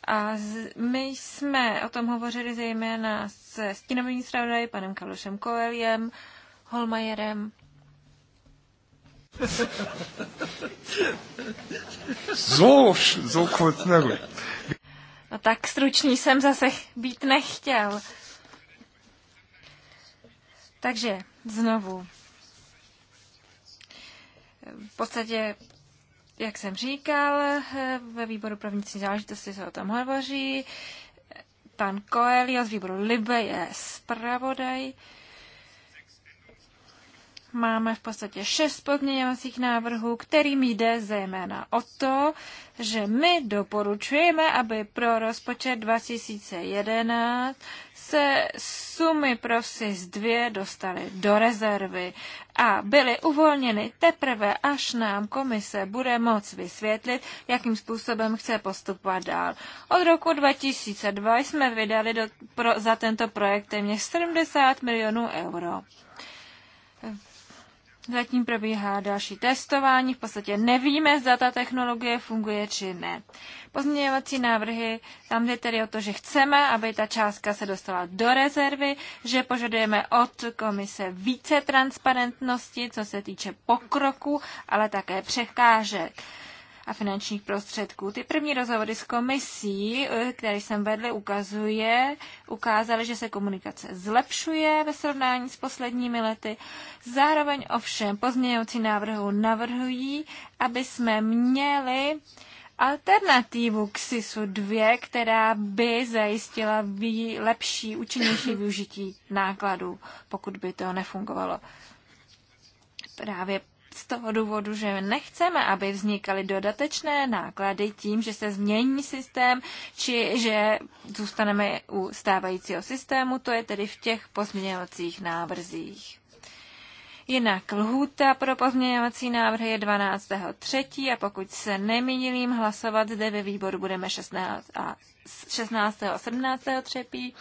a my jsme o tom hovořili zejména s se stínovým zpravodajem panem Kalošem Koeljem, Holmajerem. Zouš, zoukot No tak stručný jsem zase být nechtěl. Takže znovu. V podstatě, jak jsem říkal, eh, ve výboru pro vnitřní záležitosti se o tom hovoří. Pan Coelho z výboru Libe je zpravodaj. Máme v podstatě šest pozměňovacích návrhů, kterým jde zejména o to, že my doporučujeme, aby pro rozpočet 2011 se sumy pro SIS 2 dostaly do rezervy a byly uvolněny teprve, až nám komise bude moc vysvětlit, jakým způsobem chce postupovat dál. Od roku 2002 jsme vydali do, pro, za tento projekt téměř 70 milionů euro. Zatím probíhá další testování. V podstatě nevíme, zda ta technologie funguje či ne. Pozměňovací návrhy, tam jde tedy o to, že chceme, aby ta částka se dostala do rezervy, že požadujeme od komise více transparentnosti, co se týče pokroku, ale také překážek a finančních prostředků. Ty první rozhovory s komisí, eh, které jsem vedly, ukazuje, ukázaly, že se komunikace zlepšuje ve srovnání s posledními lety. Zároveň ovšem pozměňovací návrhu navrhují, aby jsme měli alternativu k SISu 2, která by zajistila lepší, účinnější využití nákladů, pokud by to nefungovalo. Právě z toho důvodu, že nechceme, aby vznikaly dodatečné náklady tím, že se změní systém, či že zůstaneme u stávajícího systému, to je tedy v těch pozměňovacích návrzích. Jinak lhůta pro pozměňovací návrhy je 12.3. a pokud se nemýlím, hlasovat zde ve výboru budeme 16. a 16. a 17. třepí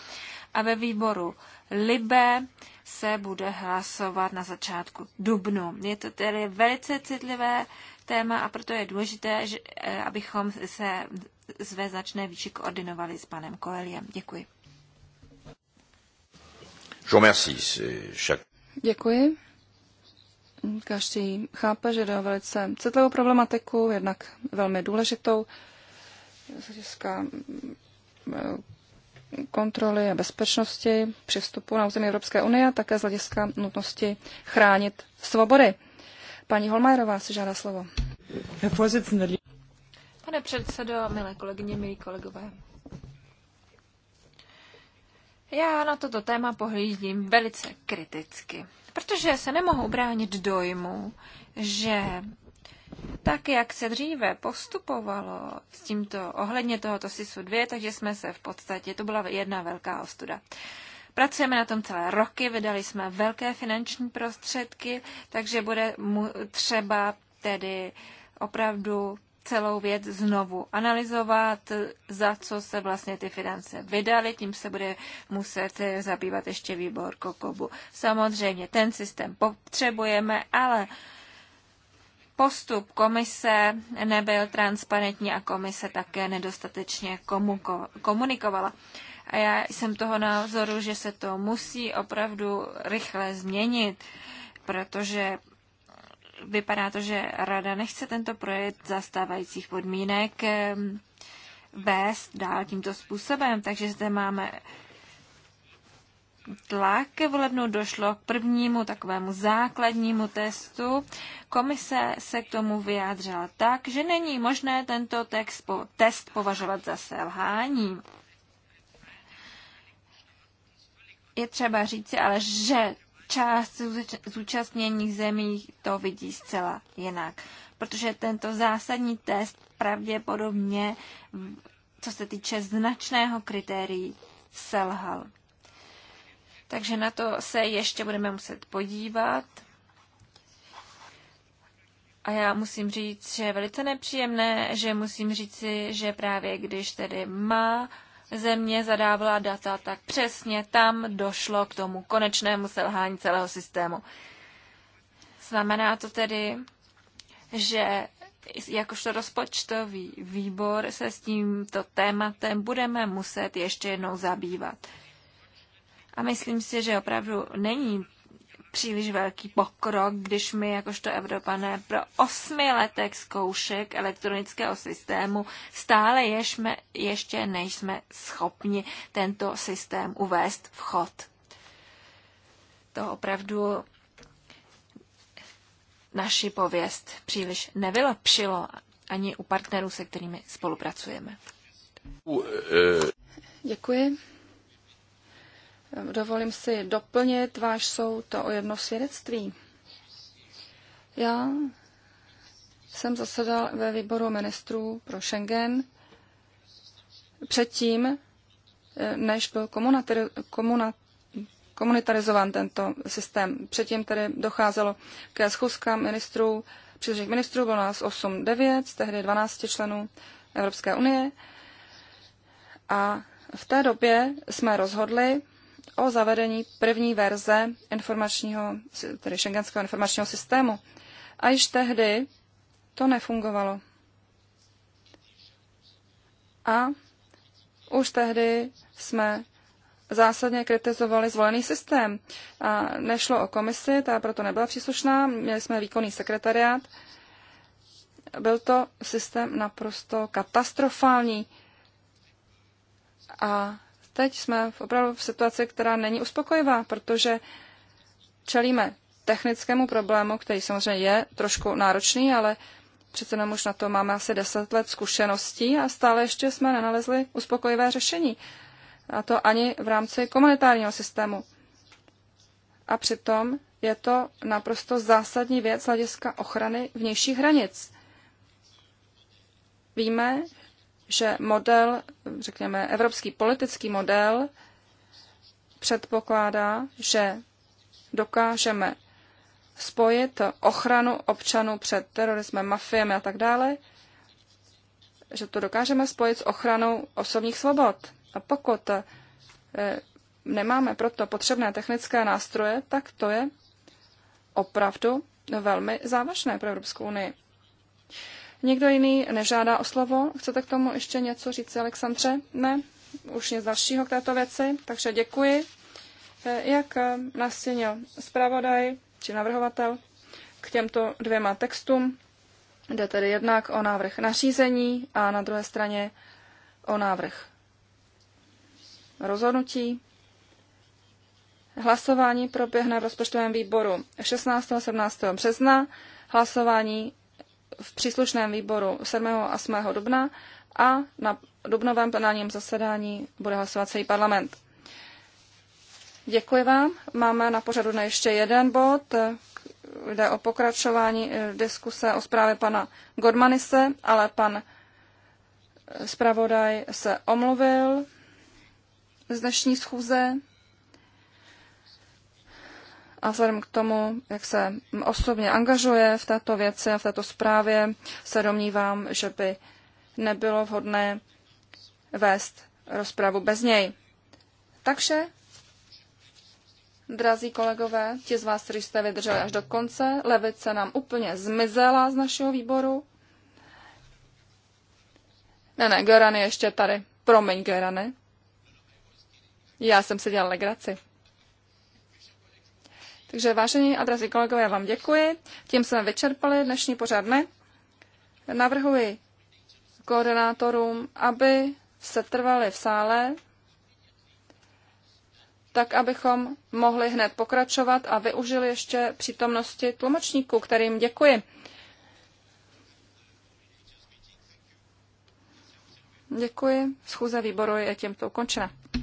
a ve výboru Libe se bude hlasovat na začátku dubnu. Je to tedy velice citlivé téma a proto je důležité, že, eh, abychom se zve značné výši koordinovali s panem Koeliem. Děkuji. Děkuji. Každý chápe, že jde o velice citlivou problematiku, jednak velmi důležitou z hlediska eh, kontroly a bezpečnosti při vstupu na území Evropské unie a také z hlediska nutnosti chránit svobody. Paní Holmajerová si žádá slovo. Pane předsedo, milé kolegyně, milí kolegové. Já na toto téma pohlížím velice kriticky, protože se nemohu bránit dojmu, že tak, jak se dříve postupovalo s tímto, ohledně tohoto SISu 2, takže jsme se v podstatě, to byla jedna velká ostuda. Pracujeme na tom celé roky, vydali jsme velké finanční prostředky, takže bude mu třeba tedy opravdu celou věc znovu analyzovat, za co se vlastně ty finance vydaly, tím se bude muset zabývat ještě výbor Kokobu. Samozřejmě ten systém potřebujeme, ale postup komise nebyl transparentní a komise také nedostatečně komunikovala. A já jsem toho názoru, že se to musí opravdu rychle změnit, protože vypadá to, že Rada nechce tento projekt zastávajících podmínek eh, vést dál tímto způsobem, takže zde máme tlak. V lednu došlo k prvnímu takovému základnímu testu. Komise se k tomu vyjádřila tak, že není možné tento text po, test považovat za selhání. Je třeba říci ale, že část zúčastněných zemí to vidí zcela jinak, protože tento zásadní test pravděpodobně, co se týče značného kritérií, selhal takže na to se ještě budeme muset podívat. A já musím říct, že je velice nepříjemné, že musím říci, že právě když tedy má země zadávala data, tak přesně tam došlo k tomu konečnému selhání celého systému. Znamená to tedy, že jakožto rozpočtový výbor se s tímto tématem budeme muset ještě jednou zabývat. A myslím si, že opravdu není příliš velký pokrok, když my jakožto Evropané pro osmi letek zkoušek elektronického systému stále ješme, ještě nejsme schopni tento systém uvést v chod. To opravdu naši pověst příliš nevylepšilo ani u partnerů, se kterými spolupracujeme. E, Děkuji. Dovolím si doplnit váš soud o jedno svědectví. Já jsem zasedal ve výboru ministrů pro Schengen předtím, než byl komuna, komunitarizován tento systém. Předtím tedy docházelo ke schůzkám ministrů, příslušných ministrů, bylo nás 8-9, tehdy 12 členů Evropské unie. A v té době jsme rozhodli, o zavedení první verze informačního, tedy šengenského informačního systému. A již tehdy to nefungovalo. A už tehdy jsme zásadně kritizovali zvolený systém. A nešlo o komisi, ta proto nebyla příslušná, měli jsme výkonný sekretariát. Byl to systém naprosto katastrofální a Teď jsme opravdu v situaci, která není uspokojivá, protože čelíme technickému problému, který samozřejmě je trošku náročný, ale přece jenom už na to máme asi deset let zkušeností a stále ještě jsme nenalezli uspokojivé řešení. A to ani v rámci komunitárního systému. A přitom je to naprosto zásadní věc hlediska ochrany vnějších hranic. Víme, že model, řekněme, evropský politický model předpokládá, že dokážeme spojit ochranu občanů před terorismem, mafiemi a tak dále, že to dokážeme spojit s ochranou osobních svobod. A pokud eh, nemáme proto potřebné technické nástroje, tak to je opravdu velmi závažné pro Evropskou unii. Někdo jiný nežádá o slovo? Chcete k tomu ještě něco říct, Alexandře? Ne? Už nic dalšího k této věci, takže děkuji. E, jak e, nastěnil zpravodaj či navrhovatel k těmto dvěma textům, jde tedy jednak o návrh nařízení a na druhé straně o návrh rozhodnutí. Hlasování proběhne v rozpočtovém výboru 16. a 17. března. Hlasování v příslušném výboru 7. a 8. dubna a na dubnovém plenárním zasedání bude hlasovat celý parlament. Děkuji vám. Máme na pořadu na ještě jeden bod. Jde o pokračování eh, diskuse o zprávě pana Godmanise, ale pan eh, zpravodaj se omluvil z dnešní schůze a vzhledem k tomu, jak se osobně angažuje v této věci a v této zprávě, se domnívám, že by nebylo vhodné vést rozpravu bez něj. Takže, drazí kolegové, ti z vás, kteří jste vydrželi až do konce, levice nám úplně zmizela z našeho výboru. Ne, ne, Gerany ještě tady. Promiň, Gerany. Já jsem si dělal legraci. Takže vážení a drazí kolegové, já vám děkuji. Tím jsme vyčerpali dnešní pořad dne. Navrhuji koordinátorům, aby se trvali v sále, tak abychom mohli hned pokračovat a využili ještě přítomnosti tlumočníků, kterým děkuji. Děkuji. Schůze výboru je tímto ukončena.